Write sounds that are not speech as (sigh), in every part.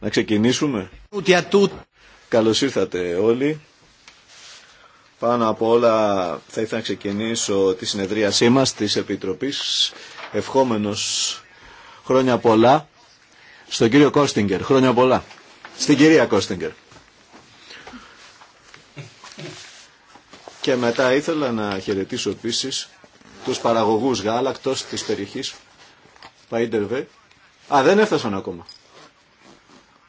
Να ξεκινήσουμε. Καλώ ήρθατε όλοι. Πάνω απ' όλα θα ήθελα να ξεκινήσω τη συνεδρίασή μα τη Επιτροπή, Ευχόμενος χρόνια πολλά στον κύριο Κόστιγκερ. Χρόνια πολλά. Στην κυρία Κόστιγκερ. Και μετά ήθελα να χαιρετήσω επίση τους παραγωγούς γάλακτος της περιοχής spider Α, δεν έφτασαν ακόμα.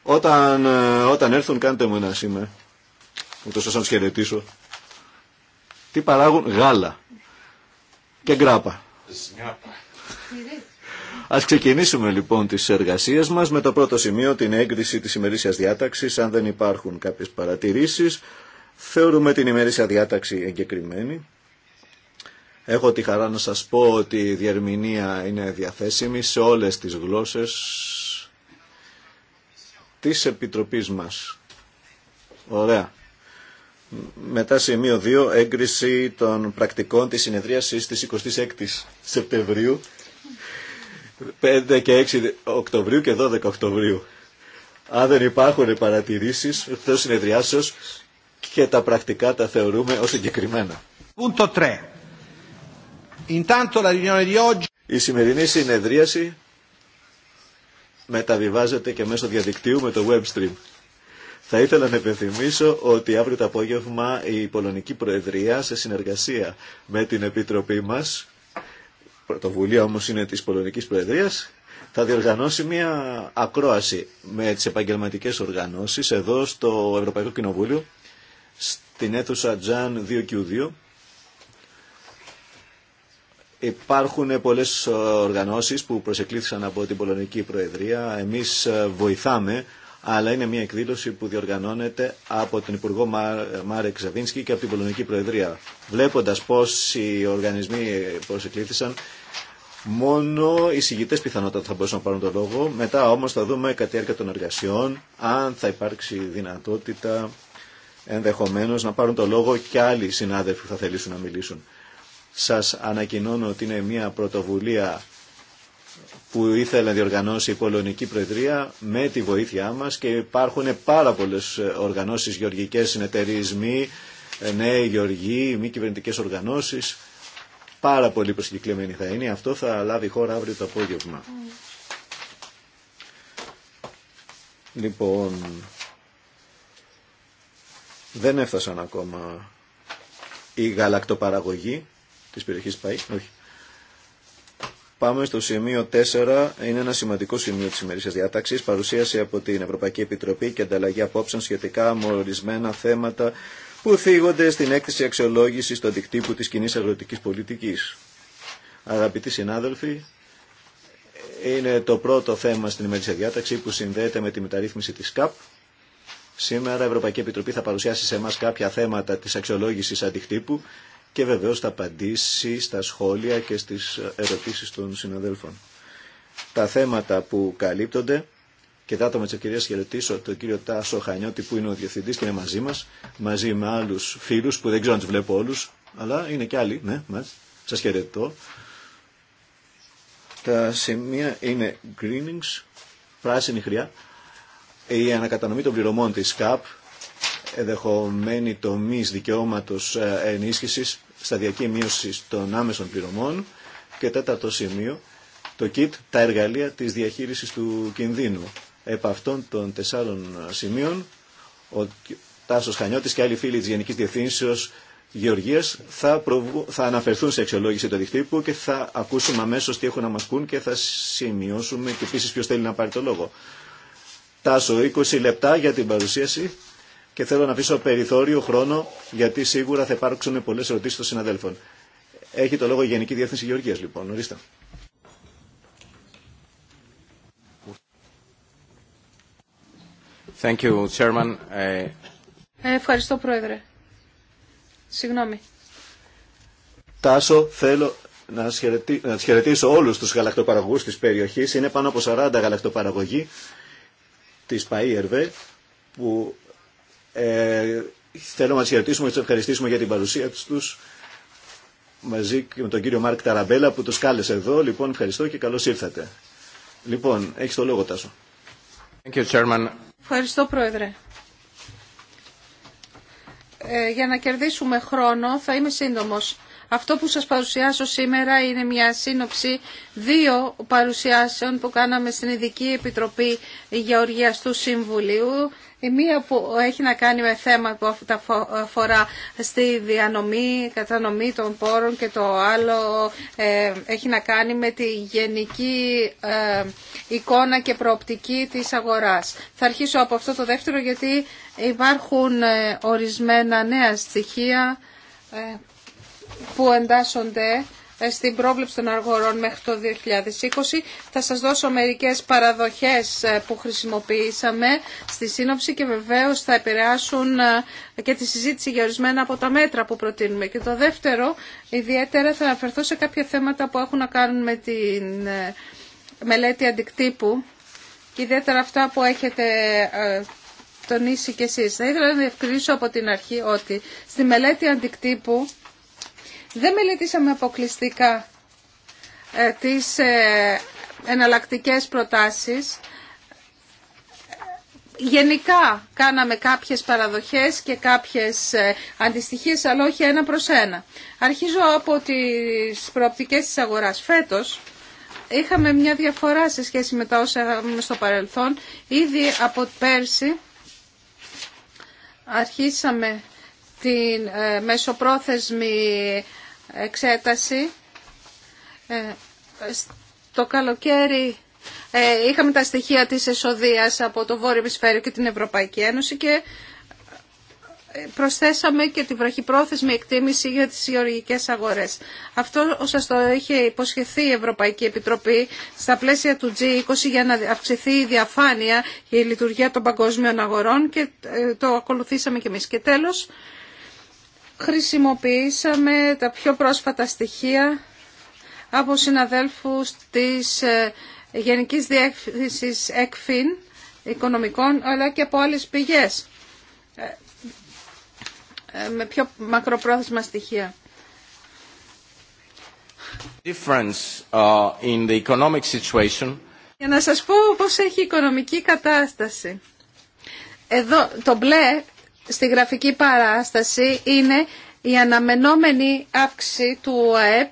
Όταν, ε, όταν έρθουν κάντε μου ένα σήμερα. Ούτω ώστε να χαιρετήσω. Τι παράγουν γάλα και γκράπα. Ας ξεκινήσουμε λοιπόν τις εργασίες μας με το πρώτο σημείο την έγκριση της ημερήσιας διάταξης. Αν δεν υπάρχουν κάποιε παρατηρήσεις θεωρούμε την ημερήσια διάταξη εγκεκριμένη. Έχω τη χαρά να σας πω ότι η διερμηνία είναι διαθέσιμη σε όλες τις γλώσσες της Επιτροπής μας. Ωραία. Μετά σημείο 2, έγκριση των πρακτικών της συνεδρίασης της 26ης Σεπτεμβρίου, 5 και 6 Οκτωβρίου και 12 Οκτωβρίου. Αν δεν υπάρχουν παρατηρήσεις, θέλω συνεδριάσεως και τα πρακτικά τα θεωρούμε ως συγκεκριμένα. Η σημερινή συνεδρίαση μεταβιβάζεται και μέσω διαδικτύου με το web stream. Θα ήθελα να επιθυμήσω ότι αύριο το απόγευμα η Πολωνική Προεδρία σε συνεργασία με την Επιτροπή μας, πρωτοβουλία όμως είναι της Πολωνικής Προεδρίας, θα διοργανώσει μια ακρόαση με τις επαγγελματικές οργανώσεις εδώ στο Ευρωπαϊκό Κοινοβούλιο, στην αίθουσα Τζαν 2Q2 Υπάρχουν πολλές ε, οργανώσεις που προσεκλήθησαν από την Πολωνική Προεδρία. Εμείς ε, βοηθάμε, αλλά είναι μια εκδήλωση που διοργανώνεται από τον Υπουργό Μάρεκ Ζαβίνσκι και από την Πολωνική Προεδρία. Βλέποντας πώς οι οργανισμοί προσεκλήθησαν, μόνο οι συγητές πιθανότατα θα μπορούσαν να πάρουν το λόγο. Μετά όμως θα δούμε κατά τη των εργασιών, αν θα υπάρξει δυνατότητα ενδεχομένως να πάρουν το λόγο και άλλοι συνάδελφοι που θα θελήσουν να μιλήσουν σας ανακοινώνω ότι είναι μια πρωτοβουλία που ήθελε να διοργανώσει η Πολωνική Προεδρία με τη βοήθειά μας και υπάρχουν πάρα πολλές οργανώσεις, γεωργικές συνεταιρισμοί, ε, νέοι γεωργοί, μη κυβερνητικές οργανώσεις. Πάρα πολύ προσκεκλημένη θα είναι. Αυτό θα λάβει χώρα αύριο το απόγευμα. Λοιπόν, δεν έφτασαν ακόμα η γαλακτοπαραγωγή της περιοχής πάει. Όχι. Πάμε στο σημείο 4. Είναι ένα σημαντικό σημείο τη ημερήσια διάταξη. Παρουσίαση από την Ευρωπαϊκή Επιτροπή και ανταλλαγή απόψεων σχετικά με ορισμένα θέματα που θίγονται στην έκθεση αξιολόγηση του αντικτύπου τη κοινή αγροτική πολιτική. Αγαπητοί συνάδελφοι, είναι το πρώτο θέμα στην ημερήσια διάταξη που συνδέεται με τη μεταρρύθμιση τη ΚΑΠ. Σήμερα η Ευρωπαϊκή Επιτροπή θα παρουσιάσει σε εμά κάποια θέματα τη αξιολόγηση αντικτύπου και βεβαίως θα απαντήσει στα σχόλια και στις ερωτήσεις των συναδέλφων. Τα θέματα που καλύπτονται και θα άτομα τη ευκαιρία χαιρετήσω τον κύριο Τάσο Χανιώτη που είναι ο διευθυντή και είναι μαζί μας, μαζί με άλλους φίλους που δεν ξέρω αν του βλέπω όλου, αλλά είναι και άλλοι, ναι, σας χαιρετώ. Τα σημεία είναι greenings, πράσινη χρειά, η ανακατανομή των πληρωμών της ΚΑΠ, εδεχομένη τομής δικαιώματο ε, ενίσχυση σταδιακή μείωση των άμεσων πληρωμών και τέταρτο σημείο, το ΚΙΤ, τα εργαλεία της διαχείρισης του κινδύνου. Επ' αυτών των τεσσάρων ε, σημείων, ο Τάσος Χανιώτης και άλλοι φίλοι της Γενικής Διευθύνσεως Γεωργίας θα, θα αναφερθούν σε αξιολόγηση του δικτύπου και θα ακούσουμε αμέσω τι έχουν να μας πούν και θα σημειώσουμε και επίση ποιο θέλει να πάρει το λόγο. Τάσο, 20 λεπτά για την παρουσίαση και θέλω να αφήσω περιθώριο χρόνο γιατί σίγουρα θα υπάρξουν πολλές ερωτήσεις των συναδέλφων. Έχει το λόγο η Γενική Διεύθυνση Γεωργίας λοιπόν. Ορίστε. Thank you, Chairman. Ε, Ευχαριστώ Πρόεδρε. Συγγνώμη. Τάσο, θέλω να τους χαιρετήσω όλους τους γαλακτοπαραγωγούς της περιοχής. Είναι πάνω από 40 γαλακτοπαραγωγοί της ΠαΐΕΡΒΕ που ε, θέλω να τι χαιρετήσουμε και του ευχαριστήσουμε για την παρουσία του μαζί και με τον κύριο Μάρκ Ταραμπέλα που του κάλεσε εδώ. Λοιπόν, ευχαριστώ και καλώ ήρθατε. Λοιπόν, έχει το λόγο, Τάσο. Thank you, Ευχαριστώ, Πρόεδρε. Ε, για να κερδίσουμε χρόνο, θα είμαι σύντομος. Αυτό που σας παρουσιάσω σήμερα είναι μια σύνοψη δύο παρουσιάσεων που κάναμε στην Ειδική Επιτροπή Γεωργίας του Συμβουλίου. Η μία που έχει να κάνει με θέμα που αφορά στη διανομή, κατανομή των πόρων και το άλλο ε, έχει να κάνει με τη γενική ε, εικόνα και προοπτική της αγοράς. Θα αρχίσω από αυτό το δεύτερο γιατί υπάρχουν ε, ορισμένα νέα στοιχεία που εντάσσονται ε, στην πρόβλεψη των αργορών μέχρι το 2020. Θα σας δώσω μερικές παραδοχές ε, που χρησιμοποιήσαμε στη σύνοψη και βεβαίως θα επηρεάσουν ε, και τη συζήτηση για ορισμένα από τα μέτρα που προτείνουμε. Και το δεύτερο, ιδιαίτερα θα αναφερθώ σε κάποια θέματα που έχουν να κάνουν με τη μελέτη αντικτύπου και ιδιαίτερα αυτά που έχετε τονίσει κι εσείς. Θα ήθελα να διευκρινίσω από την αρχή ότι στη μελέτη αντικτύπου δεν μελετήσαμε αποκλειστικά ε, τις ε, εναλλακτικές προτάσεις. Γενικά κάναμε κάποιες παραδοχές και κάποιες ε, αντιστοιχίες, αλλά όχι ένα προς ένα. Αρχίζω από τις προοπτικές της αγοράς. Φέτος είχαμε μια διαφορά σε σχέση με τα όσα είχαμε στο παρελθόν. Ήδη από πέρσι αρχίσαμε την μεσοπρόθεσμη εξέταση. Ε, το καλοκαίρι ε, είχαμε τα στοιχεία της εσοδείας από το Βόρειο Εμισφαίριο και την Ευρωπαϊκή Ένωση και ε, προσθέσαμε και τη βραχυπρόθεσμη εκτίμηση για τις γεωργικές αγορές. Αυτό σας το είχε υποσχεθεί η Ευρωπαϊκή Επιτροπή στα πλαίσια του G20 για να αυξηθεί η διαφάνεια και η λειτουργία των παγκόσμιων αγορών και το ακολουθήσαμε και εμείς. Και τέλος, Χρησιμοποιήσαμε τα πιο πρόσφατα στοιχεία από συναδέλφους της ε, Γενικής Διεύθυνσης ΕΚΦΙΝ οικονομικών αλλά και από άλλες πηγές ε, ε, με πιο μακροπρόθεσμα στοιχεία. Uh, Για να σας πω πώς έχει η οικονομική κατάσταση. Εδώ το μπλε στη γραφική παράσταση είναι η αναμενόμενη αύξηση του ΑΕΠ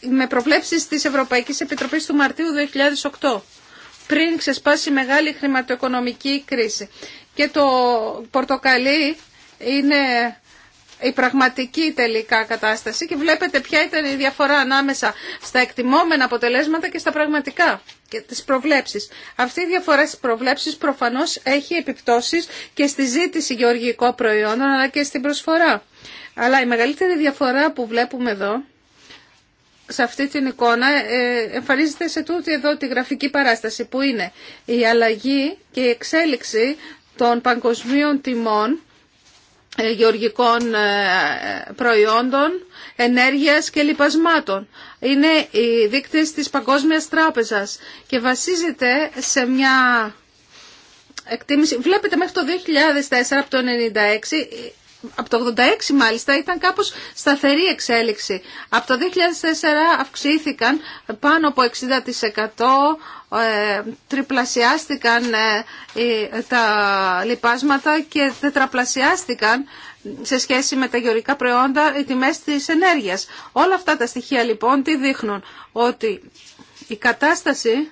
με προβλέψεις της Ευρωπαϊκής Επιτροπής του Μαρτίου 2008 πριν ξεσπάσει μεγάλη χρηματοοικονομική κρίση. Και το πορτοκαλί είναι η πραγματική τελικά κατάσταση και βλέπετε ποια ήταν η διαφορά ανάμεσα στα εκτιμόμενα αποτελέσματα και στα πραγματικά και τις προβλέψεις. Αυτή η διαφορά στις προβλέψεις προφανώς έχει επιπτώσεις και στη ζήτηση γεωργικών προϊόντων αλλά και στην προσφορά. Αλλά η μεγαλύτερη διαφορά που βλέπουμε εδώ σε αυτή την εικόνα ε, εμφανίζεται σε τούτη εδώ τη γραφική παράσταση που είναι η αλλαγή και η εξέλιξη των παγκοσμίων τιμών ε, γεωργικών ε, προϊόντων, ενέργειας και λοιπασμάτων είναι οι δείκτες της Παγκόσμιας Τράπεζας και βασίζεται σε μια εκτίμηση. Βλέπετε μέχρι το 2004 από το 1996, από το 86 μάλιστα ήταν κάπως σταθερή εξέλιξη. Από το 2004 αυξήθηκαν πάνω από 60%, ε, τριπλασιάστηκαν ε, τα λοιπάσματα και τετραπλασιάστηκαν σε σχέση με τα γεωρικά προϊόντα, οι τιμές της ενέργειας. Όλα αυτά τα στοιχεία λοιπόν τι δείχνουν, ότι η κατάσταση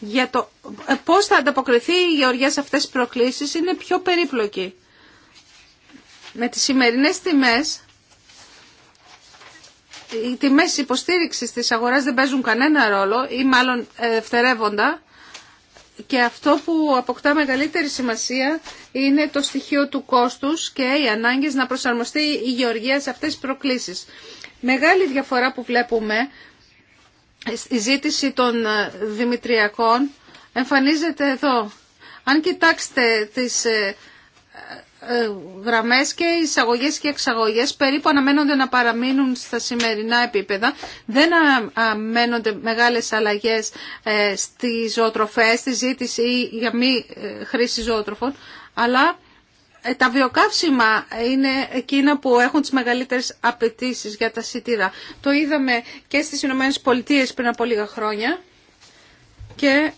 για το ε, πώς θα ανταποκριθεί η γεωργία σε αυτές τις προκλήσεις είναι πιο περίπλοκη. Με τις σημερινές τιμές, οι τιμές υποστήριξης της αγοράς δεν παίζουν κανένα ρόλο ή μάλλον ευτερεύοντα, και αυτό που αποκτά μεγαλύτερη σημασία είναι το στοιχείο του κόστους και οι ανάγκες να προσαρμοστεί η γεωργία σε αυτές τις προκλήσεις. Μεγάλη διαφορά που βλέπουμε στη ζήτηση των ε, δημητριακών εμφανίζεται εδώ. Αν κοιτάξετε τις ε, ε, γραμμές και εισαγωγές και εξαγωγές περίπου αναμένονται να παραμείνουν στα σημερινά επίπεδα. Δεν αναμένονται μεγάλες αλλαγές ε, στις ζωοτροφές, στη ζήτηση ή για μη ε, χρήση ζωοτροφών, αλλά τα βιοκαύσιμα είναι εκείνα που έχουν τις μεγαλύτερες απαιτήσει για τα σιτήρα. Το είδαμε και στις Ηνωμένες Πολιτείες πριν από λίγα χρόνια και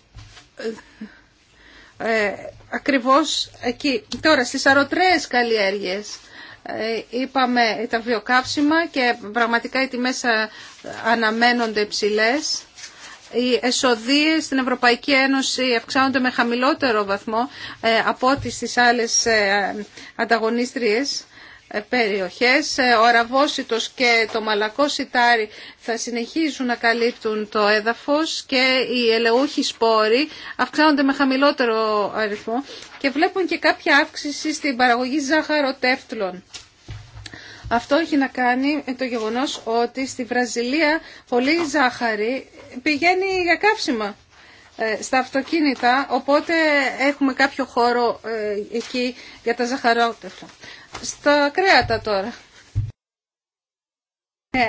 ακριβώς εκεί. Τώρα στις αρωτρές καλλιέργειες ε, είπαμε τα βιοκαύσιμα και πραγματικά οι τιμές ε, αναμένονται ψηλές. Οι εσοδίες στην Ευρωπαϊκή Ένωση αυξάνονται με χαμηλότερο βαθμό ε, από ό,τι στις άλλες ανταγωνίστριες ε, περιοχές. Ε, ο αραβόσιτος και το μαλακό σιτάρι θα συνεχίσουν να καλύπτουν το έδαφος και οι ελαιούχοι σπόροι αυξάνονται με χαμηλότερο αριθμό και βλέπουν και κάποια αύξηση στην παραγωγη ζάχαροτεύτλων. Αυτό έχει να κάνει το γεγονός ότι στη Βραζιλία πολύ ζάχαρη πηγαίνει για καύσιμα ε, στα αυτοκίνητα, οπότε έχουμε κάποιο χώρο εκεί για τα ζαχαρότευτα στα κρέατα τώρα. Ε,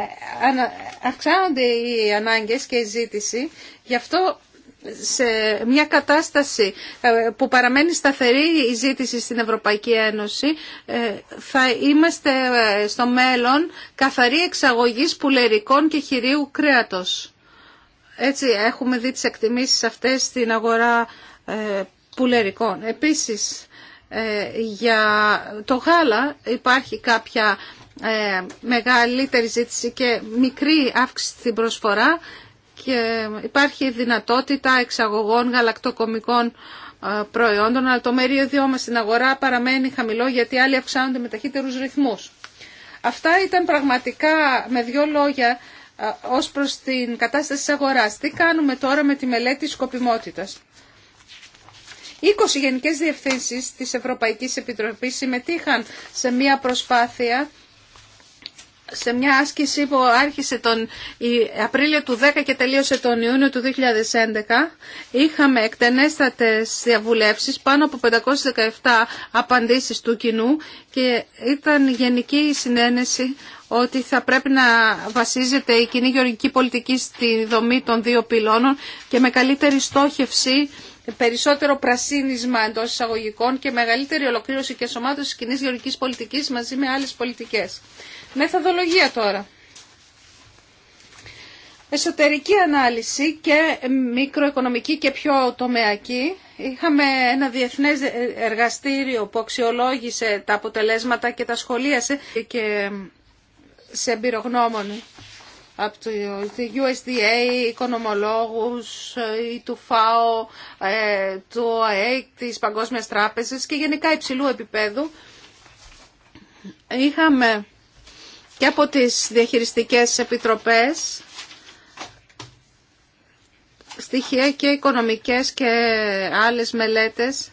αυξάνονται οι ανάγκες και η ζήτηση, γι' αυτό σε μια κατάσταση ε, που παραμένει σταθερή η ζήτηση στην Ευρωπαϊκή Ένωση ε, θα είμαστε ε, στο μέλλον καθαρή εξαγωγής πουλερικών και χειρίου κρέατος. Έτσι έχουμε δει τις εκτιμήσεις αυτές στην αγορά πουλερικών. Επίσης ε, για το γάλα υπάρχει κάποια ε, μεγαλύτερη ζήτηση και μικρή αύξηση στην προσφορά και υπάρχει δυνατότητα εξαγωγών γαλακτοκομικών ε, προϊόντων, αλλά το μερίδιό μας στην αγορά παραμένει χαμηλό γιατί άλλοι αυξάνονται με ταχύτερους ρυθμούς. Αυτά ήταν πραγματικά με δύο λόγια ως προς την κατάσταση της αγοράς. Τι κάνουμε τώρα με τη μελέτη σκοπιμότητας. 20 γενικές διευθύνσεις της Ευρωπαϊκής Επιτροπής συμμετείχαν σε μια προσπάθεια σε μια άσκηση που άρχισε τον Απρίλιο του 10 και τελείωσε τον Ιούνιο του 2011 είχαμε εκτενέστατες διαβουλεύσεις πάνω από 517 απαντήσεις του κοινού και ήταν γενική η συνένεση ότι θα πρέπει να βασίζεται η κοινή γεωργική πολιτική στη δομή των δύο πυλώνων και με καλύτερη στόχευση περισσότερο πρασίνισμα εντό εισαγωγικών και μεγαλύτερη ολοκλήρωση και σωμάτωση τη κοινή γεωργική πολιτική μαζί με άλλε πολιτικέ. Μεθοδολογία τώρα. Εσωτερική ανάλυση και μικροοικονομική και πιο τομεακή. Είχαμε ένα διεθνές εργαστήριο που αξιολόγησε τα αποτελέσματα και τα σχολίασε και σε εμπειρογνώμονε από το USDA, οικονομολόγους ε, ή του ΦΑΟ, ε, του ΑΕΚ, της Παγκόσμιας Τράπεζας και γενικά υψηλού επίπεδου. Είχαμε και από τις διαχειριστικές επιτροπές στοιχεία και οικονομικές και άλλες μελέτες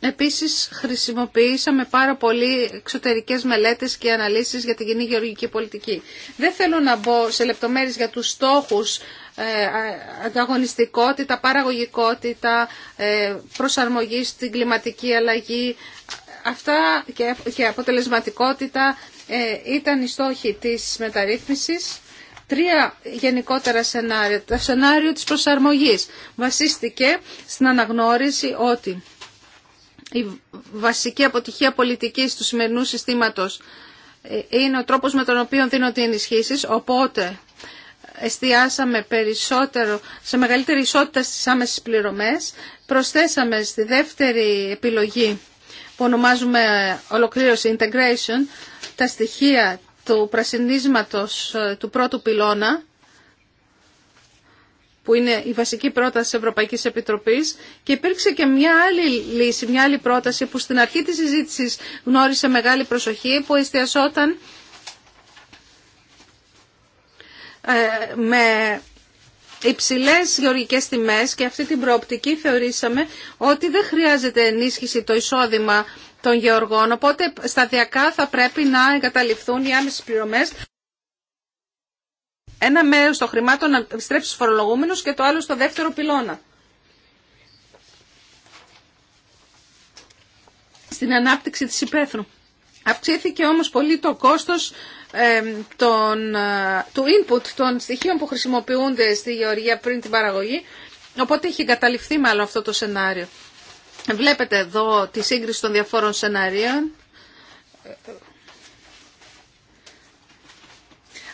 Επίσης χρησιμοποιήσαμε πάρα πολύ εξωτερικές μελέτες και αναλύσεις για την κοινή γεωργική πολιτική. Δεν θέλω να μπω σε λεπτομέρειες για τους στόχους ε, ανταγωνιστικότητα, παραγωγικότητα, ε, προσαρμογή στην κλιματική αλλαγή. Αυτά και αποτελεσματικότητα ε, ήταν οι στόχοι της μεταρρύθμισης. Τρία γενικότερα σενάρια. Το σενάριο της προσαρμογής βασίστηκε στην αναγνώριση ότι η βασική αποτυχία πολιτικής του σημερινού συστήματος ε, είναι ο τρόπος με τον οποίο δίνονται οι ενισχύσεις, οπότε εστιάσαμε περισσότερο σε μεγαλύτερη ισότητα στις άμεσες πληρωμές, προσθέσαμε στη δεύτερη επιλογή που ονομάζουμε ολοκλήρωση integration τα στοιχεία του πρασινίσματος ε, του πρώτου πυλώνα που είναι η βασική πρόταση της Ευρωπαϊκής Επιτροπής και υπήρξε και μια άλλη λύση, μια άλλη πρόταση που στην αρχή της συζήτησης γνώρισε μεγάλη προσοχή που ε, με υψηλές γεωργικές τιμές και αυτή την προοπτική θεωρήσαμε ότι δεν χρειάζεται ενίσχυση το εισόδημα των γεωργών, οπότε σταδιακά θα πρέπει να εγκαταλειφθούν οι άμεσες πληρωμές ένα μέρο των χρημάτων να επιστρέψει στου φορολογούμενους και το άλλο στο δεύτερο πυλώνα. Στην ανάπτυξη τη υπαίθρου. Αυξήθηκε όμως πολύ το κόστος των, ε, του input των στοιχείων που χρησιμοποιούνται στη γεωργία πριν την παραγωγή, οπότε έχει εγκαταληφθεί μάλλον αυτό το σενάριο. Βλέπετε εδώ τη σύγκριση των διαφόρων σενάριων.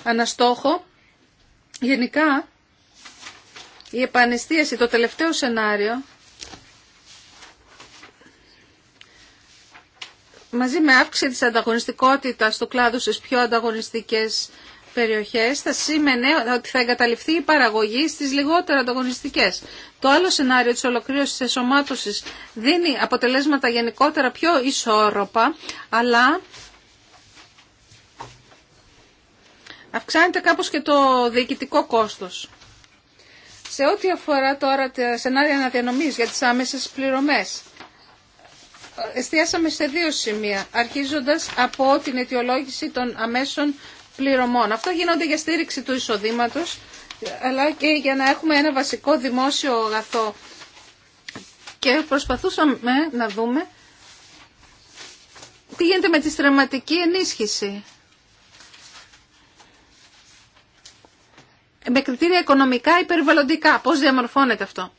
Αναστόχο Γενικά, η επανεστίαση, το τελευταίο σενάριο, μαζί με αύξηση της ανταγωνιστικότητας του κλάδου στις πιο ανταγωνιστικές περιοχές θα σήμαινε ότι θα εγκαταλειφθεί η παραγωγή στις λιγότερο ανταγωνιστικές. Το άλλο σενάριο της ολοκλήρωσης της εσωμάτωσης δίνει αποτελέσματα γενικότερα πιο ισόρροπα, αλλά αυξάνεται κάπως και το διοικητικό κόστος. Σε ό,τι αφορά τώρα τα σενάρια αναδιανομής για τις άμεσες πληρωμές, εστιάσαμε σε δύο σημεία, αρχίζοντας από την αιτιολόγηση των αμέσων πληρωμών. Αυτό γίνονται για στήριξη του εισοδήματος, αλλά και για να έχουμε ένα βασικό δημόσιο αγαθό. Και προσπαθούσαμε να δούμε τι γίνεται με τη στραματική ενίσχυση με κριτήρια οικονομικά ή περιβαλλοντικά. Πώς διαμορφώνεται αυτό.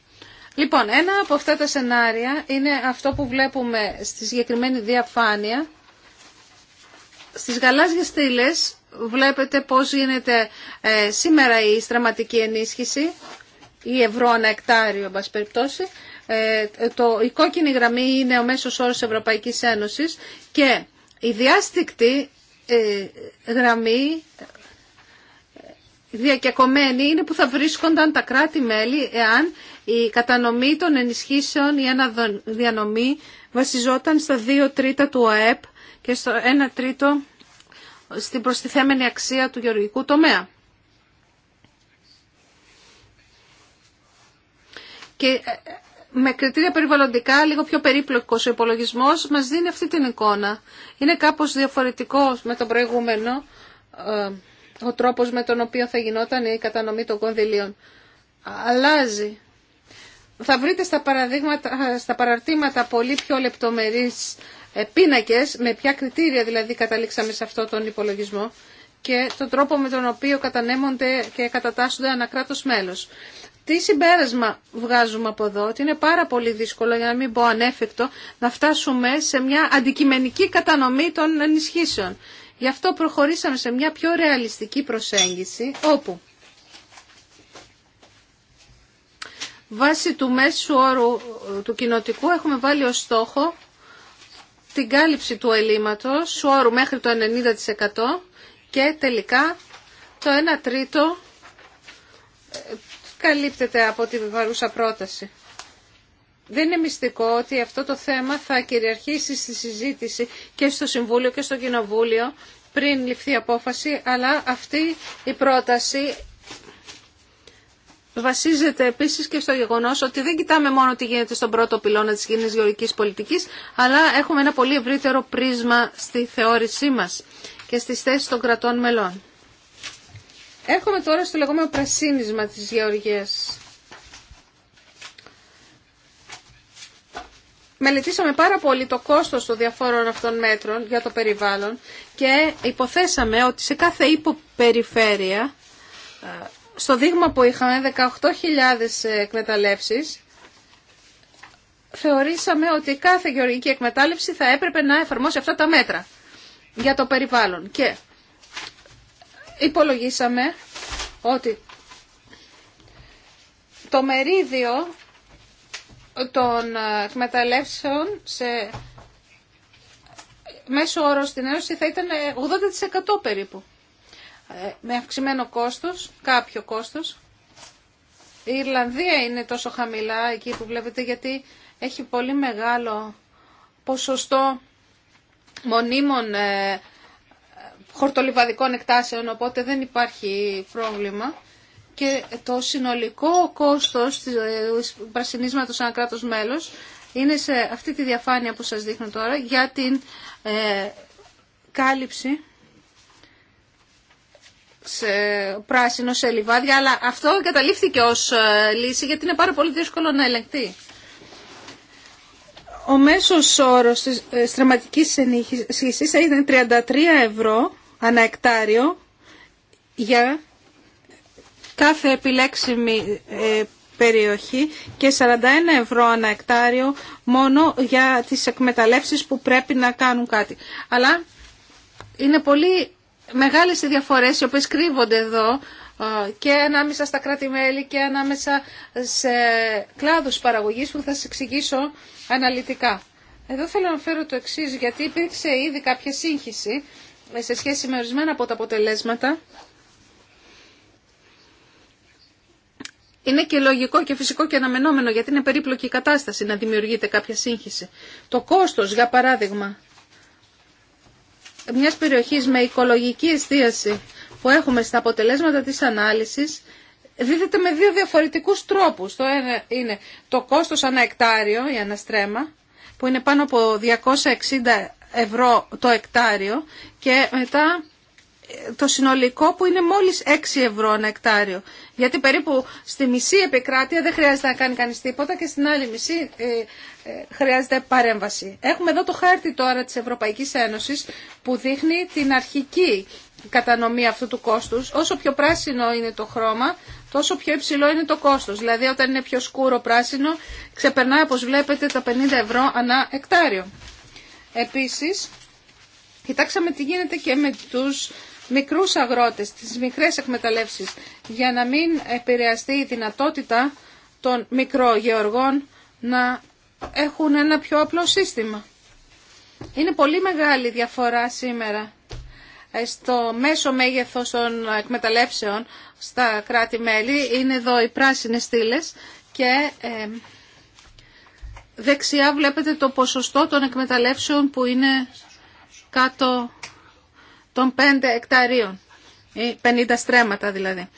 Λοιπόν, ένα από αυτά τα σενάρια είναι αυτό που βλέπουμε στη συγκεκριμένη διαφάνεια. Στις γαλάζιες στήλε βλέπετε πώς γίνεται ε, σήμερα η στραματική ενίσχυση ή ευρώ γινεται σημερα η στραματικη εκτάριο, εν περιπτώσει. Ε, το, η κόκκινη γραμμή είναι ο μέσος όρος Ευρωπαϊκής Ένωσης και η διάστηκτη ε, γραμμή διακεκομένη είναι που θα βρίσκονταν τα κράτη-μέλη εάν η κατανομή των ενισχύσεων ή ένα διανομή βασιζόταν στα 2 τρίτα του ΑΕΠ και στο 1 τρίτο στην προστιθέμενη αξία του γεωργικού τομέα. Και ε, με κριτήρια περιβαλλοντικά, λίγο πιο περίπλοκος ο υπολογισμός, μας δίνει αυτή την εικόνα. Είναι κάπως διαφορετικό με τον προηγούμενο ε, ο τρόπος με τον οποίο θα γινόταν η κατανομή των κονδυλίων. Αλλάζει. Θα βρείτε στα, παραδείγματα, στα παραρτήματα πολύ πιο λεπτομερείς πίνακες, με ποια κριτήρια δηλαδή καταλήξαμε σε αυτό τον υπολογισμό και τον τρόπο με τον οποίο κατανέμονται και κατατάσσονται ανακράτος μέλος. Τι συμπέρασμα βγάζουμε από εδώ, ότι είναι πάρα πολύ δύσκολο, για να μην πω ανέφεκτο, να φτάσουμε σε μια αντικειμενική κατανομή των ενισχύσεων. Γι' αυτό προχωρήσαμε σε μια πιο ρεαλιστική προσέγγιση όπου βάσει του μέσου όρου ε, του κοινοτικού έχουμε βάλει ως στόχο την κάλυψη του ελλείμματος όρου μέχρι το 90% και τελικά το 1 τρίτο ε, καλύπτεται από τη βαρούσα πρόταση. Δεν είναι μυστικό ότι αυτό το θέμα θα κυριαρχήσει στη συζήτηση και στο Συμβούλιο και στο Κοινοβούλιο πριν ληφθεί απόφαση, αλλά αυτή η πρόταση βασίζεται επίσης και στο γεγονός ότι δεν κοιτάμε μόνο τι γίνεται στον πρώτο πυλώνα της κοινής γεωργικής πολιτικής, αλλά έχουμε ένα πολύ ευρύτερο πρίσμα στη θεώρησή μας και στις θέσεις των κρατών μελών. Έρχομαι τώρα στο λεγόμενο πρασίνισμα της γεωργίας. μελετήσαμε πάρα πολύ το κόστος των διαφόρων αυτών μέτρων για το περιβάλλον και υποθέσαμε ότι σε κάθε υποπεριφέρεια, ε, στο δείγμα που είχαμε 18.000 εκμεταλλεύσεις, θεωρήσαμε ότι κάθε γεωργική εκμετάλλευση θα έπρεπε να εφαρμόσει αυτά τα μέτρα για το περιβάλλον. Και υπολογίσαμε ότι το μερίδιο των ε, εκμεταλλεύσεων σε μέσο όρο στην Ένωση θα ήταν 80% ε, περίπου. Ε, με αυξημένο κόστος, κάποιο κόστος. Η Ιρλανδία είναι τόσο χαμηλά εκεί που βλέπετε γιατί έχει πολύ μεγάλο ποσοστό μονίμων χορτολιβαδικών εκτάσεων, οπότε δεν υπάρχει πρόβλημα και το συνολικό κόστος της ε, πρασινίσματος σαν κράτος μέλος είναι σε αυτή τη διαφάνεια που σας δείχνω τώρα για την ε, κάλυψη σε πράσινο, σε λιβάδια, αλλά αυτό καταλήφθηκε ως ε, λύση γιατί είναι πάρα πολύ δύσκολο να ελεγχθεί. Ο μέσος όρος της στραματικής ενίσχυσης ήταν 33 ευρώ ανά εκτάριο για κάθε επιλέξιμη ε, περιοχή και 41 ευρώ ανά εκτάριο μόνο για τις εκμεταλλεύσεις που πρέπει να κάνουν κάτι. Αλλά είναι πολύ μεγάλες οι διαφορές οι οποίες κρύβονται εδώ ε, και ανάμεσα στα κράτη-μέλη και ανάμεσα σε κλάδους παραγωγής που θα σας εξηγήσω αναλυτικά. Εδώ θέλω να φέρω το εξής, γιατί υπήρξε ήδη κάποια σύγχυση σε σχέση με ορισμένα από τα αποτελέσματα είναι και λογικό και φυσικό και αναμενόμενο γιατί είναι περίπλοκη η κατάσταση να δημιουργείται κάποια σύγχυση. Το κόστος, για παράδειγμα, μιας περιοχής με οικολογική εστίαση που έχουμε στα αποτελέσματα της ανάλυσης δίδεται με δύο διαφορετικούς τρόπους. Το ένα είναι το κόστος ανά εκτάριο ή αναστρέμα που είναι πάνω από 260 ευρώ το εκτάριο και μετά το συνολικό που είναι μόλις 6 ευρώ ανά εκτάριο. Γιατί περίπου στη μισή επικράτεια δεν χρειάζεται να κάνει κανείς τίποτα και στην άλλη μισή ε, ε, χρειάζεται παρέμβαση. Έχουμε εδώ το χάρτη τώρα της Ευρωπαϊκής Ένωσης που δείχνει την αρχική κατανομή αυτού του κόστους. Όσο πιο πράσινο είναι το χρώμα, τόσο πιο υψηλό είναι το κόστος. Δηλαδή όταν είναι πιο σκούρο πράσινο, ξεπερνάει όπως βλέπετε τα 50 ευρώ ανά εκτάριο. Επίσης, κοιτάξαμε τι γίνεται και με τους μικρούς αγρότες, τις μικρές εκμεταλλεύσεις, για να μην επηρεαστεί η δυνατότητα των μικρογεωργών να έχουν ένα πιο απλό σύστημα. Είναι πολύ μεγάλη διαφορά σήμερα ε, στο μέσο μέγεθος των εκμεταλλεύσεων στα κράτη-μέλη. Είναι εδώ οι πράσινες στήλες και ε, δεξιά βλέπετε το ποσοστό των εκμεταλλεύσεων που είναι κάτω των 5 εκταρίων, ή 50 στρέμματα δηλαδή.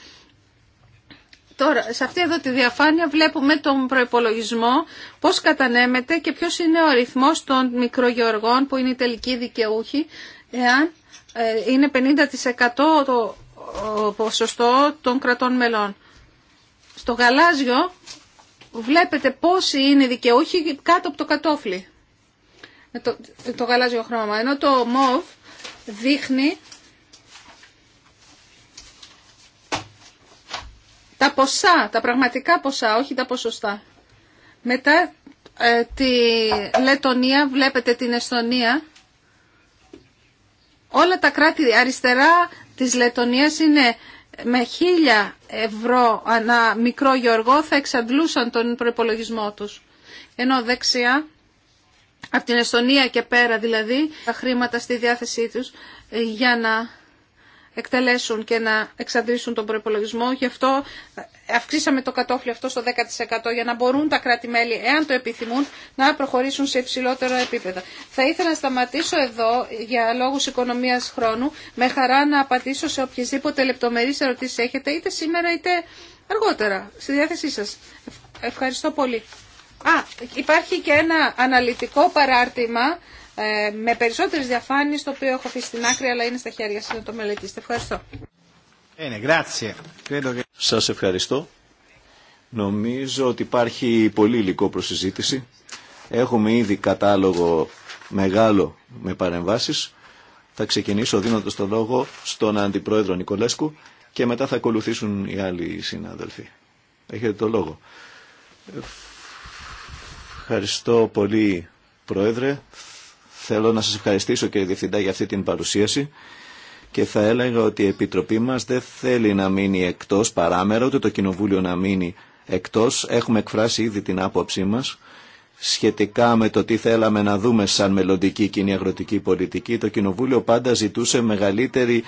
Τώρα, σε αυτή εδώ τη διαφάνεια βλέπουμε τον προϋπολογισμό, πώς κατανέμεται και ποιος είναι ο αριθμός των μικρογεωργών που είναι οι τελικοί δικαιούχοι, εάν ε, είναι 50% το ποσοστό των κρατών μελών. Στο γαλάζιο βλέπετε πόσοι είναι οι δικαιούχοι κάτω από το κατόφλι. Ε, το, ε, το γαλάζιο χρώμα. Ενώ το μοβ δείχνει τα ποσά, τα πραγματικά ποσά, όχι τα ποσοστά. Μετά ε, τη Λετωνία, βλέπετε την Εστονία, όλα τα κράτη αριστερά της Λετωνίας είναι με χίλια ευρώ ανά μικρό γεωργό θα εξαντλούσαν τον προπολογισμό τους. Ενώ δεξιά από την Εστονία και πέρα δηλαδή, τα χρήματα στη διάθεσή τους ε, για να εκτελέσουν και να εξαντλήσουν τον προπολογισμό. Γι' αυτό ε, αυξήσαμε το κατόφλι αυτό στο 10% για να μπορούν τα κράτη-μέλη, εάν το επιθυμούν, να προχωρήσουν σε υψηλότερο επίπεδο. Θα ήθελα να σταματήσω εδώ για λόγους οικονομίας χρόνου. Με χαρά να απαντήσω σε οποιασδήποτε λεπτομερείς ερωτήσεις έχετε, είτε σήμερα είτε αργότερα. Στη διάθεσή σας. Ευχαριστώ πολύ. Α, υπάρχει και ένα αναλυτικό παράρτημα ε, με περισσότερε διαφάνειε, το οποίο έχω αφήσει στην άκρη αλλά είναι στα χέρια σα να το μελετήσετε. Ευχαριστώ. Σα ευχαριστώ. Νομίζω ότι υπάρχει πολύ υλικό προσυζήτηση. συζήτηση. Έχουμε ήδη κατάλογο μεγάλο με παρεμβάσει. Θα ξεκινήσω δίνοντα το λόγο στον Αντιπρόεδρο Νικολέσκου και μετά θα ακολουθήσουν οι άλλοι συνάδελφοι. Έχετε το λόγο. Ευχαριστώ πολύ, Πρόεδρε. Θέλω να σας ευχαριστήσω, κύριε Διευθυντά, για αυτή την παρουσίαση και θα έλεγα ότι η Επιτροπή μας δεν θέλει να μείνει εκτός παράμερα, ούτε το Κοινοβούλιο να μείνει εκτός. Έχουμε εκφράσει ήδη την άποψή μας σχετικά με το τι θέλαμε να δούμε σαν μελλοντική κοινή αγροτική πολιτική. Το Κοινοβούλιο πάντα ζητούσε μεγαλύτερη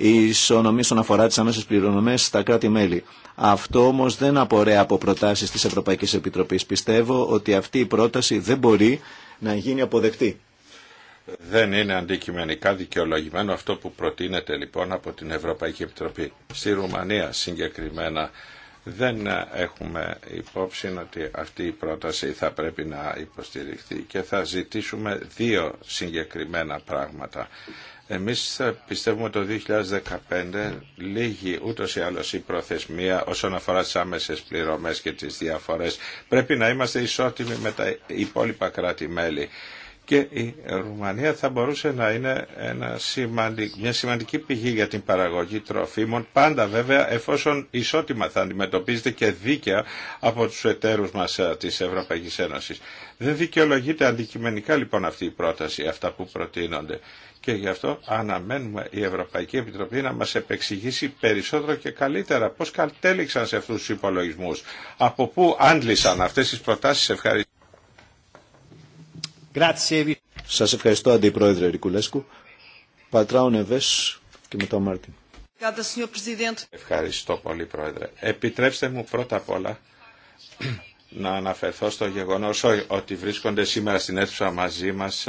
η ισονομή στον αφορά τι αμέσω πληρονομέ στα κράτη-μέλη. Αυτό όμω δεν απορρέει από προτάσει τη Ευρωπαϊκή Επιτροπή. Πιστεύω ότι αυτή η πρόταση δεν μπορεί να γίνει αποδεκτή. Δεν είναι αντικειμενικά δικαιολογημένο αυτό που προτείνεται λοιπόν από την Ευρωπαϊκή Επιτροπή. Στη Ρουμανία συγκεκριμένα δεν έχουμε υπόψη ότι αυτή η πρόταση θα πρέπει να υποστηριχθεί και θα ζητήσουμε δύο συγκεκριμένα πράγματα. Εμείς πιστεύουμε το 2015 λίγη ούτως ή άλλως η προθεσμία όσον αφορά τις άμεσες πληρωμές και τις διαφορές. Πρέπει να είμαστε ισότιμοι με τα υπόλοιπα κράτη-μέλη. Και η Ρουμανία θα μπορούσε να είναι ένα σημαντικ... μια σημαντική πηγή για την παραγωγή τροφίμων, πάντα βέβαια εφόσον ισότιμα θα αντιμετωπίζεται και δίκαια από τους εταίρους μας ε, της Ευρωπαϊκής Ένωσης. Δεν δικαιολογείται αντικειμενικά λοιπόν αυτή η πρόταση, αυτά που προτείνονται και γι' αυτό αναμένουμε η Ευρωπαϊκή Επιτροπή να μας επεξηγήσει περισσότερο και καλύτερα πώς κατέληξαν σε αυτούς τους υπολογισμούς. Από πού άντλησαν αυτές τις προτάσεις. Ευχαριστώ. Σας ευχαριστώ Αντιπρόεδρε Ρικουλέσκου. Πατράου Νεβές και μετά Μάρτιν. Ευχαριστώ πολύ Πρόεδρε. Επιτρέψτε μου πρώτα απ' όλα να αναφερθώ στο γεγονός ότι βρίσκονται σήμερα στην αίθουσα μαζί μας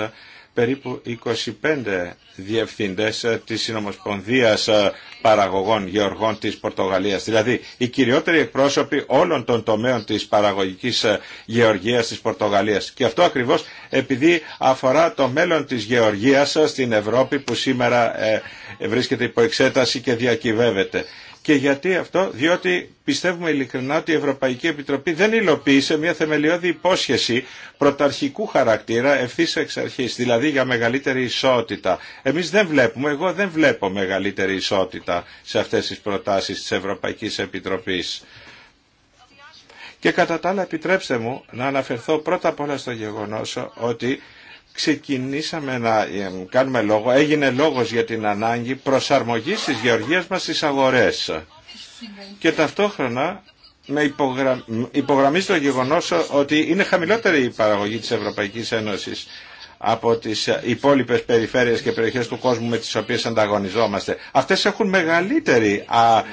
περίπου 25 διευθυντές ε, της Συνομοσπονδίας ε, Παραγωγών Γεωργών της Πορτογαλίας. Δηλαδή, οι κυριότεροι εκπρόσωποι όλων των τομέων της παραγωγικής ε, γεωργίας της Πορτογαλίας. Και αυτό ακριβώς επειδή αφορά το μέλλον της γεωργίας στην Ευρώπη που σήμερα βρίσκεται υπό εξέταση και διακυβεύεται. Και γιατί αυτό, διότι πιστεύουμε ειλικρινά ότι η Ευρωπαϊκή Επιτροπή δεν υλοποίησε μια θεμελιώδη υπόσχεση πρωταρχικού χαρακτήρα ευθύ εξ αρχή, δηλαδή για μεγαλύτερη ισότητα. Εμεί δεν βλέπουμε, εγώ δεν βλέπω μεγαλύτερη ισότητα σε αυτέ τι προτάσει τη Ευρωπαϊκή Επιτροπή. Και κατά τα άλλα επιτρέψτε μου να αναφερθώ πρώτα απ' όλα στο γεγονό ότι ξεκινήσαμε να ε, κάνουμε λόγο, έγινε λόγος για την ανάγκη προσαρμογής της γεωργίας μας στις αγορές. Και ταυτόχρονα με υπογραμ... υπογραμμίζει το γεγονός ότι είναι χαμηλότερη η παραγωγή της Ευρωπαϊκής Ένωσης από τις υπόλοιπες περιφέρειες και περιοχές του κόσμου με τις οποίες ανταγωνιζόμαστε. Αυτές έχουν μεγαλύτερη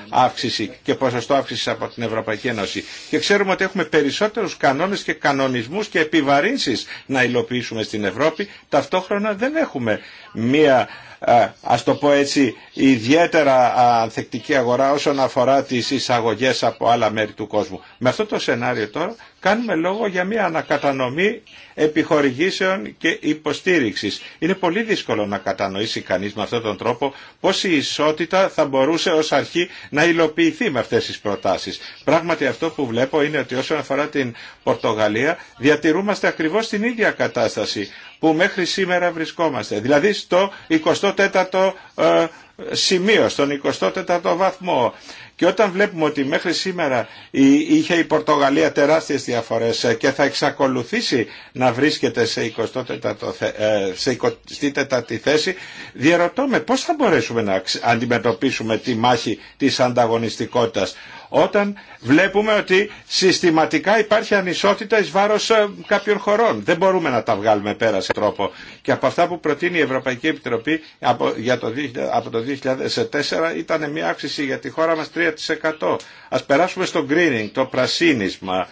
αύξηση και ποσοστό αύξηση από την Ευρωπαϊκή Ένωση. Και ξέρουμε ότι έχουμε περισσότερους κανόνες και κανονισμούς και επιβαρύνσεις να υλοποιήσουμε στην Ευρώπη. Ταυτόχρονα δεν έχουμε μία ε, ας το πω έτσι, ιδιαίτερα ανθεκτική αγορά όσον αφορά τις εισαγωγές από άλλα μέρη του κόσμου. Με αυτό το σενάριο τώρα κάνουμε λόγο για μια ανακατανομή επιχορηγήσεων και υποστήριξης. Είναι πολύ δύσκολο να κατανοήσει κανείς με αυτόν τον τρόπο πώς η ισότητα θα μπορούσε ως αρχή να υλοποιηθεί με αυτές τις προτάσεις. Πράγματι αυτό που βλέπω είναι ότι όσον αφορά την Πορτογαλία διατηρούμαστε ακριβώς την ίδια κατάσταση που μέχρι σήμερα βρισκόμαστε. Δηλαδή στο 24ο ε, σημείο, στον 24ο βαθμό. Και όταν βλέπουμε ότι μέχρι σήμερα είχε η Πορτογαλία τεράστιες διαφορές ε, και θα εξακολουθήσει να βρίσκεται σε 24η ε, σε 24η θέση, διαρωτώ με πώς θα μπορέσουμε να αντιμετωπίσουμε τη μάχη της ανταγωνιστικότητας όταν βλέπουμε ότι συστηματικά υπάρχει ανισότητα εις βάρος ε, κάποιων χωρών. Δεν μπορούμε να τα βγάλουμε πέρα σε τρόπο. Και από αυτά που προτείνει η Ευρωπαϊκή Επιτροπή από, για το, από το 2004 ήταν μια αύξηση για τη χώρα μας 3%. Ας περάσουμε στο greening, το πρασίνισμα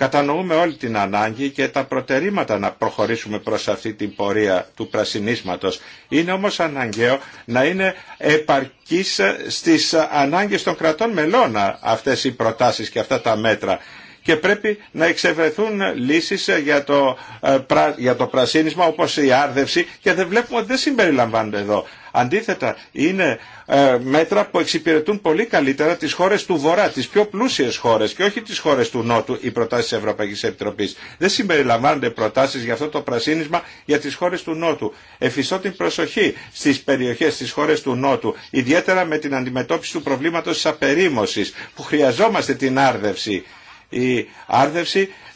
Κατανοούμε όλη την ανάγκη και τα προτερήματα να προχωρήσουμε προς αυτή την πορεία του πρασινίσματος. Είναι όμως αναγκαίο να είναι επαρκής στις ανάγκες των κρατών μελών αυτές οι προτάσεις και αυτά τα μέτρα και πρέπει να εξευρεθούν λύσεις για το, ε, για το πρασίνισμα όπως η άρδευση και δεν βλέπουμε ότι δεν συμπεριλαμβάνονται εδώ. Αντίθετα, είναι ε, μέτρα που εξυπηρετούν πολύ καλύτερα τι χώρε του Βορρά, τι πιο πλούσιε χώρε και όχι τι χώρε του Νότου οι προτάσει τη Ευρωπαϊκή Επιτροπή. Δεν συμπεριλαμβάνονται προτάσει για αυτό το πρασίνισμα για τι χώρε του Νότου. Εφισώ την προσοχή στι περιοχέ, στι χώρε του Νότου, ιδιαίτερα με την αντιμετώπιση του προβλήματο τη απερίμωση που χρειαζόμαστε την άρδευση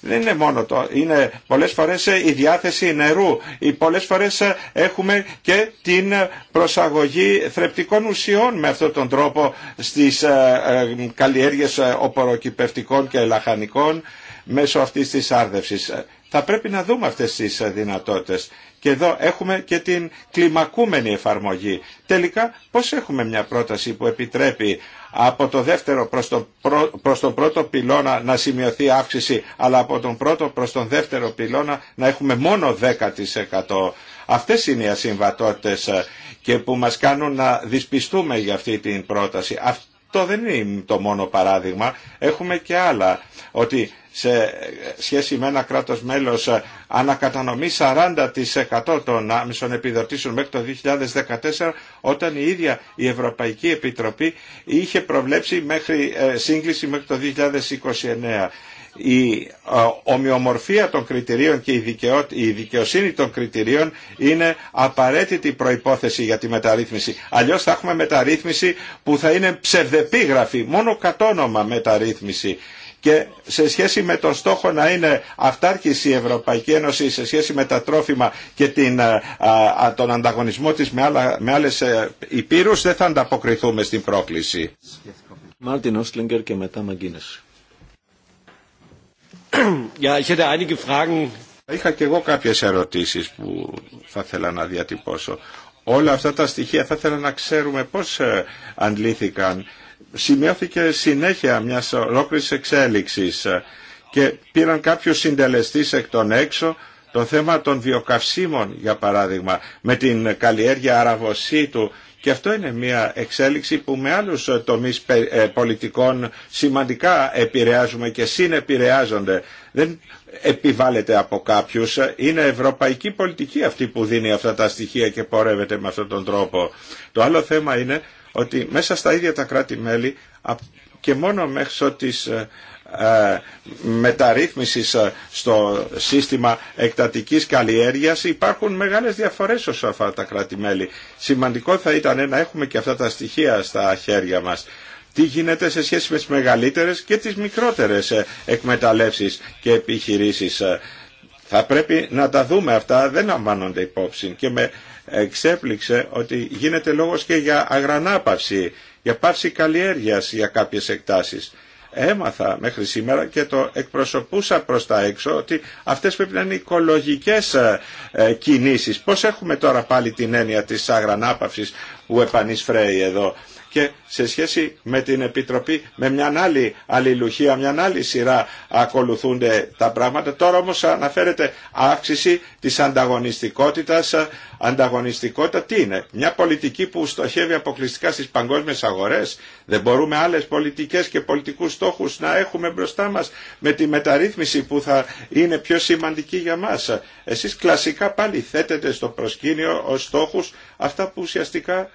δεν είναι μόνο το, είναι πολλές φορές ε, η διάθεση νερού, ή ε, πολλές φορές ε, έχουμε και την προσαγωγή θρεπτικών ουσιών με αυτόν τον τρόπο στις καλλιέργειες οποροκυπευτικών και λαχανικών μέσω αυτής της άρδευσης. Θα πρέπει να δούμε αυτές τις δυνατότητες. Και εδώ έχουμε και την κλιμακούμενη εφαρμογή. Τελικά πώς έχουμε μια πρόταση που επιτρέπει από το δεύτερο προς τον, πρώτο πυλώνα να σημειωθεί αύξηση, αλλά από τον πρώτο προς τον δεύτερο πυλώνα να έχουμε μόνο 10%. Αυτές είναι οι ασυμβατότητες ε, και που μας κάνουν να δυσπιστούμε για αυτή την πρόταση. Αυτό δεν είναι το μόνο παράδειγμα. Έχουμε και άλλα. Ότι σε σχέση με ένα κράτος μέλος ε, ανακατανομή 40% των άμεσων επιδοτήσεων μέχρι το 2014 όταν η ίδια η Ευρωπαϊκή Επιτροπή είχε προβλέψει μέχρι, ε, σύγκληση μέχρι το 2029 η ε, ομοιομορφία των κριτηρίων και η δικαιοσύνη των κριτηρίων είναι απαραίτητη προϋπόθεση για τη μεταρρύθμιση. Αλλιώς θα έχουμε μεταρρύθμιση που θα είναι ψευδεπίγραφη, μόνο κατόνομα μεταρρύθμιση και σε σχέση με τον στόχο να είναι αυτάρκηση η Ευρωπαϊκή Ένωση σε σχέση με τα τρόφιμα και την, τον ανταγωνισμό της με, άλλα, με άλλες ε, υπήρους δεν θα ανταποκριθούμε στην πρόκληση. Μάρτιν και μετά (clears throat) Είχα και εγώ κάποιες ερωτήσεις που θα ήθελα να διατυπώσω. Όλα αυτά τα στοιχεία θα ήθελα να ξέρουμε πώς ε, αντλήθηκαν σημειώθηκε συνέχεια μιας ολόκληρης εξέλιξης και πήραν κάποιους συντελεστής εκ των έξω το θέμα των βιοκαυσίμων για παράδειγμα με την καλλιέργεια αραβοσίτου και αυτό είναι μια εξέλιξη που με άλλους τομείς ε, πολιτικών σημαντικά επηρεάζουμε και συνεπηρεάζονται. Δεν επιβάλλεται από κάποιους. Είναι ευρωπαϊκή πολιτική αυτή που δίνει αυτά τα στοιχεία και πορεύεται με αυτόν τον τρόπο. Το άλλο θέμα είναι ότι μέσα στα ίδια τα κράτη-μέλη και μόνο μέσω της ε, ε, μεταρρύθμισης ε, στο σύστημα εκτατικής καλλιέργειας υπάρχουν μεγάλες διαφορές όσο αφορά τα κράτη-μέλη. Σημαντικό θα ήταν να έχουμε και αυτά τα στοιχεία στα χέρια μας τι γίνεται σε σχέση με τις μεγαλύτερες και τις μικρότερες εκμεταλλεύσεις και επιχειρήσεις. Θα πρέπει να τα δούμε αυτά, δεν αμβάνονται υπόψη με εξέπληξε ότι γίνεται λόγος και για αγρανάπαυση, για πάυση καλλιέργειας για κάποιες εκτάσεις. Έμαθα μέχρι σήμερα και το εκπροσωπούσα προς τα έξω ότι αυτές πρέπει να είναι οικολογικές ε, ε, κινήσεις. Πώς έχουμε τώρα πάλι την έννοια της αγρανάπαυσης που επανεισφραίει εδώ και σε σχέση με την Επιτροπή με μια άλλη αλληλουχία, μια άλλη σειρά ακολουθούνται τα πράγματα. Τώρα όμως αναφέρεται αύξηση της ανταγωνιστικότητας. Ανταγωνιστικότητα τι είναι, μια πολιτική που στοχεύει αποκλειστικά στις παγκόσμιες αγορές. Δεν μπορούμε άλλες πολιτικές και πολιτικούς στόχους να έχουμε μπροστά μας με τη μεταρρύθμιση που θα είναι πιο σημαντική για μας. Εσείς κλασικά πάλι θέτετε στο προσκήνιο ως στόχους αυτά που ουσιαστικά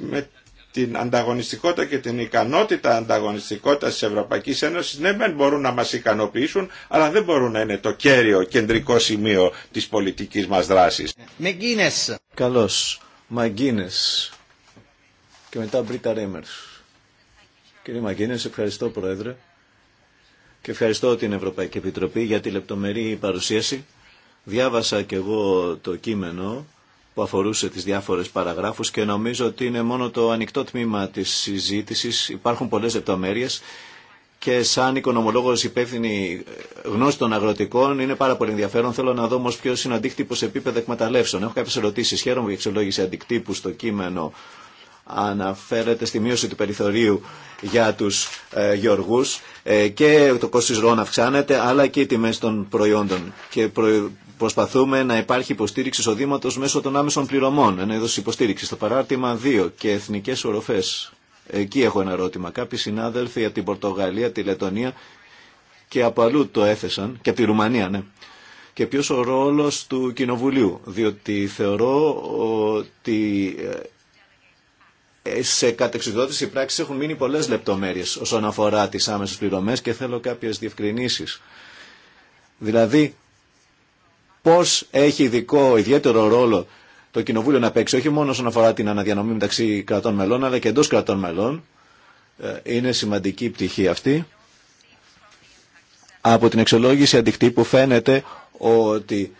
με την ανταγωνιστικότητα και την ικανότητα ανταγωνιστικότητα της Ευρωπαϊκής Ένωσης ναι δεν μπορούν να μας ικανοποιήσουν αλλά δεν μπορούν να είναι το κέριο κεντρικό σημείο της πολιτικής μας δράσης. Μεγκίνες. Καλώς. Μαγκίνες. Και μετά Μπρίτα Ρέμερ. Κύριε Μαγκίνες, ευχαριστώ Πρόεδρε και ευχαριστώ την Ευρωπαϊκή Επιτροπή για τη λεπτομερή παρουσίαση. Διάβασα και εγώ το κείμενο που αφορούσε τις διάφορες παραγράφους και νομίζω ότι είναι μόνο το ανοιχτό τμήμα της συζήτησης. Υπάρχουν πολλές λεπτομέρειε και σαν οικονομολόγος υπεύθυνη γνώση των αγροτικών είναι πάρα πολύ ενδιαφέρον. Θέλω να δω όμως ποιος είναι ο αντίκτυπος σε επίπεδο εκμεταλλεύσεων. Έχω κάποιες ερωτήσεις. Χαίρομαι για εξολόγηση αντικτύπου στο κείμενο αναφέρεται στη μείωση του περιθωρίου για τους ε, γεωργούς ε, και το κόστος ρόν αυξάνεται αλλά και οι τιμές των προϊόντων και προ, Προσπαθούμε να υπάρχει υποστήριξη εισοδήματο μέσω των άμεσων πληρωμών, ένα είδο υποστήριξη. Το παράρτημα 2 και εθνικέ οροφέ. Εκεί έχω ένα ερώτημα. Κάποιοι συνάδελφοι από την Πορτογαλία, τη Λετωνία και από αλλού το έθεσαν, και από τη Ρουμανία, ναι. Και ποιο ο ρόλο του Κοινοβουλίου, διότι θεωρώ ότι ε, σε κατεξιδότηση πράξη έχουν μείνει πολλέ λεπτομέρειε όσον αφορά τι άμεσε πληρωμέ και θέλω κάποιε διευκρινήσει. Δηλαδή, πώς έχει ειδικό ιδιαίτερο ρόλο το Κοινοβούλιο να παίξει, όχι μόνο όσον αφορά την αναδιανομή μεταξύ κρατών μελών, αλλά και εντός κρατών μελών. Ε, είναι σημαντική πτυχή αυτή. Από την εξολόγηση αντικτύπου φαίνεται ότι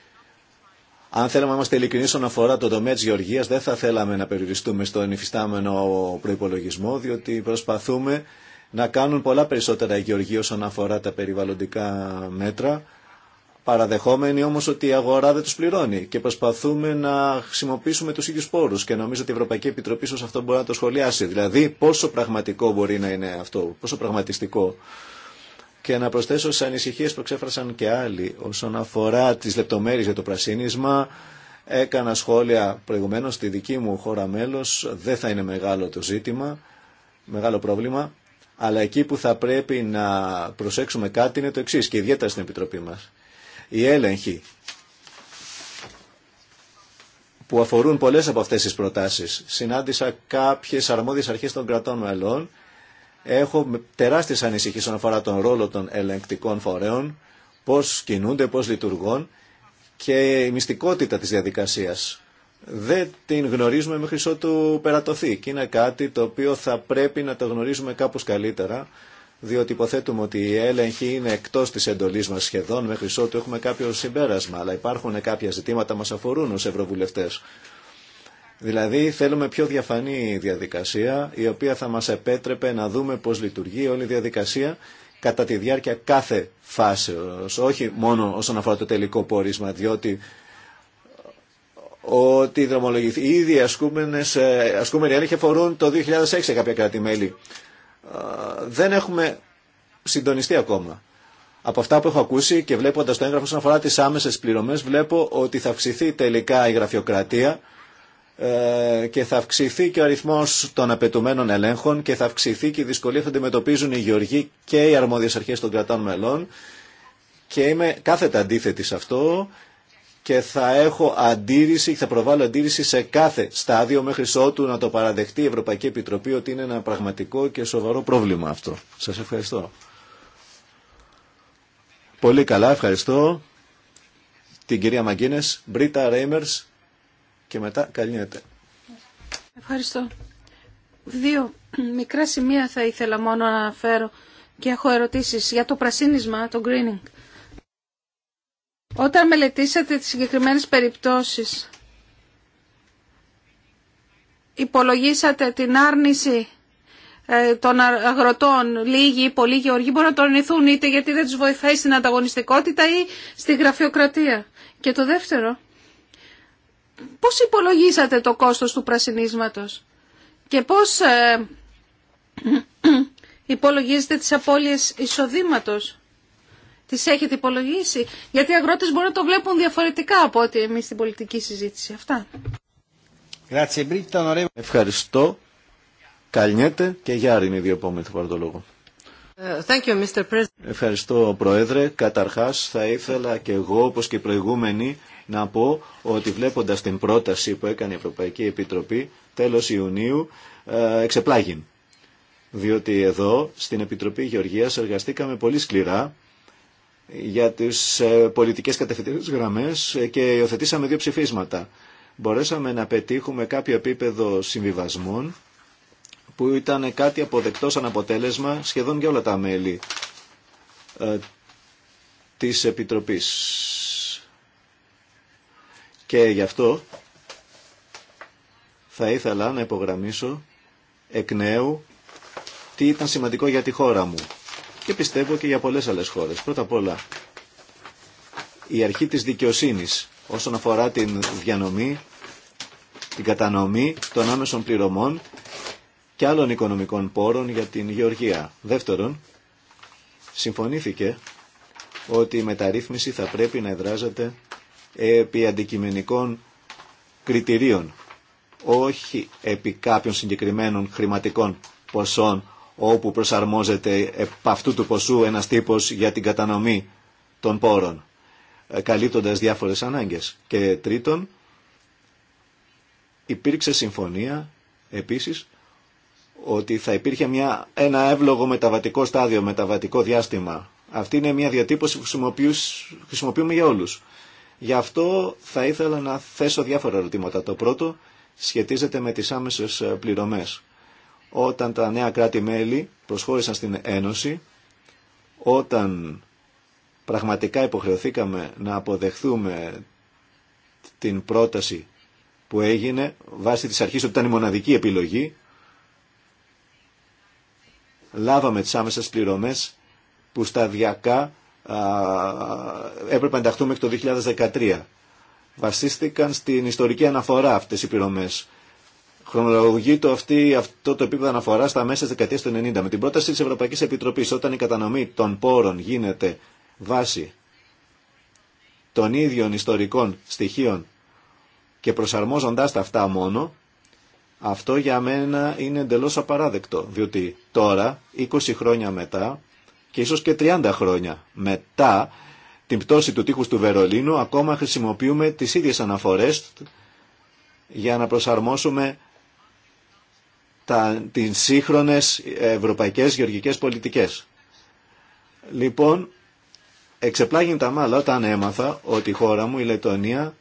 αν θέλαμε να είμαστε ειλικρινεί όσον αφορά το τομέα τη γεωργία, δεν θα θέλαμε να περιοριστούμε στον υφιστάμενο προπολογισμό, διότι προσπαθούμε να κάνουν πολλά περισσότερα οι γεωργοί όσον αφορά τα περιβαλλοντικά μέτρα παραδεχόμενοι όμως ότι η αγορά δεν τους πληρώνει και προσπαθούμε να χρησιμοποιήσουμε τους ίδιους πόρους και νομίζω ότι η Ευρωπαϊκή Επιτροπή σω αυτό μπορεί να το σχολιάσει. Δηλαδή πόσο πραγματικό μπορεί να είναι αυτό, πόσο πραγματιστικό. Και να προσθέσω στι ανησυχίε που εξέφρασαν και άλλοι όσον αφορά τι λεπτομέρειε για το πρασίνισμα. Έκανα σχόλια προηγουμένω στη δική μου χώρα μέλο. Δεν θα είναι μεγάλο το ζήτημα, μεγάλο πρόβλημα. Αλλά εκεί που θα πρέπει να προσέξουμε κάτι είναι το εξή και ιδιαίτερα στην Επιτροπή μα οι έλεγχοι που αφορούν πολλές από αυτές τις προτάσεις. Συνάντησα κάποιες αρμόδιες αρχές των κρατών μελών. Έχω τεράστιες ανησυχίες όσον αφορά τον ρόλο των ελεγκτικών φορέων, πώς κινούνται, πώς λειτουργούν και η μυστικότητα της διαδικασίας. Δεν την γνωρίζουμε μέχρι ότου περατωθεί και είναι κάτι το οποίο θα πρέπει να το γνωρίζουμε κάπως καλύτερα διότι υποθέτουμε ότι η έλεγχη είναι εκτός της εντολής μας σχεδόν μέχρι ότου έχουμε κάποιο συμπέρασμα, αλλά υπάρχουν κάποια ζητήματα μας αφορούν ως ευρωβουλευτές. Δηλαδή θέλουμε πιο διαφανή διαδικασία, η οποία θα μας επέτρεπε να δούμε πώς λειτουργεί όλη η διαδικασία κατά τη διάρκεια κάθε φάσεως, όχι μόνο όσον αφορά το τελικό πόρισμα, διότι ότι δρομολογηθεί ήδη ασκούμενες, ε, ασκούμενοι έλεγχοι αφορούν το 2006 κάποια κράτη-μέλη δεν έχουμε συντονιστεί ακόμα. Από αυτά που έχω ακούσει και βλέποντας το έγγραφο όσον αφορά τις άμεσες πληρωμές βλέπω ότι θα αυξηθεί τελικά η γραφειοκρατία ε, και θα αυξηθεί και ο αριθμός των απαιτουμένων ελέγχων και θα αυξηθεί και η δυσκολία που αντιμετωπίζουν οι γεωργοί και οι αρμόδιες αρχές των κρατών μελών και είμαι κάθετα αντίθετη σε αυτό και θα έχω αντίρρηση, θα προβάλλω αντίρρηση σε κάθε στάδιο μέχρι ότου να το παραδεχτεί η Ευρωπαϊκή Επιτροπή ότι είναι ένα πραγματικό και σοβαρό πρόβλημα αυτό. Σας ευχαριστώ. Πολύ καλά, ευχαριστώ την κυρία Μαγκίνες, Μπρίτα Ρέιμερς και μετά καλύνεται. Ευχαριστώ. Δύο μικρά σημεία θα ήθελα μόνο να αναφέρω και έχω ερωτήσεις για το πρασίνισμα, το greening. Όταν μελετήσατε τις συγκεκριμένες περιπτώσεις, υπολογίσατε την άρνηση ε, των αγροτών, λίγοι ή πολλοί γεωργοί μπορούν να το αρνηθούν είτε γιατί δεν τους βοηθάει στην ανταγωνιστικότητα ή στη γραφειοκρατία. Και το δεύτερο, πώς υπολογίσατε το κόστος του πρασινίσματος και πώς ε, (clears throat) υπολογίζετε τις απώλειες εισοδήματος τι έχετε υπολογίσει. Γιατί οι αγρότε μπορεί να το βλέπουν διαφορετικά από ό,τι εμεί στην πολιτική συζήτηση. Αυτά. Ευχαριστώ. Καλνιέται και Γιάρη είναι οι δύο επόμενοι θα πάρω το λόγο. Ε, Ευχαριστώ Πρόεδρε. Καταρχάς θα ήθελα και εγώ όπως και οι προηγούμενοι να πω ότι βλέποντας την πρόταση που έκανε η Ευρωπαϊκή Επιτροπή τέλος Ιουνίου ε, εξεπλάγει. Διότι εδώ στην Επιτροπή Γεωργίας εργαστήκαμε πολύ σκληρά για τις ε, πολιτικές κατευθυντικές γραμμές ε, και υιοθετήσαμε δύο ψηφίσματα. Μπορέσαμε να πετύχουμε κάποιο επίπεδο συμβιβασμών που ήταν κάτι αποδεκτό σαν αποτέλεσμα σχεδόν για όλα τα μέλη ε, της Επιτροπής. Και γι' αυτό θα ήθελα να υπογραμμίσω εκ νέου τι ήταν σημαντικό για τη χώρα μου και πιστεύω και για πολλές άλλες χώρες. Πρώτα απ' όλα, η αρχή της δικαιοσύνης όσον αφορά την διανομή, την κατανομή των άμεσων πληρωμών και άλλων οικονομικών πόρων για την γεωργία. Δεύτερον, συμφωνήθηκε ότι η μεταρρύθμιση θα πρέπει να εδράζεται επί αντικειμενικών κριτηρίων, όχι επί κάποιων συγκεκριμένων χρηματικών ποσών όπου προσαρμόζεται από αυτού του ποσού ένας τύπος για την κατανομή των πόρων, ε, καλύπτοντας διάφορες ανάγκες. Και τρίτον, υπήρξε συμφωνία επίσης ότι θα υπήρχε μια, ένα εύλογο μεταβατικό στάδιο, μεταβατικό διάστημα. Αυτή είναι μια διατύπωση που χρησιμοποιούμε για όλους. Γι' αυτό θα ήθελα να θέσω διάφορα ερωτήματα. Το πρώτο σχετίζεται με τις άμεσες ε, πληρωμές όταν τα νέα κράτη-μέλη προσχώρησαν στην Ένωση, όταν πραγματικά υποχρεωθήκαμε να αποδεχθούμε την πρόταση που έγινε βάσει της αρχής ότι ήταν η μοναδική επιλογή, λάβαμε τις άμεσες πληρωμές που σταδιακά α, έπρεπε να ενταχθούν μέχρι το 2013. Βασίστηκαν στην ιστορική αναφορά αυτές οι πληρωμές. Χρονολογεί το αυτή, αυτό το επίπεδο αναφορά στα μέσα τη δεκαετία του 90. Με την πρόταση τη Ευρωπαϊκή Επιτροπή, όταν η κατανομή των πόρων γίνεται βάση των ίδιων ιστορικών στοιχείων και προσαρμόζοντάς τα αυτά μόνο, αυτό για μένα είναι εντελώ απαράδεκτο, διότι τώρα, 20 χρόνια μετά και ίσως και 30 χρόνια μετά την πτώση του τείχου του Βερολίνου, ακόμα χρησιμοποιούμε τι ίδιε αναφορέ για να προσαρμόσουμε τα, τις σύγχρονες ευρωπαϊκές γεωργικές πολιτικές. Λοιπόν, εξεπλάγει τα μάλλα όταν έμαθα ότι η χώρα μου, η Λετωνία,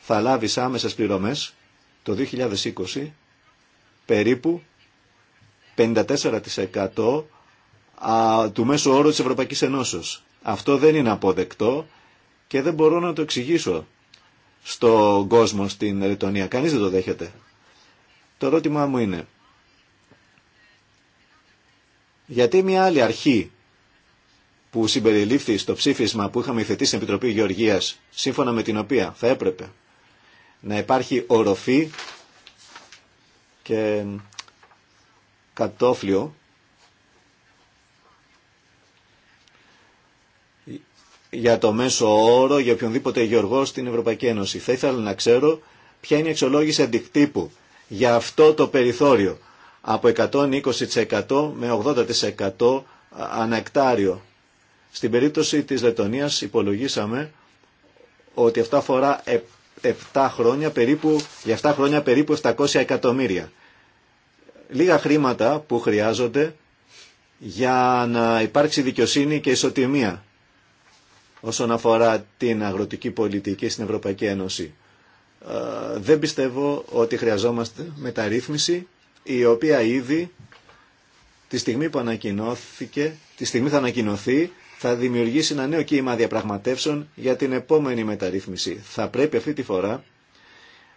θα λάβει σε άμεσες πληρωμές το 2020 περίπου 54% του μέσου όρου της Ευρωπαϊκής Ενώσεως. Αυτό δεν είναι αποδεκτό και δεν μπορώ να το εξηγήσω στον κόσμο στην Λετωνία. Κανείς δεν το δέχεται. Το ερώτημά μου είναι, γιατί μια άλλη αρχή που συμπεριλήφθη στο ψήφισμα που είχαμε υφετήσει στην Επιτροπή Γεωργίας, σύμφωνα με την οποία θα έπρεπε να υπάρχει οροφή και κατόφλιο για το μέσο όρο για οποιονδήποτε γεωργό στην Ευρωπαϊκή Ένωση. Θα ήθελα να ξέρω ποια είναι η εξολόγηση αντικτύπου για αυτό το περιθώριο από 120% με 80% ανακτάριο. Στην περίπτωση της Λετωνίας υπολογίσαμε ότι αυτά αφορά 7 χρόνια περίπου, για 7 χρόνια περίπου 700 εκατομμύρια. Λίγα χρήματα που χρειάζονται για να υπάρξει δικαιοσύνη και ισοτιμία όσον αφορά την αγροτική πολιτική στην Ευρωπαϊκή Ένωση. Ε, δεν πιστεύω ότι χρειαζόμαστε μεταρρύθμιση η οποία ήδη τη στιγμή που ανακοινώθηκε, τη στιγμή θα ανακοινωθεί, θα δημιουργήσει ένα νέο κύμα διαπραγματεύσεων για την επόμενη μεταρρύθμιση. Θα πρέπει αυτή τη φορά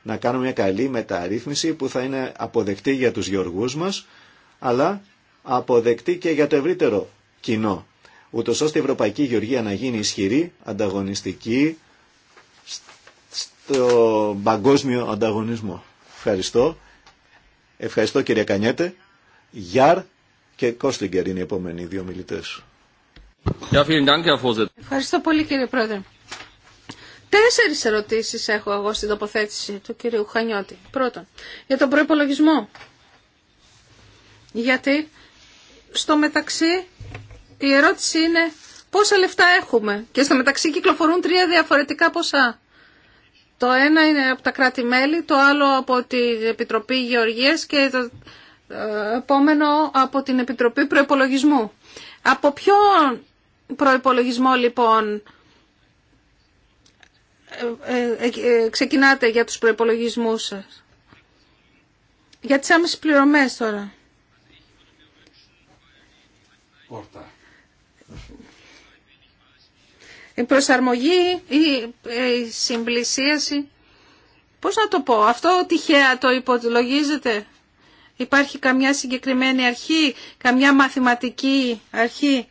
να κάνουμε μια καλή μεταρρύθμιση που θα είναι αποδεκτή για τους γεωργούς μας, αλλά αποδεκτή και για το ευρύτερο κοινό, ούτω ώστε η Ευρωπαϊκή Γεωργία να γίνει ισχυρή, ανταγωνιστική το παγκόσμιο ανταγωνισμό. Ευχαριστώ. Ευχαριστώ κύριε Κανιέτε. Γιάρ και Κώστιγκερ είναι οι επόμενοι δύο μιλητέ. Ευχαριστώ πολύ κύριε Πρόεδρε. Τέσσερις ερωτήσεις έχω εγώ στην τοποθέτηση του κυρίου Χανιώτη. Πρώτον, για τον προπολογισμό. Γιατί στο μεταξύ η ερώτηση είναι πόσα λεφτά έχουμε και στο μεταξύ κυκλοφορούν τρία διαφορετικά ποσά. Το ένα είναι από τα κράτη-μέλη, το άλλο από την Επιτροπή Γεωργίας και το ε, επόμενο από την Επιτροπή Προϋπολογισμού. Από ποιον προϋπολογισμό λοιπόν ε, ε, ξεκινάτε για τους προϋπολογισμούς σας. Για τις άμεσες πληρωμές τώρα. Πόρτα η προσαρμογή ή ε, η συμπλησίαση. Πώς να το πω, αυτό τυχαία το υπολογίζεται. Υπάρχει καμιά συγκεκριμένη αρχή, καμιά μαθηματική αρχή,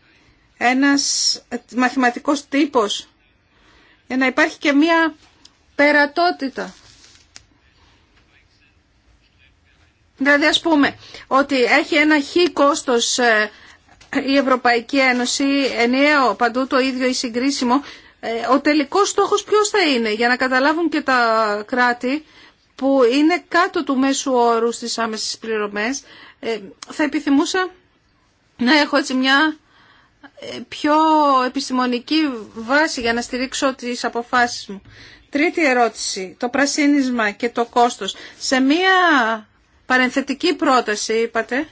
ένας μαθηματικός τύπος, για να υπάρχει και μία περατότητα. Δηλαδή ας πούμε ότι έχει ένα χ κόστος ε, η Ευρωπαϊκή Ένωση ενιαίο παντού το ίδιο ή συγκρίσιμο, ε, ο τελικός στόχος ποιος θα είναι για να καταλάβουν και τα κράτη που είναι κάτω του μέσου όρου στις άμεσες πληρωμές. Ε, θα επιθυμούσα να έχω έτσι μια ε, πιο επιστημονική βάση για να στηρίξω τις αποφάσεις μου. Τρίτη ερώτηση, το πρασίνισμα και το κόστος. Σε μία παρενθετική πρόταση είπατε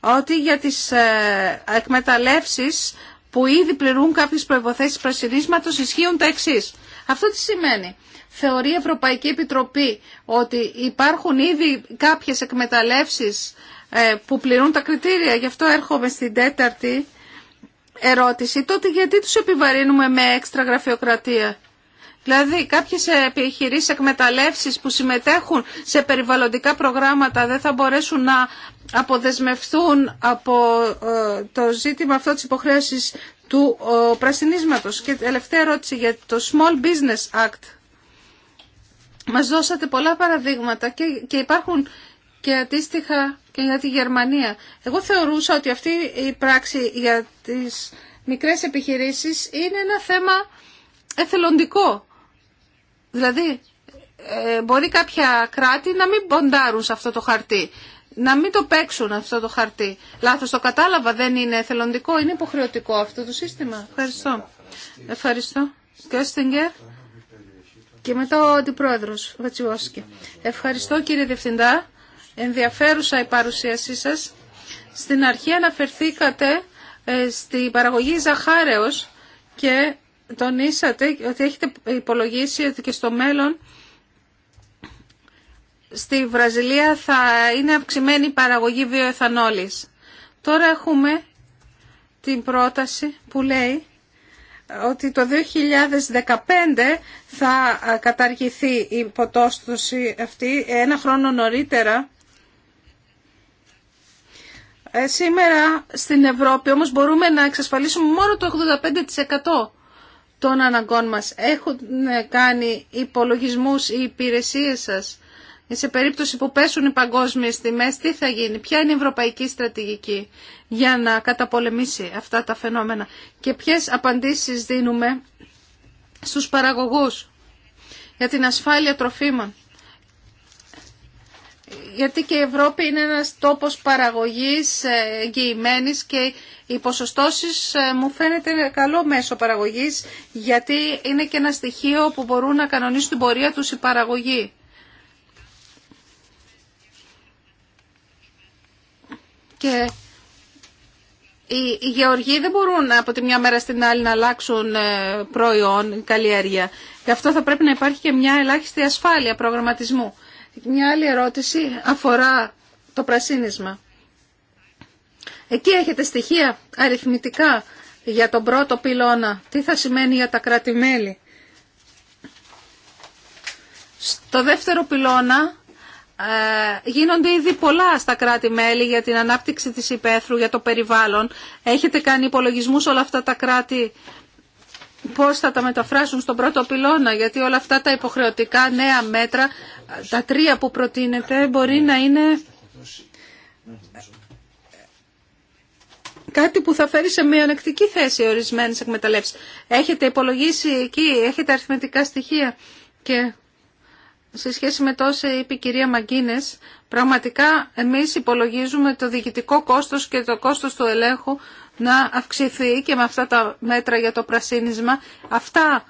ότι για τις ε, εκμεταλλεύσεις που ήδη πληρούν κάποιες προϋποθέσεις πρασινίσματος ισχύουν τα εξή. Αυτό τι σημαίνει. Θεωρεί η Ευρωπαϊκή Επιτροπή ότι υπάρχουν ήδη κάποιες εκμεταλλεύσεις ε, που πληρούν τα κριτήρια. Γι' αυτό έρχομαι στην τέταρτη ερώτηση. Τότε γιατί τους επιβαρύνουμε με έξτρα γραφειοκρατία. Δηλαδή κάποιες επιχειρήσεις εκμεταλλεύσεις που συμμετέχουν σε περιβαλλοντικά προγράμματα δεν θα μπορέσουν να αποδεσμευτούν από ε, το ζήτημα αυτό της υποχρέωσης του ε, πρασινίσματος. Και τελευταία ερώτηση για το Small Business Act. Μας δώσατε πολλά παραδείγματα και υπάρχουν και αντίστοιχα και για τη Γερμανία. Εγώ θεωρούσα ότι αυτή η πράξη για τις μικρές επιχειρήσεις είναι ένα θέμα εθελοντικό. Δηλαδή, ε, μπορεί κάποια κράτη να μην ποντάρουν σε αυτό το χαρτί να μην το παίξουν αυτό το χαρτί. Λάθος το κατάλαβα, δεν είναι εθελοντικό, είναι υποχρεωτικό αυτό το σύστημα. Ευχαριστώ. Ευχαριστώ. Κέστιγκερ. Και μετά ο Αντιπρόεδρος Βατσιόσκι. Ευχαριστώ κύριε Διευθυντά. Ενδιαφέρουσα η παρουσίασή σας. Στην αρχή αναφερθήκατε ε, στην παραγωγή ζαχάρεως και τονίσατε ότι έχετε υπολογίσει ότι και στο μέλλον στη Βραζιλία θα είναι αυξημένη η παραγωγή βιοεθανόλης. Τώρα έχουμε την πρόταση που λέει ότι το 2015 θα καταργηθεί η ποτόστοση αυτή ένα χρόνο νωρίτερα. Ε, σήμερα στην Ευρώπη όμως μπορούμε να εξασφαλίσουμε μόνο το 85% των αναγκών μας. Έχουν ε, κάνει υπολογισμούς οι υπηρεσίες σας ε, σε περίπτωση που πέσουν οι παγκόσμιες τιμέ, τι θα γίνει, ποια είναι η ευρωπαϊκή στρατηγική για να καταπολεμήσει αυτά τα φαινόμενα και ποιε απαντήσεις δίνουμε στους παραγωγούς για την ασφάλεια τροφίμων. Γιατί και η Ευρώπη είναι ένας τόπος παραγωγής ε, εγγυημένη και οι ποσοστώσεις ε, μου φαίνεται καλό μέσο παραγωγής γιατί είναι και ένα στοιχείο που μπορούν να κανονίσουν την πορεία τους οι παραγωγοί. Και οι γεωργοί δεν μπορούν από τη μια μέρα στην άλλη να αλλάξουν ε, προϊόν, καλλιέργεια. Γι' αυτό θα πρέπει να υπάρχει και μια ελάχιστη ασφάλεια προγραμματισμού. Μια άλλη ερώτηση αφορά το πρασίνισμα. Εκεί έχετε στοιχεία αριθμητικά για τον πρώτο πυλώνα. Τι θα σημαίνει για τα κρατη Στο δεύτερο πυλώνα ε, γίνονται ήδη πολλά στα κράτη-μέλη για την ανάπτυξη της υπαίθρου, για το περιβάλλον. Έχετε κάνει υπολογισμούς όλα αυτά τα κράτη πώς θα τα μεταφράσουν στον πρώτο πυλώνα, γιατί όλα αυτά τα υποχρεωτικά νέα μέτρα, τα τρία που προτείνετε, μπορεί να είναι κάτι που θα φέρει σε μειονεκτική θέση ορισμένες εκμεταλλεύσεις. Έχετε υπολογίσει εκεί, έχετε αριθμητικά στοιχεία και σε σχέση με τόσα είπε η κυρία Μαγκίνες, πραγματικά εμείς υπολογίζουμε το διοικητικό κόστος και το κόστος του ελέγχου να αυξηθεί και με αυτά τα μέτρα για το πρασίνισμα. Αυτά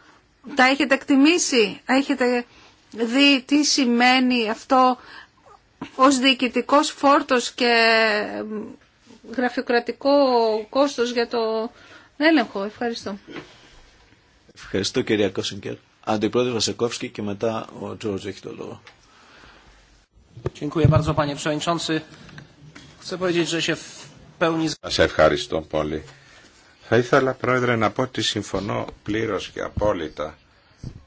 τα έχετε εκτιμήσει, έχετε δει τι σημαίνει αυτό ως διοικητικός φόρτος και γραφειοκρατικό κόστος για το έλεγχο. Ευχαριστώ. Ευχαριστώ κυρία Κόσιγκερ. Αντιπρόεδρος Βασεκόφσκι και μετά ο Τζόρτζ έχει το λόγο. Σας ευχαριστώ πολύ. Θα ήθελα, Πρόεδρε, να πω ότι συμφωνώ πλήρως και απόλυτα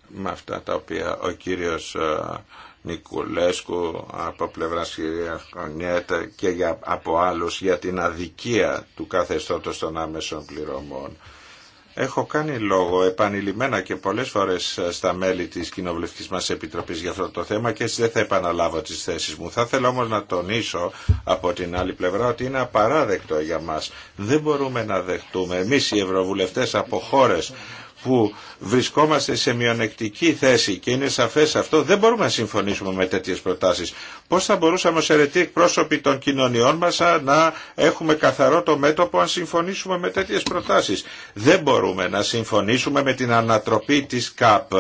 με αυτά τα οποία ο κύριος ε, Νικουλέσκου από πλευρά κυρία Κονιέτα και για, από άλλους για την αδικία του καθεστώτος των άμεσων πληρωμών. Έχω κάνει λόγο επανειλημμένα και πολλές φορές στα μέλη της κοινοβουλευτικής μας επιτροπής για αυτό το θέμα και έτσι δεν θα επαναλάβω τις θέσεις μου. Θα θέλω όμως να τονίσω από την άλλη πλευρά ότι είναι απαράδεκτο για μας. Δεν μπορούμε να δεχτούμε εμείς οι ευρωβουλευτές από χώρες που βρισκόμαστε σε μειονεκτική θέση και είναι σαφές αυτό, δεν μπορούμε να συμφωνήσουμε με τέτοιες προτάσεις. Πώς θα μπορούσαμε ως αιρετοί εκπρόσωποι των κοινωνιών μας να έχουμε καθαρό το μέτωπο αν συμφωνήσουμε με τέτοιες προτάσεις. Δεν μπορούμε να συμφωνήσουμε με την ανατροπή της ΚΑΠ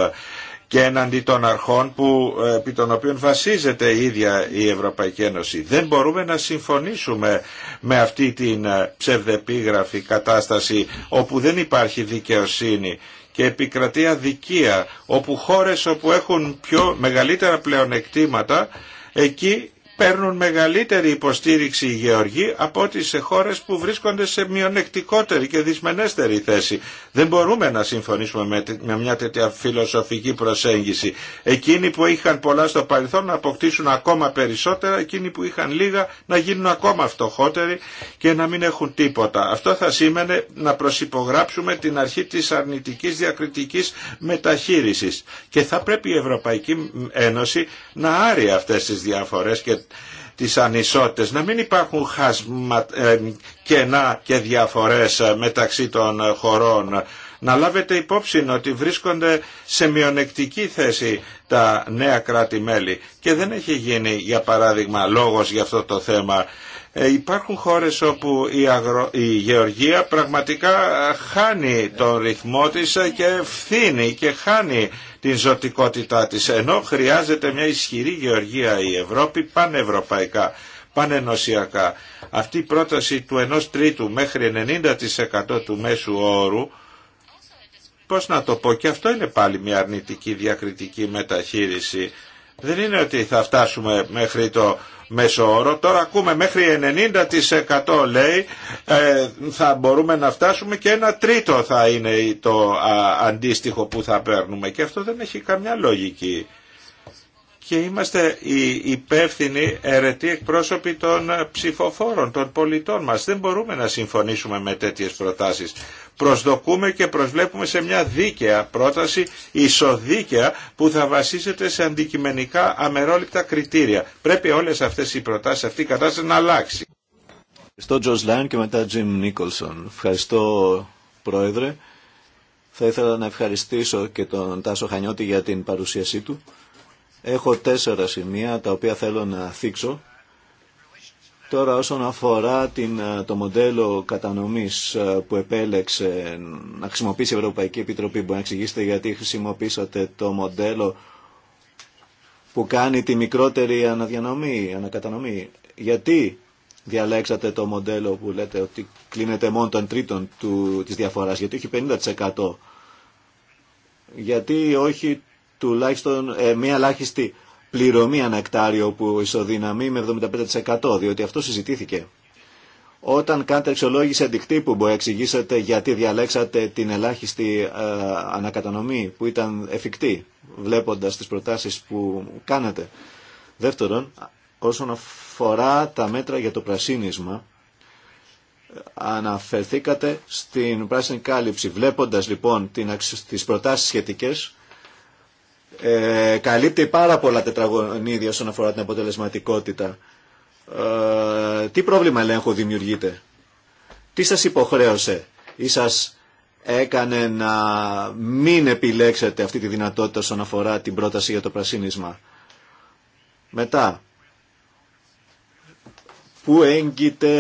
και έναντι των αρχών που, ε, επί των οποίων βασίζεται η ίδια η Ευρωπαϊκή Ένωση. Δεν μπορούμε να συμφωνήσουμε με αυτή την ε, ψευδεπίγραφη κατάσταση όπου δεν υπάρχει δικαιοσύνη και επικρατεί αδικία, όπου χώρες όπου έχουν πιο μεγαλύτερα πλεονεκτήματα, εκεί παίρνουν μεγαλύτερη υποστήριξη οι γεωργοί από ό,τι σε χώρες που βρίσκονται σε μειονεκτικότερη και δυσμενέστερη θέση. Δεν μπορούμε να συμφωνήσουμε με μια τέτοια φιλοσοφική προσέγγιση. Εκείνοι που είχαν πολλά στο παρελθόν να αποκτήσουν ακόμα περισσότερα, εκείνοι που είχαν λίγα να γίνουν ακόμα φτωχότεροι και να μην έχουν τίποτα. Αυτό θα σήμαινε να προσυπογράψουμε την αρχή της αρνητικής διακριτικής μεταχείρισης. Και θα πρέπει η Ευρωπαϊκή Ένωση να άρει αυτές τις διαφορές και τις ανισότητες, να μην υπάρχουν χασμα, ε, κενά και διαφορές ε, μεταξύ των ε, χωρών να λάβετε υπόψη ότι βρίσκονται σε μειονεκτική θέση τα νέα κράτη-μέλη και δεν έχει γίνει για παράδειγμα λόγος για αυτό το θέμα. Ε, υπάρχουν χώρες όπου η, η γεωργία πραγματικά χάνει τον ρυθμό της και φθήνει και χάνει την ζωτικότητά της ενώ χρειάζεται μια ισχυρή γεωργία η Ευρώπη πανευρωπαϊκά, πανενωσιακά. Αυτή η πρόταση του 1 τρίτου μέχρι 90% του μέσου όρου πώς να το πω, και αυτό είναι πάλι μια αρνητική διακριτική μεταχείριση. Δεν είναι ότι θα φτάσουμε μέχρι το μέσο όρο. Τώρα ακούμε μέχρι 90% λέει ε, θα μπορούμε να φτάσουμε και ένα τρίτο θα είναι το αντίστοιχο που θα παίρνουμε. Και αυτό δεν έχει καμιά λογική και είμαστε οι υπεύθυνοι αιρετοί εκπρόσωποι των ψηφοφόρων, των πολιτών μας. Δεν μπορούμε να συμφωνήσουμε με τέτοιες προτάσεις. Προσδοκούμε και προσβλέπουμε σε μια δίκαια πρόταση, ισοδίκαια, που θα βασίζεται σε αντικειμενικά αμερόληπτα κριτήρια. Πρέπει όλες αυτές οι προτάσεις, αυτή η κατάσταση να αλλάξει. Ευχαριστώ Τζος Λάιν και μετά Τζιμ Νίκολσον. Ευχαριστώ Πρόεδρε. Θα ήθελα να ευχαριστήσω και τον Τάσο Χανιώτη για την παρουσίασή του. Έχω τέσσερα σημεία τα οποία θέλω να θίξω. Τώρα όσον αφορά την, ε, το μοντέλο κατανομής ε, που επέλεξε να χρησιμοποιήσει η Ευρωπαϊκή Επιτροπή, μπορεί να εξηγήσετε γιατί χρησιμοποίησατε το μοντέλο που κάνει τη μικρότερη αναδιανομή, ανακατανομή. Γιατί διαλέξατε το μοντέλο που λέτε ότι κλείνεται μόνο των τρίτων του, της διαφοράς, γιατί όχι 50%. Γιατί όχι τουλάχιστον ε, μια ελάχιστη πληρωμή ανακτάριο που ισοδυναμεί με 75% διότι αυτό συζητήθηκε. Όταν κάνετε εξολόγηση αντικτύπου να εξηγήσετε γιατί διαλέξατε την ελάχιστη ε, ανακατανομή που ήταν εφικτή βλέποντας τις προτάσεις που κάνατε. Δεύτερον, όσον αφορά τα μέτρα για το πρασίνισμα, αναφερθήκατε στην πράσινη κάλυψη. Βλέποντας λοιπόν τις προτάσεις σχετικές, ε, καλύπτει πάρα πολλά τετραγωνίδια όσον αφορά την αποτελεσματικότητα. Ε, τι πρόβλημα ελέγχου δημιουργείται. Τι σας υποχρέωσε ή σας έκανε να μην επιλέξετε αυτή τη δυνατότητα όσον αφορά την πρόταση για το πρασίνισμα. Μετά, που έγκυται,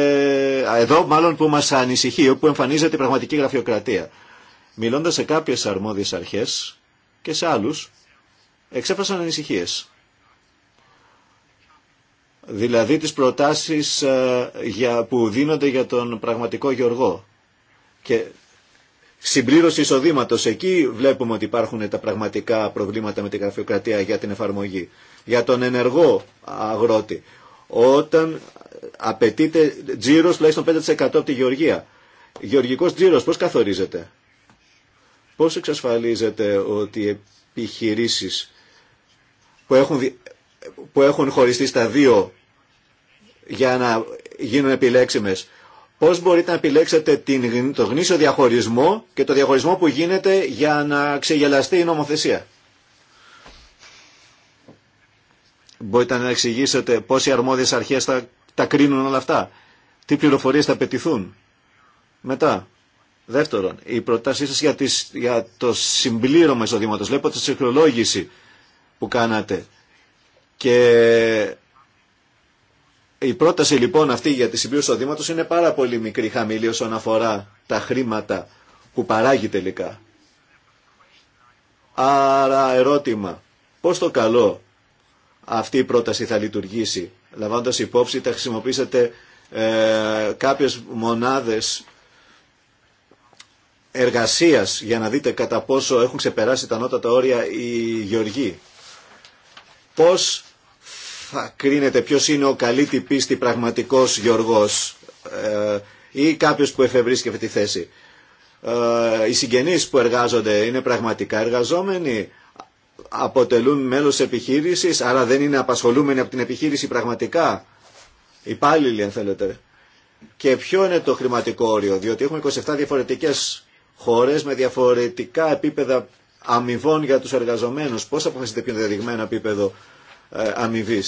εδώ μάλλον που μας ανησυχεί, όπου εμφανίζεται η πραγματική γραφειοκρατία. Μιλώντας σε κάποιες αρμόδιες αρχές και σε άλλους, εξέφρασαν ανησυχίες. Δηλαδή τις προτάσεις ε, για, που δίνονται για τον πραγματικό Γεωργό. Και συμπλήρωση εισοδήματο. Εκεί βλέπουμε ότι υπάρχουν τα πραγματικά προβλήματα με την γραφειοκρατία για την εφαρμογή. Για τον ενεργό αγρότη. Όταν απαιτείται τζίρος τουλάχιστον 5% από τη γεωργία. Γεωργικός τζίρος πώς καθορίζεται. Πώς εξασφαλίζεται ότι οι επιχειρήσεις που έχουν, που έχουν χωριστεί στα δύο για να γίνουν επιλέξιμες. Πώς μπορείτε να επιλέξετε την, το γνήσιο διαχωρισμό και το διαχωρισμό που γίνεται για να ξεγελαστεί η νομοθεσία. Μπορείτε να εξηγήσετε πώς οι αρμόδιες αρχές τα, τα κρίνουν όλα αυτά. Τι πληροφορίες θα απαιτηθούν Μετά, δεύτερον, η προτάσή σας για, για το συμπλήρωμα εισοδήματος. Βλέπω τη συγχρολόγηση που κάνατε. Και η πρόταση λοιπόν αυτή για τη συμπλήρωση του δήματος είναι πάρα πολύ μικρή χαμηλή όσον αφορά τα χρήματα που παράγει τελικά. Άρα ερώτημα, πώς το καλό αυτή η πρόταση θα λειτουργήσει, λαμβάνοντας υπόψη θα χρησιμοποιήσετε ε, κάποιες μονάδες εργασίας για να δείτε κατά πόσο έχουν ξεπεράσει τα νότατα όρια οι γεωργοί. Πώς θα κρίνετε ποιος είναι ο καλή τυπίστη πραγματικός Γιωργός ε, ή κάποιος που εφευρίσκει τη θέση. Ε, οι συγγενείς που εργάζονται είναι πραγματικά εργαζόμενοι, αποτελούν μέλος επιχείρησης, άρα δεν είναι απασχολούμενοι από την επιχείρηση πραγματικά. Υπάλληλοι αν θέλετε. Και ποιο είναι το χρηματικό όριο, διότι έχουμε 27 διαφορετικές χώρες με διαφορετικά επίπεδα αμοιβών για τους εργαζομένους. Πώς αποφασίσετε πιο δεδειγμένο επίπεδο ε, αμοιβή.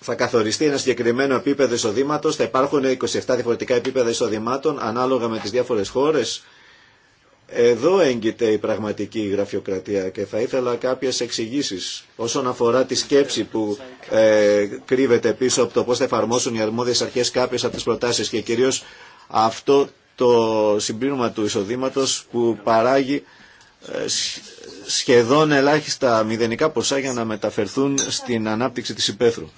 Θα καθοριστεί ένα συγκεκριμένο επίπεδο εισοδήματο, θα υπάρχουν 27 διαφορετικά επίπεδα εισοδημάτων ανάλογα με τι διάφορε χώρε. Εδώ έγκυται η πραγματική γραφειοκρατία και θα ήθελα κάποιε εξηγήσει όσον αφορά τη σκέψη που ε, κρύβεται πίσω από το πώ θα εφαρμόσουν οι αρμόδιες αρχέ κάποιε από τι προτάσει και κυρίω αυτό το συμπλήρωμα του εισοδήματος που παράγει ε, σχεδόν ελάχιστα μηδενικά ποσά για να μεταφερθούν στην ανάπτυξη της υπαίθρου.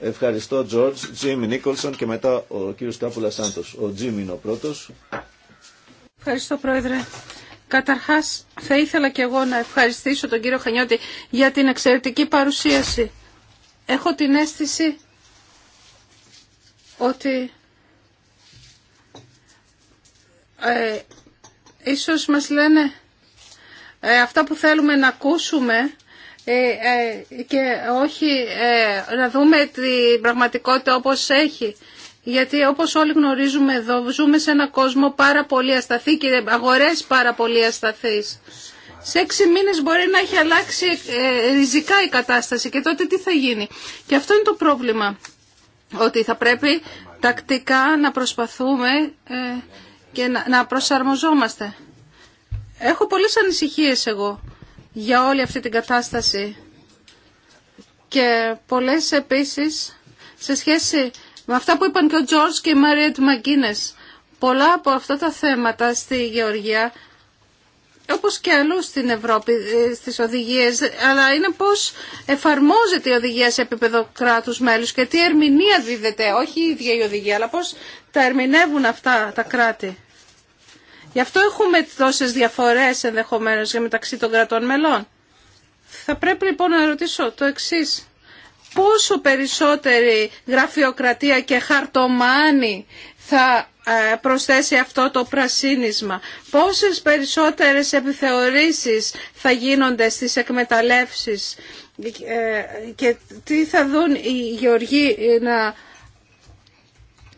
Ευχαριστώ, George. Τζίμι Νίκολσον και μετά ο κύριος Κάπουλα Σάντος. Ο Τζίμι είναι ο πρώτος. Ευχαριστώ, Πρόεδρε. Καταρχάς, θα ήθελα και εγώ να ευχαριστήσω τον κύριο Χανιώτη για την εξαιρετική παρουσίαση. Έχω την αίσθηση ότι ε, ίσως μας λένε ε, αυτά που θέλουμε να ακούσουμε ε, ε, και όχι να δούμε την πραγματικότητα όπως έχει. Γιατί όπως όλοι γνωρίζουμε εδώ, ζούμε σε ένα κόσμο πάρα πολύ ασταθή και αγορές πάρα πολύ ασταθείς. Σε έξι μήνες μπορεί να έχει αλλάξει ριζικά η κατάσταση και τότε τι θα γίνει. Και αυτό είναι το πρόβλημα, ότι θα πρέπει τακτικά να προσπαθούμε και να προσαρμοζόμαστε. Έχω πολλές ανησυχίες εγώ για όλη αυτή την κατάσταση και πολλές επίσης σε σχέση με αυτά που είπαν και ο Τζόρτζ και η του Μαγκίνες. Πολλά από αυτά τα θέματα στη Γεωργία όπως και αλλού στην Ευρώπη, ε, στις οδηγίες, αλλά είναι πώς εφαρμόζεται η οδηγία σε επίπεδο κράτους μέλους και τι ερμηνεία δίδεται, όχι η ίδια η οδηγία, αλλά πώς τα ερμηνεύουν αυτά τα κράτη. Γι' αυτό έχουμε τόσες διαφορές ενδεχομένως για μεταξύ των κρατών μελών. Θα πρέπει λοιπόν να ρωτήσω το εξής. Πόσο περισσότερη γραφειοκρατία και χαρτομάνη θα ε, προσθέσει αυτό το πρασίνισμα. Πόσες περισσότερες επιθεωρήσεις θα γίνονται στις εκμεταλλεύσεις ε, και τι θα δουν οι γεωργοί να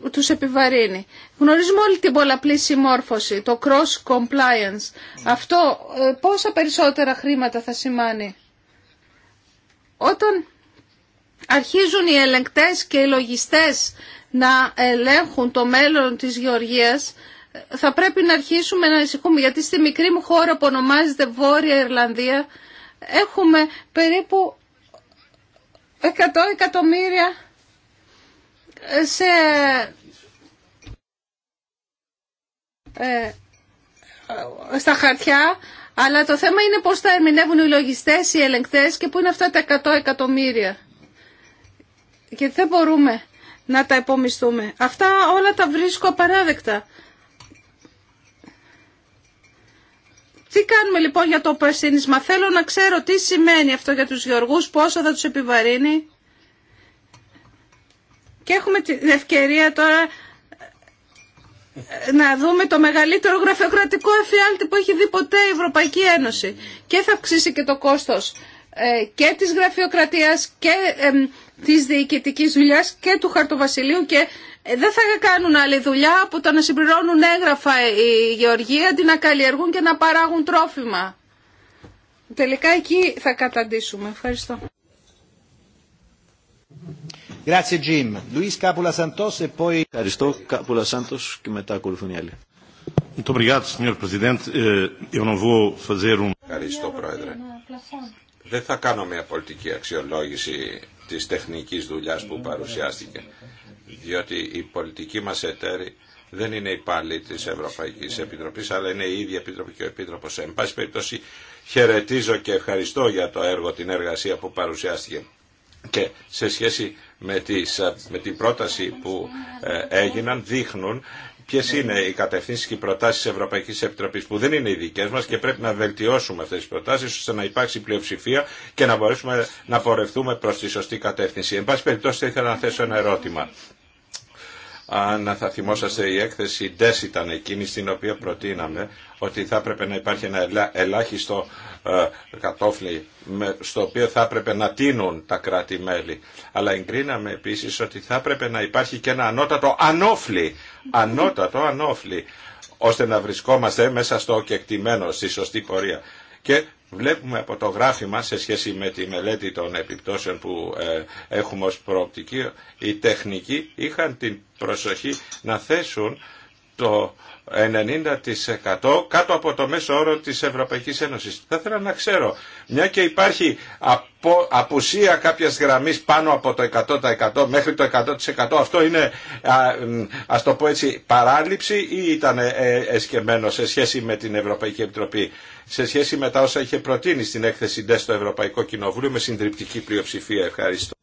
τους επιβαρύνει. Γνωρίζουμε όλη την πολλαπλή συμμόρφωση, το cross compliance. Αυτό ε, πόσα περισσότερα χρήματα θα σημάνει. Όταν αρχίζουν οι ελεγκτές και οι λογιστές να ελέγχουν το μέλλον της γεωργίας, θα πρέπει να αρχίσουμε να ανησυχούμε γιατί στη μικρή μου χώρα που ονομάζεται Βόρεια Ιρλανδία, έχουμε περίπου 100 εκατομμύρια σε ε, στα χαρτιά, αλλά το θέμα είναι πώς τα ερμηνεύουν οι λογιστές, οι ελεγκτές και πού είναι αυτά τα 100 εκατομμύρια. Και δεν μπορούμε να τα επομιστούμε. Αυτά όλα τα βρίσκω απαράδεκτα. Τι κάνουμε λοιπόν για το πρασίνισμα. Θέλω να ξέρω τι σημαίνει αυτό για τους γεωργούς, πόσο θα τους επιβαρύνει. Και έχουμε την ευκαιρία τώρα ε, να δούμε το μεγαλύτερο γραφειοκρατικό εφιάλτη που έχει δει ποτέ η Ευρωπαϊκή Ένωση. Και θα αυξήσει και το κόστος ε, και της γραφειοκρατίας και της διοικητική δουλειά και του χαρτοβασιλείου και ε, δεν θα κάνουν άλλη δουλειά από το να συμπληρώνουν έγγραφα οι γεωργοί αντί να καλλιεργούν και να παράγουν τρόφιμα. Τελικά εκεί θα καταντήσουμε. Ευχαριστώ. Ευχαριστώ Πρόεδρε. Δεν θα κάνω μια πολιτική αξιολόγηση της τεχνικής δουλειάς που παρουσιάστηκε, διότι η πολιτική μας εταίρη δεν είναι υπάλληλοι της Ευρωπαϊκής Επιτροπής, αλλά είναι η ίδια Επιτροπή και ο Επίτροπος. Εν πάση περιπτώσει, χαιρετίζω και ευχαριστώ για το έργο, την εργασία που παρουσιάστηκε και σε σχέση με, τις, ε, με την πρόταση που ε, έγιναν δείχνουν ποιε είναι οι κατευθύνσει και οι προτάσει τη Ευρωπαϊκή Επιτροπή που δεν είναι οι δικέ μα και πρέπει να βελτιώσουμε αυτέ τι προτάσει ώστε να υπάρξει πλειοψηφία και να μπορέσουμε να πορευτούμε προ τη σωστή κατεύθυνση. Εν πάση περιπτώσει, θα ήθελα να θέσω ένα ερώτημα. Αν θα θυμόσαστε η έκθεση DES ήταν εκείνη στην οποία προτείναμε ότι θα έπρεπε να υπάρχει ένα ελάχιστο ε, κατόφλι στο οποίο θα έπρεπε να τίνουν τα κράτη-μέλη. Αλλά εγκρίναμε επίσης ότι θα έπρεπε να υπάρχει και ένα ανώτατο ανόφλι, ανώτατο ανόφλι, ώστε να βρισκόμαστε μέσα στο κεκτημένο, στη σωστή πορεία. Και βλέπουμε από το γράφημα σε σχέση με τη μελέτη των επιπτώσεων που ε, έχουμε ως προοπτική, οι τεχνικοί είχαν την προσοχή να θέσουν το 90% κάτω από το μέσο όρο της Ευρωπαϊκής Ένωσης. Θα ήθελα να ξέρω, μια και υπάρχει απουσία κάποιας γραμμής πάνω από το 100% μέχρι το 100% αυτό είναι, α, ας το πω έτσι, παράληψη ή ήταν ε, εσκεμμένο σε σχέση με την Ευρωπαϊκή Επιτροπή σε σχέση με τα όσα είχε προτείνει στην έκθεση ΝΤΕ στο Ευρωπαϊκό Κοινοβούλιο με συντριπτική πλειοψηφία. Ευχαριστώ.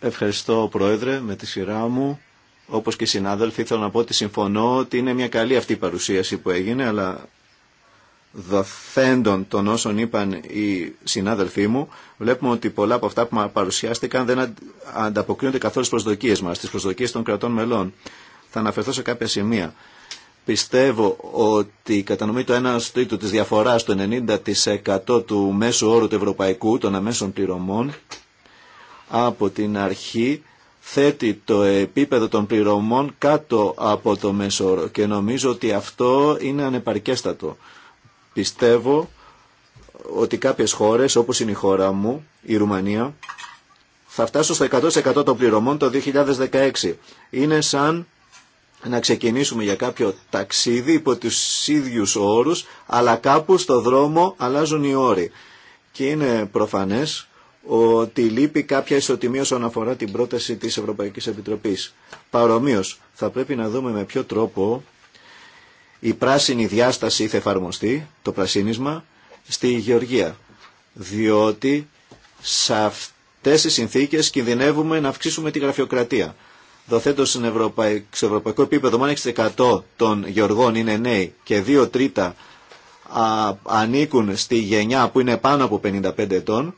Ευχαριστώ Πρόεδρε με τη σειρά μου. Όπως και οι συνάδελφοι θέλω να πω ότι συμφωνώ ότι είναι μια καλή αυτή η παρουσίαση που έγινε αλλά δοθέντων των όσων είπαν οι συνάδελφοί μου, βλέπουμε ότι πολλά από αυτά που παρουσιάστηκαν δεν ανταποκρίνονται καθόλου στις προσδοκίε μα, στι προσδοκίε των κρατών μελών. Θα αναφερθώ σε κάποια σημεία. Πιστεύω ότι η κατανομή του 1 τρίτου τη διαφορά του 90% του μέσου όρου του ευρωπαϊκού των αμέσων πληρωμών από την αρχή θέτει το επίπεδο των πληρωμών κάτω από το μέσο όρο και νομίζω ότι αυτό είναι ανεπαρκέστατο. Πιστεύω ότι κάποιες χώρες, όπως είναι η χώρα μου, η Ρουμανία, θα φτάσουν στο 100% των πληρωμών το 2016. Είναι σαν να ξεκινήσουμε για κάποιο ταξίδι υπό τους ίδιους όρους, αλλά κάπου στο δρόμο αλλάζουν οι όροι. Και είναι προφανές ότι λείπει κάποια ισοτιμία όσον αφορά την πρόταση της Ευρωπαϊκής Επιτροπής. Παρομοίως, θα πρέπει να δούμε με ποιο τρόπο η πράσινη διάσταση θα εφαρμοστεί, το πρασίνισμα, στη Γεωργία. Διότι σε αυτές τις συνθήκες κινδυνεύουμε να αυξήσουμε τη γραφειοκρατία. Δοθέτω σε ευρωπαϊκό επίπεδο, μόνο 6% των γεωργών είναι νέοι και 2 τρίτα ανήκουν στη γενιά που είναι πάνω από 55 ετών,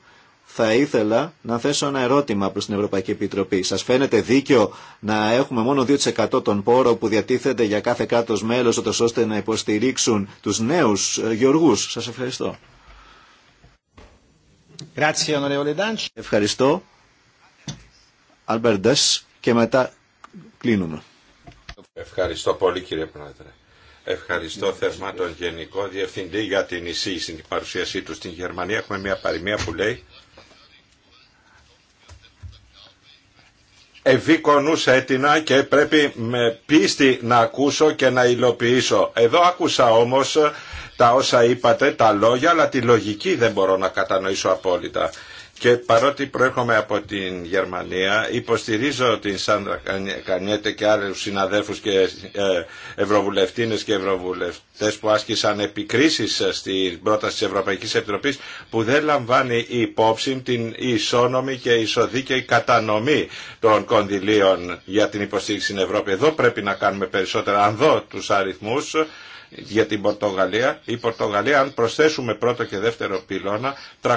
θα ήθελα να θέσω ένα ερώτημα προς την Ευρωπαϊκή Επιτροπή. Σας φαίνεται δίκιο να έχουμε μόνο 2% των πόρων που διατίθεται για κάθε κράτος μέλος ώστε να υποστηρίξουν τους νέους ε, γεωργούς. Σας ευχαριστώ. Ευχαριστώ. Αλμπερντές και μετά κλείνουμε. Ευχαριστώ πολύ κύριε Πρόεδρε. Ευχαριστώ θερμά τον Γενικό Διευθυντή για την εισήγηση, την παρουσίασή του στην Γερμανία. Έχουμε μια παροιμία που λέει Εβεί έτεινα και πρέπει με πίστη να ακούσω και να υλοποιήσω. Εδώ άκουσα όμως τα όσα είπατε, τα λόγια, αλλά τη λογική δεν μπορώ να κατανοήσω απόλυτα. Και παρότι προέρχομαι από την Γερμανία, υποστηρίζω την Σάντρα Κανιέτε και άλλους συναδέλφους και ε, ευρωβουλευτίνες και ευρωβουλευτές που άσκησαν επικρίσεις ε, στην πρόταση της Ευρωπαϊκής Επιτροπής που δεν λαμβάνει υπόψη την ισόνομη και ισοδίκαιη κατανομή των κονδυλίων για την υποστήριξη στην Ευρώπη. Εδώ πρέπει να κάνουμε περισσότερα. Αν δω τους αριθμούς, για την Πορτογαλία. Η Πορτογαλία, αν προσθέσουμε πρώτο και δεύτερο πυλώνα, 332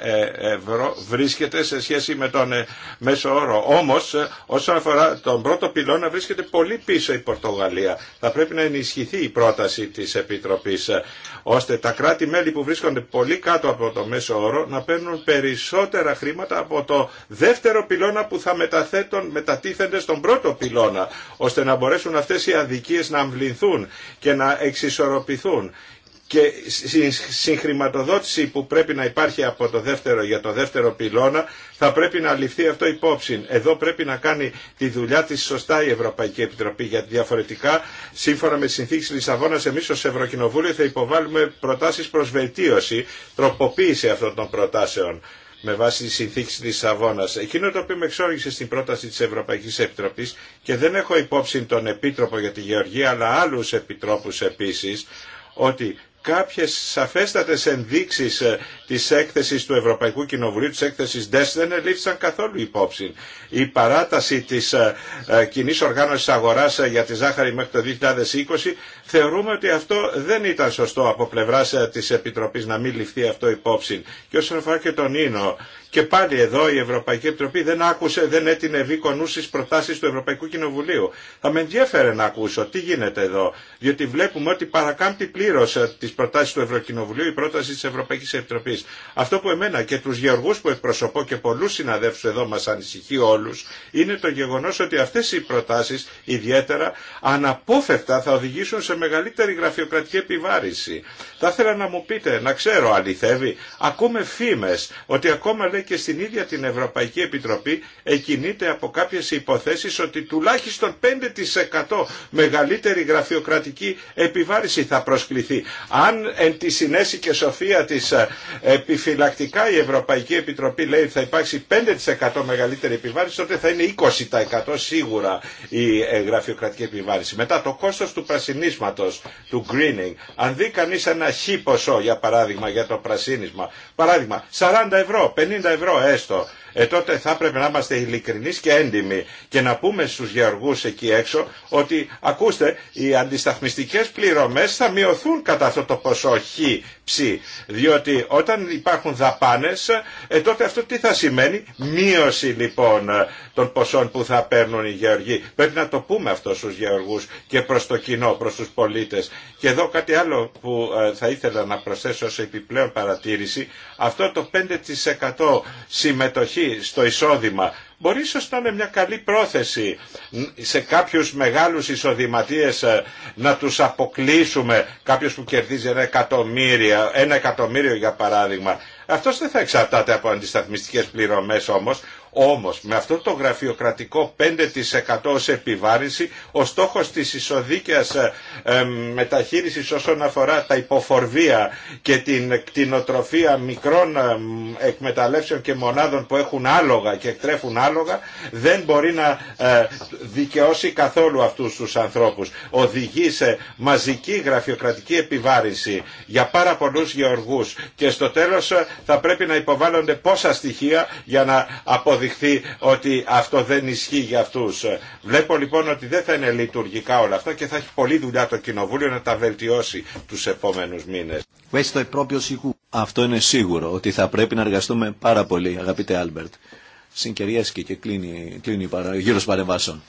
ε, ευρώ βρίσκεται σε σχέση με τον ε, μέσο όρο. Όμως, ε, όσον αφορά τον πρώτο πυλώνα, βρίσκεται πολύ πίσω η Πορτογαλία. Θα πρέπει να ενισχυθεί η πρόταση της Επιτροπής, ώστε τα κράτη-μέλη που βρίσκονται πολύ κάτω από το μέσο όρο να παίρνουν περισσότερα χρήματα από το δεύτερο πυλώνα που θα μεταθέτουν, μετατίθενται στον πρώτο πυλώνα, ώστε να μπορέσουν αυτές οι αδικίες να αμβληθούν και να εξισορροπηθούν και συγχρηματοδότηση που πρέπει να υπάρχει από το δεύτερο για το δεύτερο πυλώνα θα πρέπει να ληφθεί αυτό υπόψη. Εδώ πρέπει να κάνει τη δουλειά της σωστά η Ευρωπαϊκή Επιτροπή γιατί διαφορετικά σύμφωνα με συνθήκες Λισαβόνας εμείς ως Ευρωκοινοβούλιο θα υποβάλουμε προτάσεις προς βελτίωση, τροποποίηση αυτών των προτάσεων με βάση τη συνθήκη τη Σαββόνα. Εκείνο το οποίο με εξόριξε στην πρόταση τη Ευρωπαϊκή Επιτροπή και δεν έχω υπόψη τον Επίτροπο για τη Γεωργία αλλά άλλου επιτρόπου επίση ότι κάποιες σαφέστατες ενδείξεις ε, της έκθεσης του Ευρωπαϊκού Κοινοβουλίου, της έκθεσης ΔΕΣ δεν ελήφθησαν καθόλου υπόψη. Η παράταση της ε, ε, κοινή οργάνωσης αγοράς για τη ζάχαρη μέχρι το 2020 θεωρούμε ότι αυτό δεν ήταν σωστό από πλευράς της Επιτροπής να μην ληφθεί αυτό υπόψη. Και όσον αφορά και τον Ίνο και πάλι εδώ η Ευρωπαϊκή Επιτροπή δεν άκουσε, δεν έτεινε βίκο νου στι προτάσει του Ευρωπαϊκού Κοινοβουλίου. Θα με ενδιαφέρε να ακούσω τι γίνεται εδώ. Διότι βλέπουμε ότι παρακάμπτει πλήρω ε, τι προτάσει του Ευρωκοινοβουλίου η πρόταση τη Ευρωπαϊκή Επιτροπή. Αυτό που εμένα και του γεωργού που εκπροσωπώ και πολλού συναδέλφου εδώ μα ανησυχεί όλου είναι το γεγονό ότι αυτέ οι προτάσει ιδιαίτερα αναπόφευκτα θα οδηγήσουν σε μεγαλύτερη γραφειοκρατική επιβάρηση. Θα ήθελα να μου πείτε, να ξέρω αληθεύει, ακούμε φήμε ότι ακόμα λέει και στην ίδια την Ευρωπαϊκή Επιτροπή εκινείται από κάποιες υποθέσεις ότι τουλάχιστον 5% μεγαλύτερη γραφειοκρατική επιβάρηση θα προσκληθεί. Αν εν τη συνέση και σοφία της ε, επιφυλακτικά η Ευρωπαϊκή Επιτροπή λέει ότι θα υπάρξει 5% μεγαλύτερη επιβάρηση, τότε θα είναι 20% σίγουρα η ε, γραφειοκρατική επιβάρηση. Μετά το κόστος του πρασινίσματος, του greening. Αν δει κανείς ένα χίποσο ποσό, για παράδειγμα, για το πρασίνισμα, παράδειγμα, 40 50 ευρώ, ευρώ έστω. Ε, τότε θα πρέπει να είμαστε ειλικρινεί και έντιμοι και να πούμε στους γεωργούς εκεί έξω ότι ακούστε οι αντισταθμιστικές πληρωμές θα μειωθούν κατά αυτό το ποσό χ ψ διότι όταν υπάρχουν δαπάνες ε, τότε αυτό τι θα σημαίνει μείωση λοιπόν των ποσών που θα παίρνουν οι γεωργοί. Πρέπει να το πούμε αυτό στους γεωργούς και προς το κοινό, προς τους πολίτες. Και εδώ κάτι άλλο που ε, θα ήθελα να προσθέσω σε επιπλέον παρατήρηση, αυτό το 5% συμμετοχή στο εισόδημα μπορεί ίσως να είναι μια καλή πρόθεση σε κάποιους μεγάλους εισοδηματίες ε, να τους αποκλείσουμε κάποιος που κερδίζει ένα εκατομμύριο, ένα εκατομμύριο για παράδειγμα. Αυτός δεν θα εξαρτάται από αντισταθμιστικές πληρωμές όμως, όμως με αυτό το γραφειοκρατικό 5% ως επιβάρηση ο στόχος της ισοδίκαιας ε, μεταχείρισης όσον αφορά τα υποφορβία και την κτηνοτροφία μικρών ε, εκμεταλλεύσεων και μονάδων που έχουν άλογα και εκτρέφουν άλογα δεν μπορεί να ε, δικαιώσει καθόλου αυτούς τους ανθρώπους. Οδηγεί σε μαζική γραφειοκρατική επιβάρηση για πάρα πολλούς γεωργούς και στο τέλος ε, θα πρέπει να υποβάλλονται πόσα στοιχεία για να αποδειχθεί ότι αυτό δεν ισχύει για αυτούς. Βλέπω λοιπόν ότι δεν θα είναι λειτουργικά όλα αυτά και θα έχει πολλή δουλειά το Κοινοβούλιο να τα βελτιώσει τους επόμενους μήνες. Αυτό είναι σίγουρο ότι θα πρέπει να εργαστούμε πάρα πολύ αγαπητέ Άλμπερτ. Συγκεριέσκει και κλείνει, κλείνει γύρω παρεμβάσεων.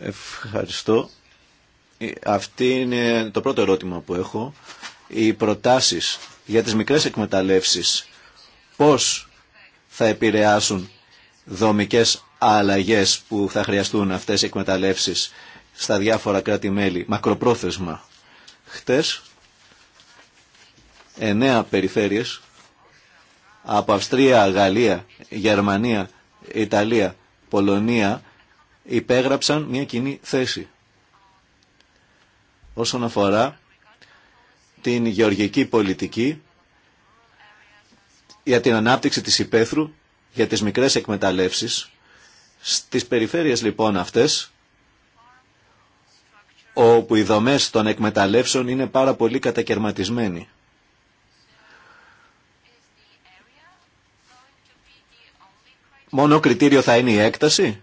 Ευχαριστώ. Ε, αυτή είναι το πρώτο ερώτημα που έχω. Οι προτάσεις για τις μικρές εκμεταλλεύσεις πώς θα επηρεάσουν δομικές αλλαγές που θα χρειαστούν αυτές οι εκμεταλλεύσεις στα διάφορα κράτη-μέλη, μακροπρόθεσμα. Χτες, εννέα περιφέρειες από Αυστρία, Γαλλία, Γερμανία, Ιταλία, Πολωνία υπέγραψαν μια κοινή θέση όσον αφορά την γεωργική πολιτική για την ανάπτυξη της υπαίθρου για τις μικρές εκμεταλλεύσεις. Στις περιφέρειες λοιπόν αυτές, όπου οι δομές των εκμεταλλεύσεων είναι πάρα πολύ κατακαιρματισμένοι. Μόνο κριτήριο θα είναι η έκταση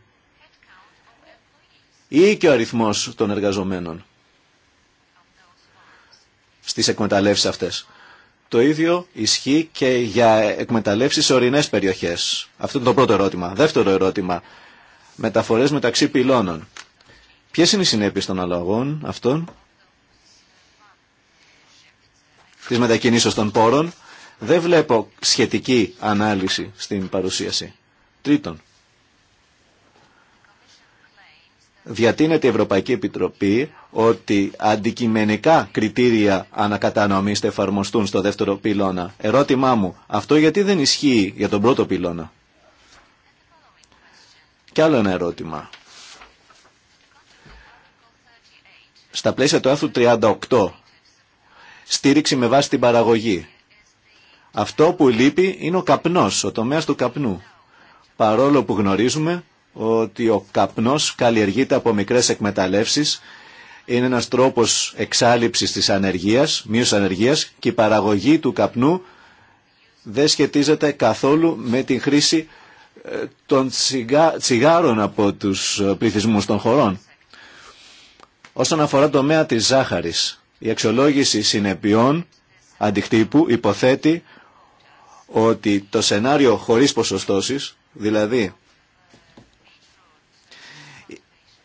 ή και ο αριθμός των εργαζομένων στις εκμεταλλεύσεις αυτές. Το ίδιο ισχύει και για εκμεταλλεύσεις σε ορεινέ περιοχές. Αυτό είναι το πρώτο ερώτημα. Δεύτερο ερώτημα. Μεταφορές μεταξύ πυλώνων. Ποιε είναι οι συνέπειες των αλλαγών αυτών τη μετακινήσεω των πόρων. Δεν βλέπω σχετική ανάλυση στην παρουσίαση. Τρίτον, διατείνεται η Ευρωπαϊκή Επιτροπή ότι αντικειμενικά κριτήρια ανακατανομής θα εφαρμοστούν στο δεύτερο πυλώνα. Ερώτημά μου, αυτό γιατί δεν ισχύει για τον πρώτο πυλώνα. Και άλλο ένα ερώτημα. Στα πλαίσια του άρθρου 38, στήριξη με βάση την παραγωγή. Αυτό που λείπει είναι ο καπνός, ο τομέας του καπνού. Παρόλο που γνωρίζουμε ότι ο καπνός καλλιεργείται από μικρές εκμεταλλεύσεις, είναι ένας τρόπος εξάλληψης της ανεργίας, μείωσης ανεργίας και η παραγωγή του καπνού δεν σχετίζεται καθόλου με την χρήση ε, των τσιγάρων από τους ε, πληθυσμούς των χωρών. Όσον αφορά το μέα της ζάχαρης, η αξιολόγηση συνεπειών αντικτύπου υποθέτει ότι το σενάριο χωρίς ποσοστώσεις, δηλαδή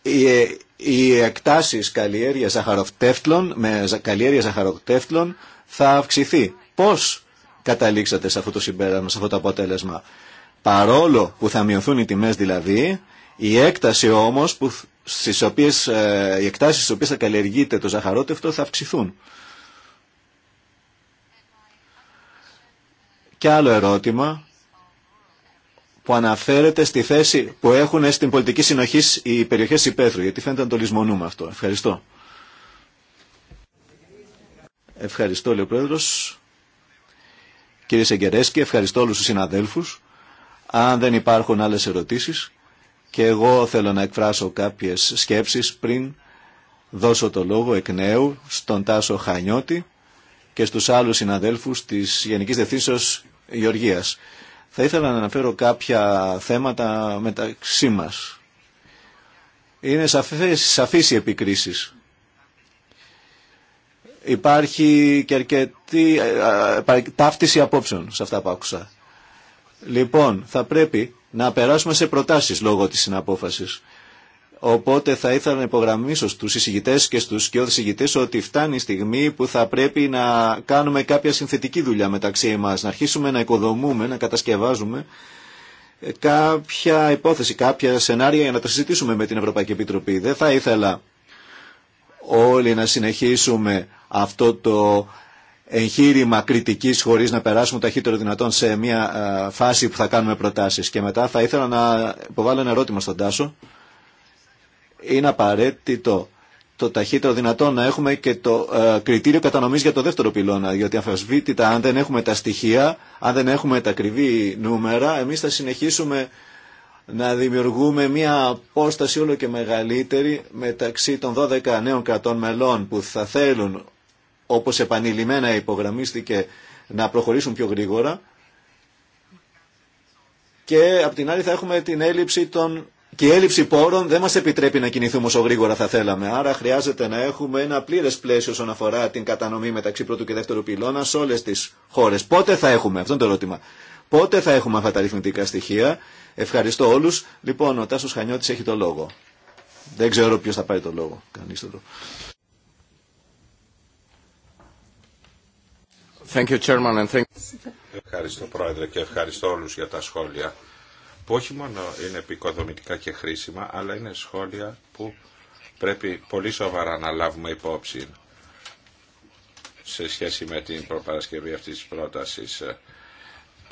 οι, οι εκτάσεις καλλιέργειας ζαχαροτεύτλων, με καλλιέργεια ζαχαροτεύτλων θα αυξηθεί. Πώς καταλήξατε σε αυτό το συμπέρασμα, σε αυτό το αποτέλεσμα. Παρόλο που θα μειωθούν οι τιμές δηλαδή, η έκταση όμως που, στις οποίες, ε, οι εκτάσεις στις οποίες θα καλλιεργείται το ζαχαρότευτο θα αυξηθούν. Και άλλο ερώτημα που αναφέρεται στη θέση που έχουν στην πολιτική συνοχή οι περιοχέ υπαίθρου, γιατί φαίνεται να το λησμονούμε αυτό. Ευχαριστώ. Ευχαριστώ, λέει ο Κύριε Σεγκερέσκη, ευχαριστώ όλους τους συναδέλφους. Αν δεν υπάρχουν άλλες ερωτήσεις, και εγώ θέλω να εκφράσω κάποιες σκέψεις πριν δώσω το λόγο εκ νέου στον Τάσο Χανιώτη και στους άλλους συναδέλφους της Γενικής Δευθύνσεως Γεωργίας. Θα ήθελα να αναφέρω κάποια θέματα μεταξύ μας. Είναι σαφές, σαφής οι επικρίσεις. Υπάρχει και αρκετή ε, ε, ε, ταύτιση απόψεων σε αυτά που άκουσα. Λοιπόν, θα πρέπει να περάσουμε σε προτάσεις λόγω της συναπόφασης. Οπότε θα ήθελα να υπογραμμίσω στου εισηγητέ και στου σκιώδη εισηγητέ ότι φτάνει η στιγμή που θα πρέπει να κάνουμε κάποια συνθετική δουλειά μεταξύ μα, να αρχίσουμε να οικοδομούμε, να κατασκευάζουμε κάποια υπόθεση, κάποια σενάρια για να τα συζητήσουμε με την Ευρωπαϊκή Επιτροπή. Δεν θα ήθελα όλοι να συνεχίσουμε αυτό το εγχείρημα κριτικής χωρίς να περάσουμε ταχύτερο δυνατόν σε μια ε, φάση που θα κάνουμε προτάσεις. Και μετά θα ήθελα να υποβάλω ένα ερώτημα στον Τάσο είναι απαραίτητο το ταχύτερο δυνατό να έχουμε και το ε, κριτήριο κατανομής για το δεύτερο πυλώνα. Γιατί αφασβήτητα αν δεν έχουμε τα στοιχεία, αν δεν έχουμε τα ακριβή νούμερα, εμείς θα συνεχίσουμε να δημιουργούμε μια απόσταση όλο και μεγαλύτερη μεταξύ των 12 νέων κρατών μελών που θα θέλουν, όπως επανειλημμένα υπογραμμίστηκε, να προχωρήσουν πιο γρήγορα και απ' την άλλη θα έχουμε την έλλειψη των και η έλλειψη πόρων δεν μα επιτρέπει να κινηθούμε όσο γρήγορα θα θέλαμε. Άρα χρειάζεται να έχουμε ένα πλήρε πλαίσιο όσον αφορά την κατανομή μεταξύ πρώτου και δεύτερου πυλώνα σε όλε τι χώρε. Πότε θα έχουμε, αυτό είναι το ερώτημα. Πότε θα έχουμε αυτά τα αριθμητικά στοιχεία. Ευχαριστώ όλου. Λοιπόν, ο τάσο Χανιώτης έχει το λόγο. Δεν ξέρω ποιο θα πάρει το λόγο. Κανεί το Ευχαριστώ Πρόεδρε και ευχαριστώ όλους για τα σχόλια όχι μόνο είναι επικοδομητικά και χρήσιμα, αλλά είναι σχόλια που πρέπει πολύ σοβαρά να λάβουμε υπόψη σε σχέση με την προπαρασκευή αυτής της πρότασης.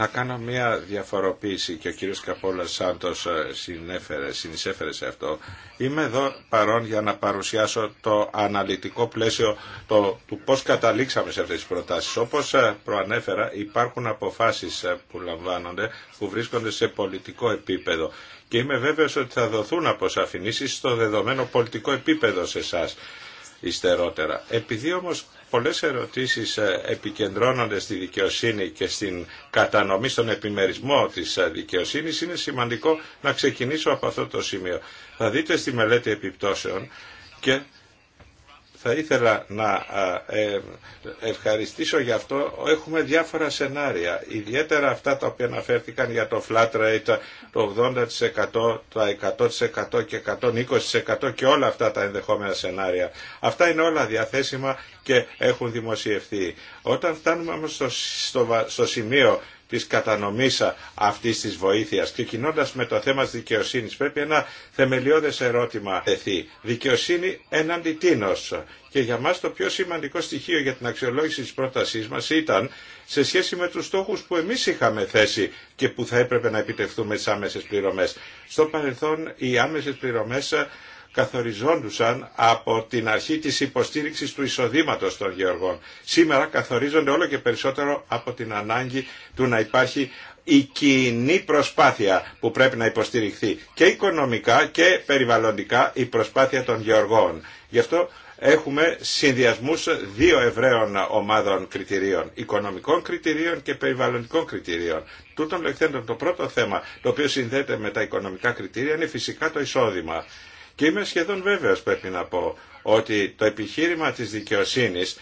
Να κάνω μια διαφοροποίηση και ο κύριος Καπόλα Σάντος ε, συνέφερε, συνεισέφερε σε αυτό. Είμαι εδώ παρόν για να παρουσιάσω το αναλυτικό πλαίσιο το, του πώς καταλήξαμε σε αυτές τις προτάσεις. Όπως ε, προανέφερα υπάρχουν αποφάσεις ε, που λαμβάνονται που βρίσκονται σε πολιτικό επίπεδο και είμαι βέβαιος ότι θα δοθούν αποσαφηνήσεις στο δεδομένο πολιτικό επίπεδο σε εσά. Ιστερότερα. Επειδή όμως πολλές ερωτήσεις ε, επικεντρώνονται στη δικαιοσύνη και στην κατανομή στον επιμερισμό της ε, δικαιοσύνης. Είναι σημαντικό να ξεκινήσω από αυτό το σημείο. Θα δείτε στη μελέτη επιπτώσεων και θα ήθελα να ε, ευχαριστήσω για αυτό. Έχουμε διάφορα σενάρια, ιδιαίτερα αυτά τα οποία αναφέρθηκαν για το flat rate, το 80%, το 100% και 120% και όλα αυτά τα ενδεχόμενα σενάρια. Αυτά είναι όλα διαθέσιμα και έχουν δημοσιευθεί. Όταν φτάνουμε όμως στο, στο, στο σημείο της κατανομής αυτής της βοήθειας. Ξεκινώντας με το θέμα της δικαιοσύνης, πρέπει ένα θεμελιώδες ερώτημα θεθεί. Δικαιοσύνη έναντι τίνος. Και για μας το πιο σημαντικό στοιχείο για την αξιολόγηση της πρότασής μας ήταν σε σχέση με τους στόχους που εμείς είχαμε θέσει και που θα έπρεπε να επιτευχθούν με τις άμεσες πληρωμές. Στο παρελθόν οι άμεσες πληρωμές καθοριζόντουσαν από την αρχή της υποστήριξης του εισοδήματος των γεωργών. Σήμερα καθορίζονται όλο και περισσότερο από την ανάγκη του να υπάρχει η κοινή προσπάθεια που πρέπει να υποστηριχθεί και οικονομικά και περιβαλλοντικά η προσπάθεια των γεωργών. Γι' αυτό έχουμε συνδυασμούς δύο ευραίων ομάδων κριτηρίων, οικονομικών κριτηρίων και περιβαλλοντικών κριτηρίων. Τούτων λεχθέντων το πρώτο θέμα το οποίο συνδέεται με τα οικονομικά κριτήρια είναι φυσικά το εισόδημα. Και είμαι σχεδόν βέβαιος πρέπει να πω ότι το επιχείρημα της δικαιοσύνης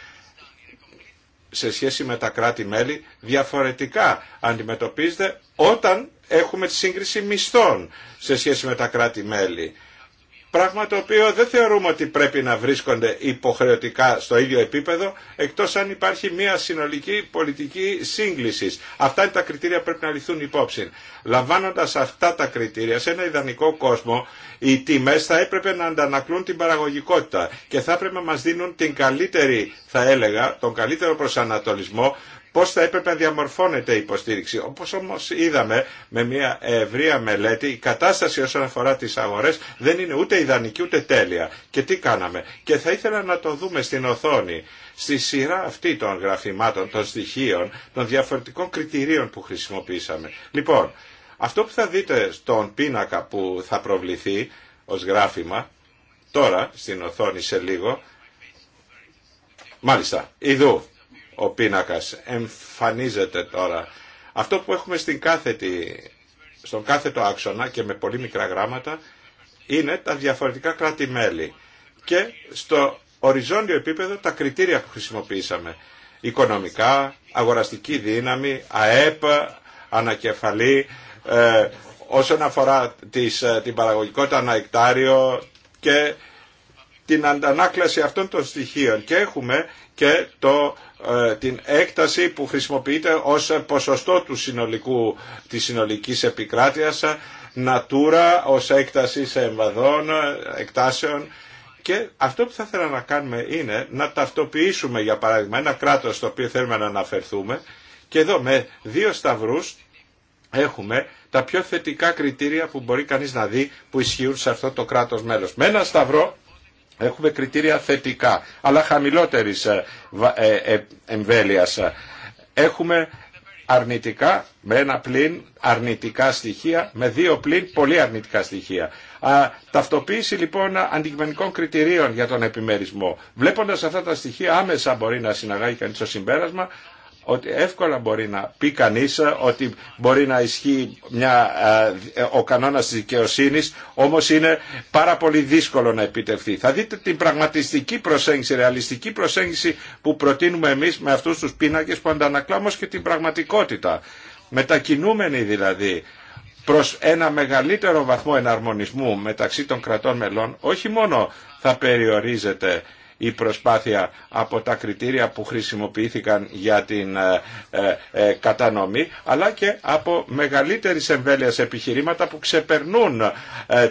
σε σχέση με τα κράτη-μέλη διαφορετικά αντιμετωπίζεται όταν έχουμε τη σύγκριση μισθών σε σχέση με τα κράτη-μέλη. Πράγμα το οποίο δεν θεωρούμε ότι πρέπει να βρίσκονται υποχρεωτικά στο ίδιο επίπεδο, εκτός αν υπάρχει μια συνολική πολιτική σύγκληση. Αυτά είναι τα κριτήρια που πρέπει να ληφθούν υπόψη. Λαμβάνοντας αυτά τα κριτήρια, σε ένα ιδανικό κόσμο, οι τιμές θα έπρεπε να αντανακλούν την παραγωγικότητα και θα έπρεπε να μας δίνουν την καλύτερη, θα έλεγα, τον καλύτερο προσανατολισμό πώς θα έπρεπε να διαμορφώνεται η υποστήριξη. Όπως όμως είδαμε με μια ευρεία μελέτη, η κατάσταση όσον αφορά τις αγορές δεν είναι ούτε ιδανική ούτε τέλεια. Και τι κάναμε. Και θα ήθελα να το δούμε στην οθόνη, στη σειρά αυτή των γραφημάτων, των στοιχείων, των διαφορετικών κριτηρίων που χρησιμοποίησαμε. Λοιπόν, αυτό που θα δείτε στον πίνακα που θα προβληθεί ως γράφημα, τώρα στην οθόνη σε λίγο, μάλιστα, ειδού, ο πίνακας εμφανίζεται τώρα. Αυτό που έχουμε στην κάθετη, στον κάθετο άξονα και με πολύ μικρά γράμματα είναι τα διαφορετικά κράτη-μέλη και στο οριζόντιο επίπεδο τα κριτήρια που χρησιμοποιήσαμε. Οικονομικά, αγοραστική δύναμη, ΑΕΠ, ανακεφαλή, ε, όσον αφορά τις, ε, την παραγωγικότητα ανά και την αντανάκλαση αυτών των στοιχείων. Και έχουμε και το ε, την έκταση που χρησιμοποιείται ως ποσοστό του συνολικού, της συνολικής επικράτειας, νατούρα ως έκταση σε εμβαδών, εκτάσεων και αυτό που θα ήθελα να κάνουμε είναι να ταυτοποιήσουμε για παράδειγμα ένα κράτος στο οποίο θέλουμε να αναφερθούμε και εδώ με δύο σταυρούς έχουμε τα πιο θετικά κριτήρια που μπορεί κανείς να δει που ισχύουν σε αυτό το κράτος μέλος. Με ένα σταυρό Έχουμε κριτήρια θετικά, αλλά χαμηλότερης ε, ε, ε, εμβέλειας. Έχουμε αρνητικά με ένα πλήν, αρνητικά στοιχεία, με δύο πλήν, πολύ αρνητικά στοιχεία. Α, ταυτοποίηση λοιπόν αντικειμενικών κριτηρίων για τον επιμερισμό. Βλέποντας αυτά τα στοιχεία άμεσα μπορεί να συναγάγει κανείς το συμπέρασμα ότι εύκολα μπορεί να πει κανείς ότι μπορεί να ισχύει μια, ο κανόνας της δικαιοσύνη, όμως είναι πάρα πολύ δύσκολο να επιτευχθεί. Θα δείτε την πραγματιστική προσέγγιση, ρεαλιστική προσέγγιση που προτείνουμε εμείς με αυτούς τους πίνακες που αντανακλά και την πραγματικότητα. Μετακινούμενοι δηλαδή προς ένα μεγαλύτερο βαθμό εναρμονισμού μεταξύ των κρατών μελών, όχι μόνο θα περιορίζεται η προσπάθεια από τα κριτήρια που χρησιμοποιήθηκαν για την ε, ε, ε, κατανομή αλλά και από μεγαλύτερης εμβέλειας επιχειρήματα που ξεπερνούν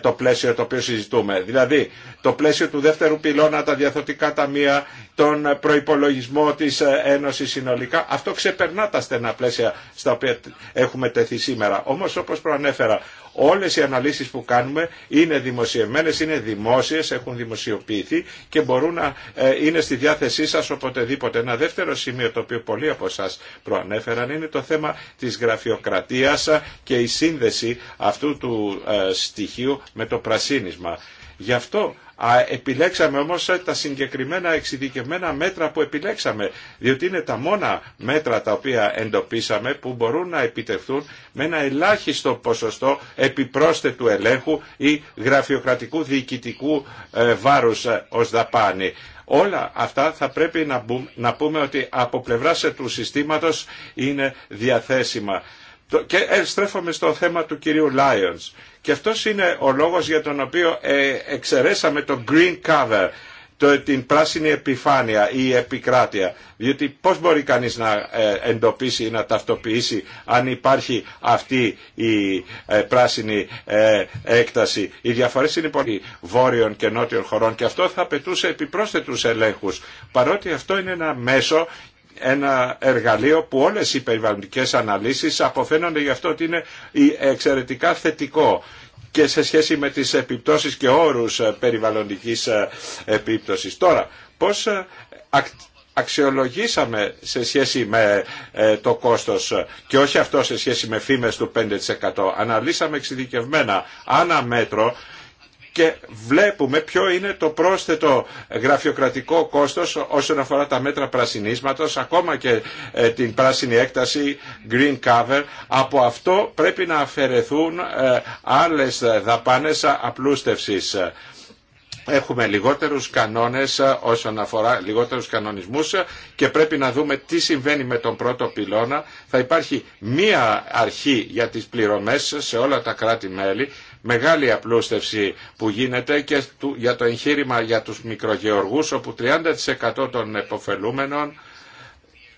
το πλαίσιο το οποίο συζητούμε. Δηλαδή το πλαίσιο του δεύτερου πυλώνα, τα διαθωτικά ταμεία, τον προϋπολογισμό της Ένωσης συνολικά. Αυτό ξεπερνά τα στενά πλαίσια στα οποία έχουμε τεθεί σήμερα. Όμως όπως προανέφερα Όλες οι αναλύσεις που κάνουμε είναι δημοσιευμένες, είναι δημόσιες, έχουν δημοσιοποιηθεί και μπορούν να ε, είναι στη διάθεσή σας οποτεδήποτε. Ένα δεύτερο σημείο το οποίο πολλοί από εσά προανέφεραν είναι το θέμα της γραφειοκρατίας και η σύνδεση αυτού του ε, στοιχείου με το πρασίνισμα. Γι' αυτό επιλέξαμε όμως τα συγκεκριμένα εξειδικευμένα μέτρα που επιλέξαμε, διότι είναι τα μόνα μέτρα τα οποία εντοπίσαμε που μπορούν να επιτευχθούν με ένα ελάχιστο ποσοστό επιπρόσθετου ελέγχου ή γραφειοκρατικού διοικητικού ε, βάρους ε, ως δαπάνη. Όλα αυτά θα πρέπει να, να πούμε ότι από πλευράς ε, του συστήματος είναι διαθέσιμα. Και στρέφομαι στο θέμα του κυρίου Λάιονς και αυτός είναι ο λόγος για τον οποίο ε, εξαιρέσαμε το green cover, το, την πράσινη επιφάνεια ή επικράτεια. Διότι πώς μπορεί κανείς να ε, εντοπίσει ή να ταυτοποιήσει αν υπάρχει αυτή η ε, πράσινη έκταση. Οι διαφορές είναι πολύ βόρειων και νότιων χωρών και αυτό θα απαιτούσε επιπρόσθετους ελέγχους. Παρότι αυτό είναι ένα μέσο ένα εργαλείο που όλες οι περιβαλλοντικές αναλύσεις αποφαίνονται γι' αυτό ότι είναι εξαιρετικά θετικό και σε σχέση με τις επιπτώσεις και όρους ε, περιβαλλοντικής ε, επίπτωσης. Τώρα, πώς ε, αξιολογήσαμε σε σχέση με το κόστος και όχι αυτό σε σχέση με φήμες του 5%. Αναλύσαμε εξειδικευμένα ένα μέτρο και βλέπουμε ποιο είναι το πρόσθετο γραφειοκρατικό κόστος όσον αφορά τα μέτρα πρασινίσματος, ακόμα και ε, την πράσινη έκταση green cover. Από αυτό πρέπει να αφαιρεθούν ε, άλλες δαπάνες απλούστευσης. Έχουμε λιγότερους κανόνες όσον αφορά λιγότερους κανονισμούς και πρέπει να δούμε τι συμβαίνει με τον πρώτο πυλώνα. Θα υπάρχει μία αρχή για τις πληρωμές σε όλα τα κράτη-μέλη μεγάλη απλούστευση που γίνεται και για το εγχείρημα για τους μικρογεωργούς όπου 30% των εποφελούμενων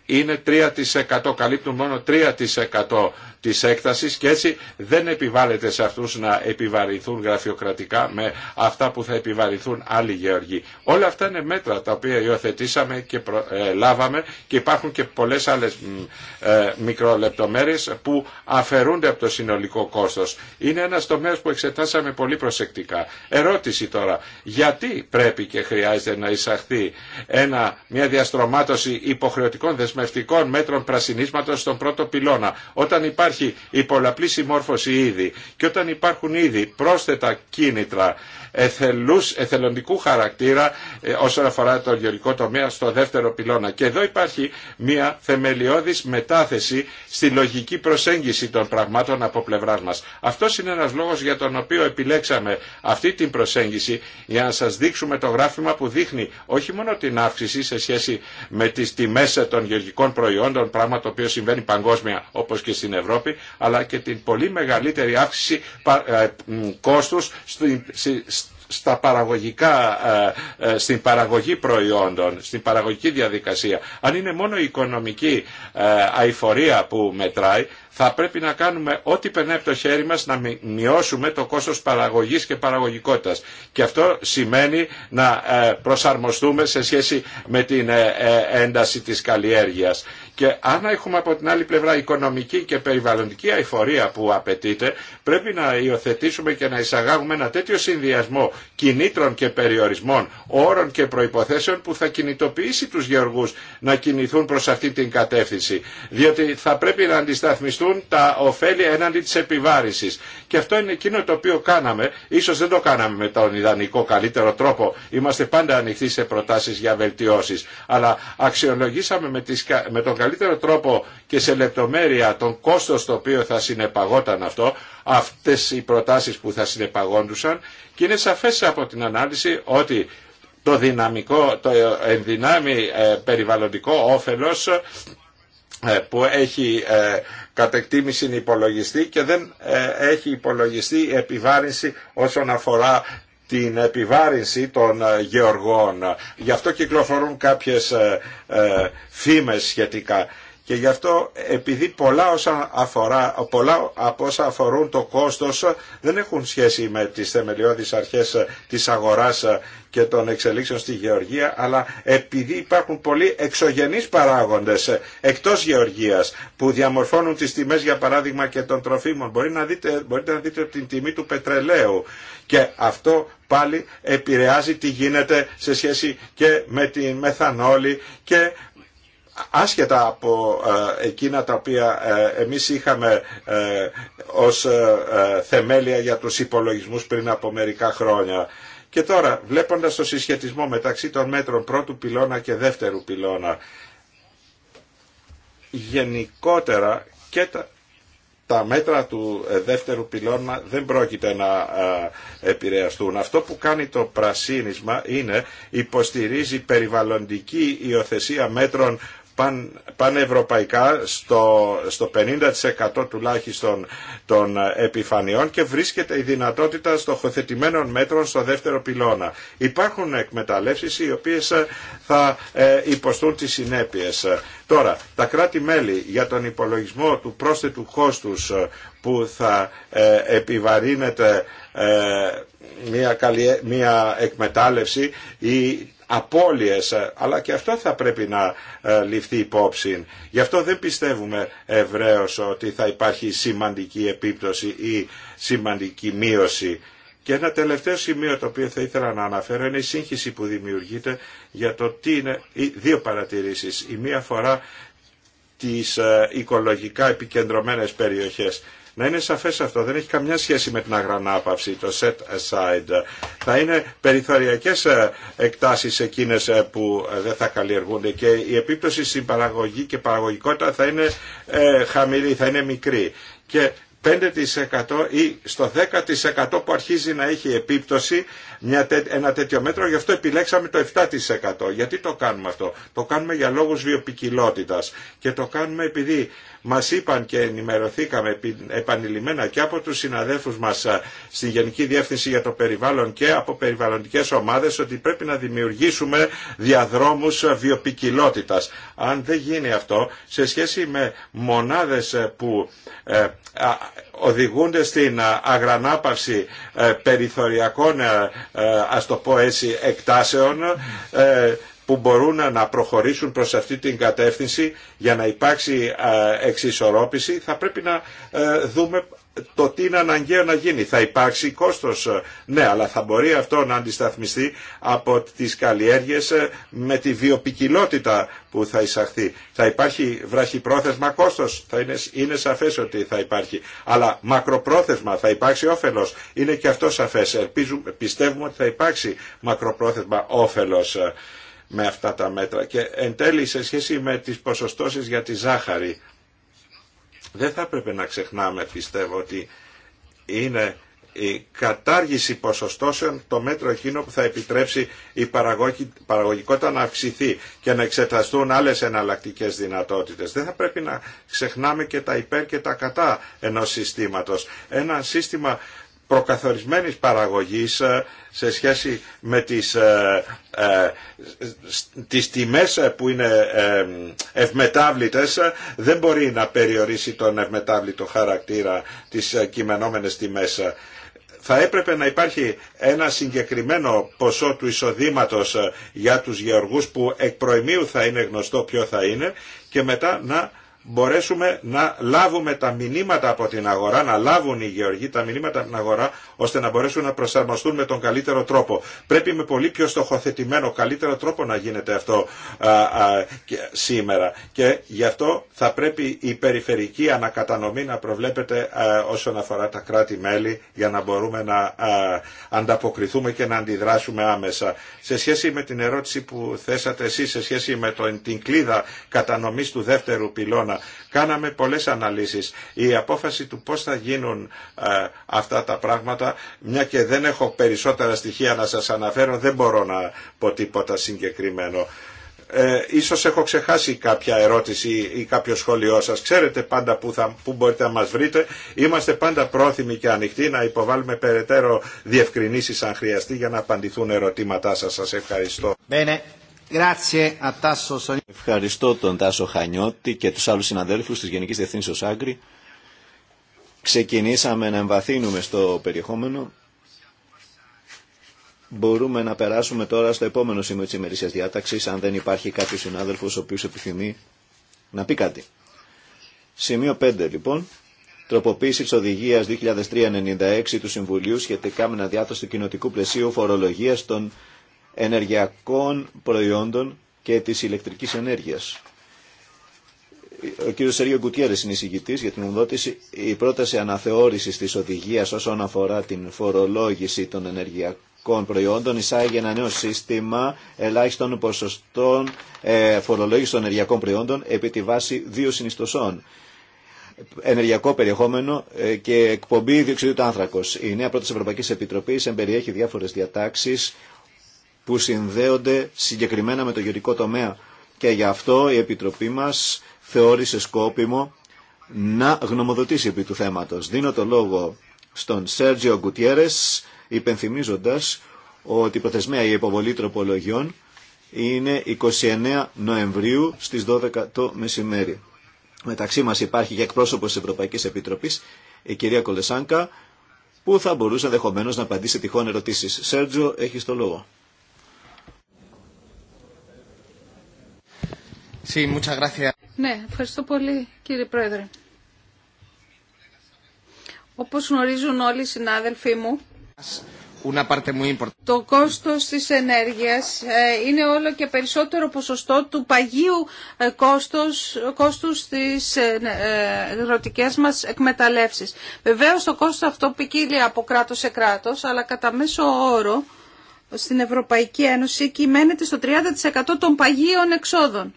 είναι 3%, καλύπτουν μόνο 3% της έκτασης και έτσι δεν επιβάλλεται σε αυτούς να επιβαρυνθούν γραφειοκρατικά με αυτά που θα επιβαρυνθούν άλλοι γεωργοί. Όλα αυτά είναι μέτρα τα οποία υιοθετήσαμε και προ, ε, λάβαμε και υπάρχουν και πολλές άλλες ε, μικρολεπτομέρειες που αφαιρούνται από το συνολικό κόστος. Είναι ένας τομέας που εξετάσαμε πολύ προσεκτικά. Ερώτηση τώρα, γιατί πρέπει και χρειάζεται να εισαχθεί ένα, μια διαστρωμάτωση υποχρεωτικών δεσμεύσεων δεσμευτικών μέτρων πρασινίσματος στον πρώτο πυλώνα. Όταν υπάρχει η πολλαπλή συμμόρφωση ήδη και όταν υπάρχουν ήδη πρόσθετα κίνητρα εθελούς, εθελοντικού χαρακτήρα ε, όσον αφορά το γεωργικό τομέα στο δεύτερο πυλώνα. Και εδώ υπάρχει μια θεμελιώδης μετάθεση στη λογική προσέγγιση των πραγμάτων από πλευρά μας. Αυτό είναι ένας λόγος για τον οποίο επιλέξαμε αυτή την προσέγγιση για να σας δείξουμε το γράφημα που δείχνει όχι μόνο την αύξηση σε σχέση με τις τιμές των γεωργικών προϊόντων, πράγμα το οποίο συμβαίνει παγκόσμια όπως και στην Ευρώπη, αλλά και την πολύ μεγαλύτερη αύξηση ε, κόστου στα παραγωγικά, ε, ε, στην παραγωγή προϊόντων, στην παραγωγική διαδικασία. Αν είναι μόνο η οικονομική ε, αηφορία που μετράει, θα πρέπει να κάνουμε ό,τι περνάει από το χέρι μας να μειώσουμε το κόστος παραγωγής και παραγωγικότητας. Και αυτό σημαίνει να ε, προσαρμοστούμε σε σχέση με την ε, ε, ένταση της καλλιέργειας. Και αν έχουμε από την άλλη πλευρά οικονομική και περιβαλλοντική αηφορία που απαιτείται, πρέπει να υιοθετήσουμε και να εισαγάγουμε ένα τέτοιο συνδυασμό κινήτρων και περιορισμών, όρων και προϋποθέσεων που θα κινητοποιήσει τους γεωργούς να κινηθούν προς αυτή την κατεύθυνση. Διότι θα πρέπει να αντισταθμιστούν τα ωφέλη έναντι της επιβάρησης. Και αυτό είναι εκείνο το οποίο κάναμε. Ίσως δεν το κάναμε με τον ιδανικό καλύτερο τρόπο. Είμαστε πάντα ανοιχτοί σε προτάσεις για βελτιώσεις. Αλλά αξιολογήσαμε με, τις, με τον καλύτερο τρόπο και σε λεπτομέρεια τον κόστος το οποίο θα συνεπαγόταν αυτό, αυτές οι προτάσεις που θα συνεπαγόντουσαν και είναι σαφές από την ανάλυση ότι το δυναμικό, το ενδυνάμει ε, περιβαλλοντικό όφελος ε, που έχει ε, κατ' υπολογιστή και δεν ε, έχει υπολογιστή επιβάρυνση όσον αφορά την επιβάρυνση των γεωργών. Γι' αυτό κυκλοφορούν κάποιες φήμες σχετικά. Και γι' αυτό επειδή πολλά, όσα αφορά, πολλά από όσα αφορούν το κόστος δεν έχουν σχέση με τις θεμελιώδεις αρχές της αγοράς και των εξελίξεων στη γεωργία, αλλά επειδή υπάρχουν πολλοί εξωγενείς παράγοντες εκτός γεωργίας που διαμορφώνουν τις τιμές για παράδειγμα και των τροφίμων. Μπορεί να δείτε, μπορείτε να δείτε την τιμή του πετρελαίου και αυτό πάλι επηρεάζει τι γίνεται σε σχέση και με την μεθανόλη και άσχετα από ε, εκείνα τα οποία ε, εμείς είχαμε ε, ως θεμέλια για τους υπολογισμούς πριν από μερικά χρόνια. Και τώρα, βλέποντας το συσχετισμό μεταξύ των μέτρων πρώτου πυλώνα και δεύτερου πυλώνα, γενικότερα και τα, τα μέτρα του δεύτερου πυλώνα δεν πρόκειται να επηρεαστούν. Αυτό που κάνει το πρασίνισμα είναι υποστηρίζει περιβαλλοντική υιοθεσία μέτρων παν, πανευρωπαϊκά στο, στο 50% τουλάχιστον των επιφανειών και βρίσκεται η δυνατότητα στοχοθετημένων μέτρων στο δεύτερο πυλώνα. Υπάρχουν εκμεταλλεύσεις οι οποίες ε, θα ε, υποστούν τις συνέπειες. Τώρα, τα κράτη-μέλη για τον υπολογισμό του πρόσθετου κόστους ε, που θα επιβαρύνεται μια, μια εκμετάλλευση ή απώλειες, ε, αλλά και αυτό θα πρέπει να ε, ληφθεί υπόψη. Γι' αυτό δεν πιστεύουμε ευρέως ότι θα υπάρχει σημαντική επίπτωση ή σημαντική μείωση. Και ένα τελευταίο σημείο το οποίο θα ήθελα να αναφέρω είναι η σύγχυση που δημιουργείται για το τι είναι δύο παρατηρήσεις. Η μία αφορά τις ε, οικολογικά επικεντρωμένες περιοχές. Να είναι σαφές αυτό, δεν έχει καμιά σχέση με την αγρανάπαυση, το set aside. Θα είναι περιθωριακές ε, εκτάσεις εκείνες ε, που ε, δεν θα καλλιεργούνται και η επίπτωση στην παραγωγή και παραγωγικότητα θα είναι χαμηλή, θα είναι μικρή. Και 5% ή στο 10% που αρχίζει να έχει επίπτωση μια, ένα τέτοιο μέτρο, γι' αυτό επιλέξαμε το 7%. Γιατί το κάνουμε αυτό. Το κάνουμε για λόγους βιοπικιλότητας και το κάνουμε επειδή μας είπαν και ενημερωθήκαμε επανειλημμένα και από τους συναδέλφους μας στη Γενική Διεύθυνση για το Περιβάλλον και από περιβαλλοντικές ομάδες ότι πρέπει να δημιουργήσουμε διαδρόμους βιοπικιλότητας. Αν δεν γίνει αυτό, σε σχέση με μονάδες που ε, οδηγούνται στην αγρανάπαυση ε, περιθωριακών ε, ας το εκτάσεων που μπορούν να προχωρήσουν προς αυτή την κατεύθυνση για να υπάρξει εξισορρόπηση θα πρέπει να ε, δούμε το τι είναι αναγκαίο να γίνει. Θα υπάρξει κόστος, ε, ναι, αλλά θα μπορεί αυτό να αντισταθμιστεί από τις καλλιέργειες ε, με τη βιοπικιλότητα που θα εισαχθεί. Θα υπάρχει βραχυπρόθεσμα κόστος, θα είναι, είναι σαφές ότι θα υπάρχει, αλλά μακροπρόθεσμα θα υπάρξει όφελος, είναι και αυτό σαφές. Ελπίζουμε, πιστεύουμε ότι θα υπάρξει μακροπρόθεσμα όφελος με αυτά τα μέτρα. Και εν τέλει σε σχέση με τις ποσοστώσεις για τη ζάχαρη, δεν θα πρέπει να ξεχνάμε πιστεύω ότι είναι η κατάργηση ποσοστώσεων το μέτρο εκείνο που θα επιτρέψει η παραγωγικότητα να αυξηθεί και να εξεταστούν άλλες εναλλακτικές δυνατότητες. Δεν θα πρέπει να ξεχνάμε και τα υπέρ και τα κατά ενός συστήματος. Ένα σύστημα προκαθορισμένης παραγωγής ε, σε σχέση με τις, ε, ε τιμές ε, που είναι ευμετάβλητες δεν μπορεί να περιορίσει τον ευμετάβλητο χαρακτήρα της κειμενόμενες τιμές. Θα έπρεπε να υπάρχει ένα συγκεκριμένο ποσό του εισοδήματος για τους γεωργούς που εκ προημίου θα είναι γνωστό ποιο θα είναι και μετά να μπορέσουμε να λάβουμε τα μηνύματα από την αγορά, να λάβουν οι γεωργοί τα μηνύματα από την αγορά, ώστε να μπορέσουν να προσαρμοστούν με τον καλύτερο τρόπο. Πρέπει με πολύ πιο στοχοθετημένο, καλύτερο τρόπο να γίνεται αυτό α, α, σήμερα. Και γι' αυτό θα πρέπει η περιφερική ανακατανομή να προβλέπεται α, όσον αφορά τα κράτη-μέλη, για να μπορούμε να ανταποκριθούμε και να αντιδράσουμε άμεσα. Σε σχέση με την ερώτηση που θέσατε εσείς, σε σχέση με το, την κλίδα κατανομής του δεύτερου πυλώνα, Κάναμε πολλές αναλύσεις. Η απόφαση του πώς θα γίνουν ε, αυτά τα πράγματα, μια και δεν έχω περισσότερα στοιχεία να σας αναφέρω, δεν μπορώ να πω τίποτα συγκεκριμένο. Ε, ίσως έχω ξεχάσει κάποια ερώτηση ή κάποιο σχόλιο σας. Ξέρετε πάντα που, θα, που μπορείτε να μας βρείτε. Είμαστε πάντα πρόθυμοι και ανοιχτοί να υποβάλουμε περαιτέρω διευκρινήσεις αν χρειαστεί για να απαντηθούν ερωτήματά σας. Σας ευχαριστώ. Ευχαριστώ τον Τάσο Χανιώτη και τους άλλους συναδέλφους της Γενικής ως Άγκρη. Ξεκινήσαμε να εμβαθύνουμε στο περιεχόμενο. Μπορούμε να περάσουμε τώρα στο επόμενο σημείο της ημερήσιας διάταξης, αν δεν υπάρχει κάποιος συνάδελφος ο οποίος επιθυμεί να πει κάτι. Σημείο 5 λοιπόν. Τροποποίηση τη Οδηγία 2003-96 του Συμβουλίου σχετικά με αναδιάθρωση του κοινοτικού πλαισίου φορολογία των ενεργειακών προϊόντων και της ηλεκτρικής ενέργειας. Ο κ. Σεριο Γκουτιέρης είναι εισηγητής για την ομοδότηση. Η πρόταση αναθεώρησης της οδηγίας όσον αφορά την φορολόγηση των ενεργειακών προϊόντων εισάγει ένα νέο σύστημα ελάχιστων ποσοστών ε, φορολόγηση των ενεργειακών προϊόντων επί τη βάση δύο συνιστοσών. Ενεργειακό περιεχόμενο ε, και εκπομπή διοξιδίου του άνθρακο. Η νέα πρόταση Ευρωπαϊκή Επιτροπή εμπεριέχει διάφορε διατάξει που συνδέονται συγκεκριμένα με το γεωρικό τομέα. Και γι' αυτό η Επιτροπή μας θεώρησε σκόπιμο να γνωμοδοτήσει επί του θέματος. Δίνω το λόγο στον Σέργιο Γκουτιέρες, υπενθυμίζοντας ότι η προθεσμία η υποβολή τροπολογιών είναι 29 Νοεμβρίου στις 12 το μεσημέρι. Μεταξύ μας υπάρχει και εκπρόσωπο της Ευρωπαϊκής Επιτροπής, η κυρία Κολεσάνκα, που θα μπορούσε ενδεχομένω να απαντήσει τυχόν ερωτήσεις. Σέργιο, έχεις το λόγο. Sí, muchas gracias. Ναι, ευχαριστώ πολύ κύριε Πρόεδρε. Όπως γνωρίζουν όλοι οι συνάδελφοί μου, το κόστος της ενέργειας ε, είναι όλο και περισσότερο ποσοστό του παγίου ε, κόστος, κόστους της ερωτικές ε, μας εκμεταλλεύσεις. Βεβαίως το κόστος αυτό ποικίλει από κράτος σε κράτος, αλλά κατά μέσο όρο στην Ευρωπαϊκή Ένωση κυμαίνεται στο 30% των παγίων εξόδων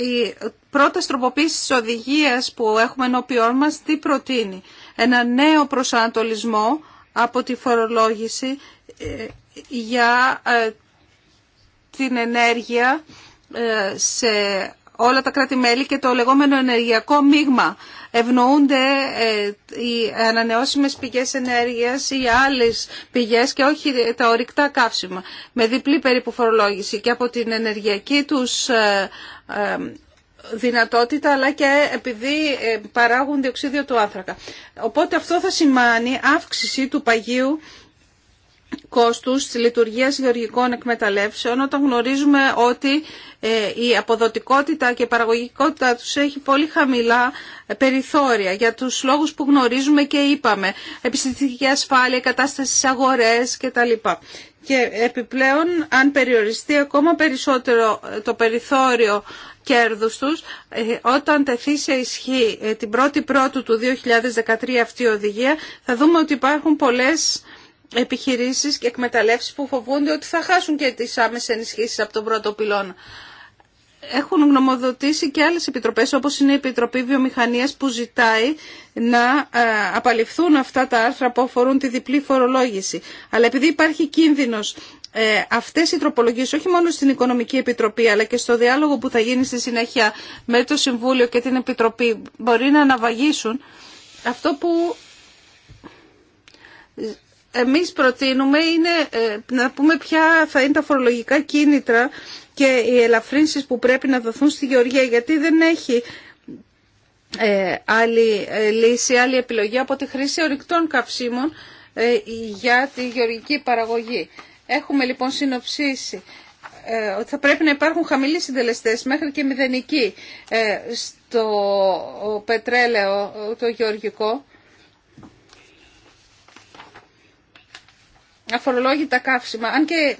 η πρώτη τροποποίηση της οδηγίας που έχουμε ενώπιόν μας τι προτείνει. Ένα νέο προσανατολισμό από τη φορολόγηση ε, για ε, την ενέργεια ε, σε όλα τα κράτη-μέλη και το λεγόμενο ενεργειακό μείγμα ευνοούνται ε, οι ανανεώσιμες πηγές ενέργειας ή άλλες πηγές και όχι τα ορυκτά καύσιμα με διπλή περίπου φορολόγηση και από την ενεργειακή τους ε, ε, δυνατότητα αλλά και επειδή παράγουν διοξίδιο του άνθρακα. Οπότε αυτό θα σημάνει αύξηση του παγίου κόστους της λειτουργίας γεωργικών εκμεταλλεύσεων όταν γνωρίζουμε ότι ε, η αποδοτικότητα και η παραγωγικότητα τους έχει πολύ χαμηλά ε, περιθώρια για τους λόγους που γνωρίζουμε και είπαμε επιστημική ασφάλεια, κατάσταση στις αγορές κτλ. Και επιπλέον αν περιοριστεί ακόμα περισσότερο ε, το περιθώριο κέρδους τους όταν τεθεί σε ισχύ την 1η Πρώτου του 2013 αυτή η οδηγία θα δούμε ότι υπάρχουν πολλές επιχειρήσεις και εκμεταλλεύσεις που φοβούνται ότι θα χάσουν και τις άμεσες ενισχύσεις από τον πρώτο πυλόν. Έχουν γνωμοδοτήσει και άλλες επιτροπές όπως είναι η Επιτροπή Βιομηχανίας που ζητάει να ε, απαλληφθούν αυτά τα άρθρα που αφορούν τη διπλή φορολόγηση. Αλλά επειδή υπάρχει κίνδυνος ε, αυτές οι τροπολογίες όχι μόνο στην Οικονομική Επιτροπή αλλά και στο διάλογο που θα γίνει στη συνέχεια με το Συμβούλιο και την Επιτροπή μπορεί να αναβαγίσουν αυτό που εμείς προτείνουμε είναι ε, να πούμε ποια θα είναι τα φορολογικά κίνητρα και οι ελαφρύνσεις που πρέπει να δοθούν στη Γεωργία γιατί δεν έχει ε, άλλη ε, λύση, άλλη επιλογή από τη χρήση ορυκτών καυσίμων για τη γεωργική παραγωγή. Έχουμε λοιπόν συνοψίσει ότι θα πρέπει να υπάρχουν χαμηλοί συντελεστές μέχρι και μηδενικοί στο πετρέλαιο το γεωργικό αφορολόγητα καύσιμα. Αν και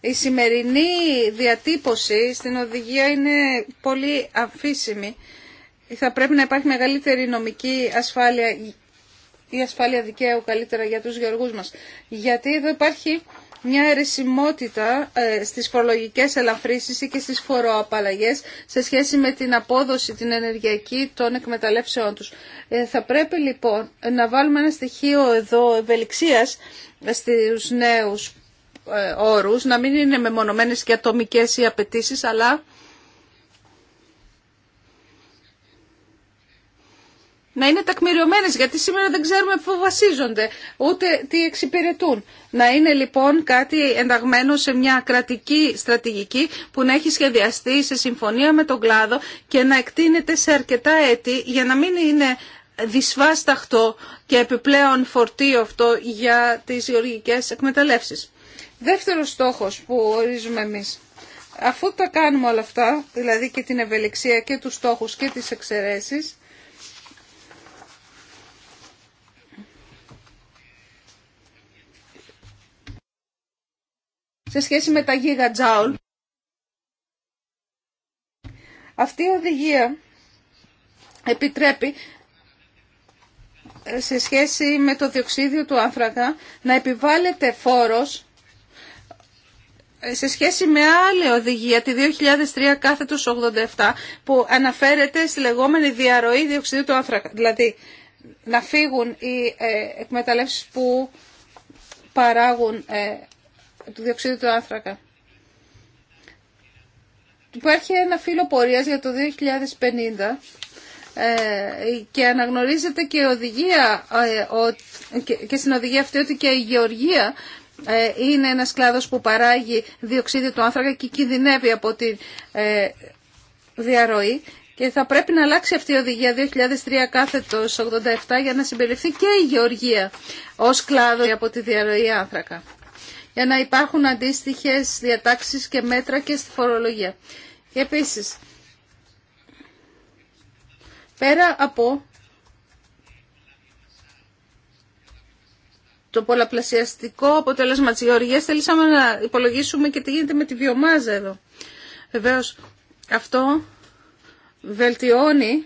η σημερινή διατύπωση στην οδηγία είναι πολύ αμφίσιμη. Θα πρέπει να υπάρχει μεγαλύτερη νομική ασφάλεια ή ασφάλεια δικαίου καλύτερα για τους γεωργούς μας. Γιατί εδώ υπάρχει μια αιρεσιμότητα ε, στις φορολογικές ελαφρύσεις ή και στις φοροαπαλλαγές σε σχέση με την απόδοση την ενεργειακή των εκμεταλλεύσεών τους. Ε, θα πρέπει λοιπόν να βάλουμε ένα στοιχείο εδώ ευελιξίας στους νέους ε, όρους, να μην είναι μεμονωμένες και ατομικές οι απαιτήσει, αλλά να είναι τακμηριωμένες, γιατί σήμερα δεν ξέρουμε πού βασίζονται, ούτε τι εξυπηρετούν. Να είναι λοιπόν κάτι ενταγμένο σε μια κρατική στρατηγική που να έχει σχεδιαστεί σε συμφωνία με τον κλάδο και να εκτείνεται σε αρκετά έτη για να μην είναι δυσβάσταχτο και επιπλέον φορτίο αυτό για τις γεωργικές εκμεταλλεύσεις. Δεύτερος στόχος που ορίζουμε εμείς. Αφού τα κάνουμε όλα αυτά, δηλαδή και την ευελιξία και τους στόχους και τις εξαιρέσεις, σε σχέση με τα γιγατζάουλ. Αυτή η οδηγία επιτρέπει ε, σε σχέση με το διοξίδιο του άνθρακα να επιβάλλεται φόρος ε, σε σχέση με άλλη οδηγία, τη 2003 87, που αναφέρεται στη λεγόμενη διαρροή διοξιδίου του άνθρακα. Δηλαδή, να φύγουν οι ε, εκμεταλλεύσεις που παράγουν του διοξείδιου του άνθρακα. Υπάρχει ένα φύλλο πορείας για το 2050 ε, και αναγνωρίζεται και, η οδηγία, ε, και στην οδηγία αυτή ότι και η γεωργία ε, είναι ένας κλάδος που παράγει διοξίδιο του άνθρακα και κινδυνεύει από τη διαρροή και θα πρέπει να αλλάξει αυτή η οδηγία 2003 κάθετος 87 για να συμπεριληφθεί και η γεωργία ως κλάδο από τη διαρροή άνθρακα για να υπάρχουν αντίστοιχες διατάξεις και μέτρα και στη φορολογία. Και επίσης, πέρα από το πολλαπλασιαστικό αποτέλεσμα της γεωργίας, θέλησαμε να υπολογίσουμε και τι γίνεται με τη βιομάζα εδώ. Βεβαίως, αυτό βελτιώνει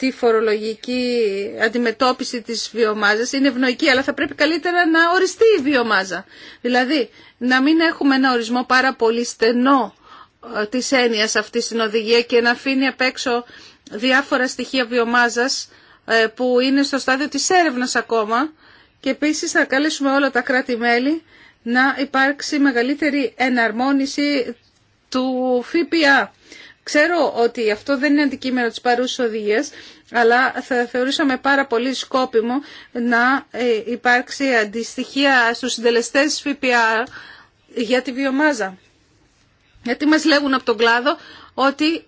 τη φορολογική αντιμετώπιση της βιομάζας είναι ευνοϊκή, αλλά θα πρέπει καλύτερα να οριστεί η βιομάζα. Δηλαδή, να μην έχουμε ένα ορισμό πάρα πολύ στενό ε, της έννοιας αυτή στην οδηγία και να αφήνει απ' έξω διάφορα στοιχεία βιομάζας ε, που είναι στο στάδιο της έρευνας ακόμα και επίσης θα καλέσουμε όλα τα κράτη-μέλη να υπάρξει μεγαλύτερη εναρμόνιση του ΦΠΑ Ξέρω ότι αυτό δεν είναι αντικείμενο της παρούσης οδηγίας, αλλά θα θεωρούσαμε πάρα πολύ σκόπιμο να ε, υπάρξει αντιστοιχεία στους συντελεστές ΦΠΑ για τη βιομάζα. Γιατί μας λέγουν από τον κλάδο ότι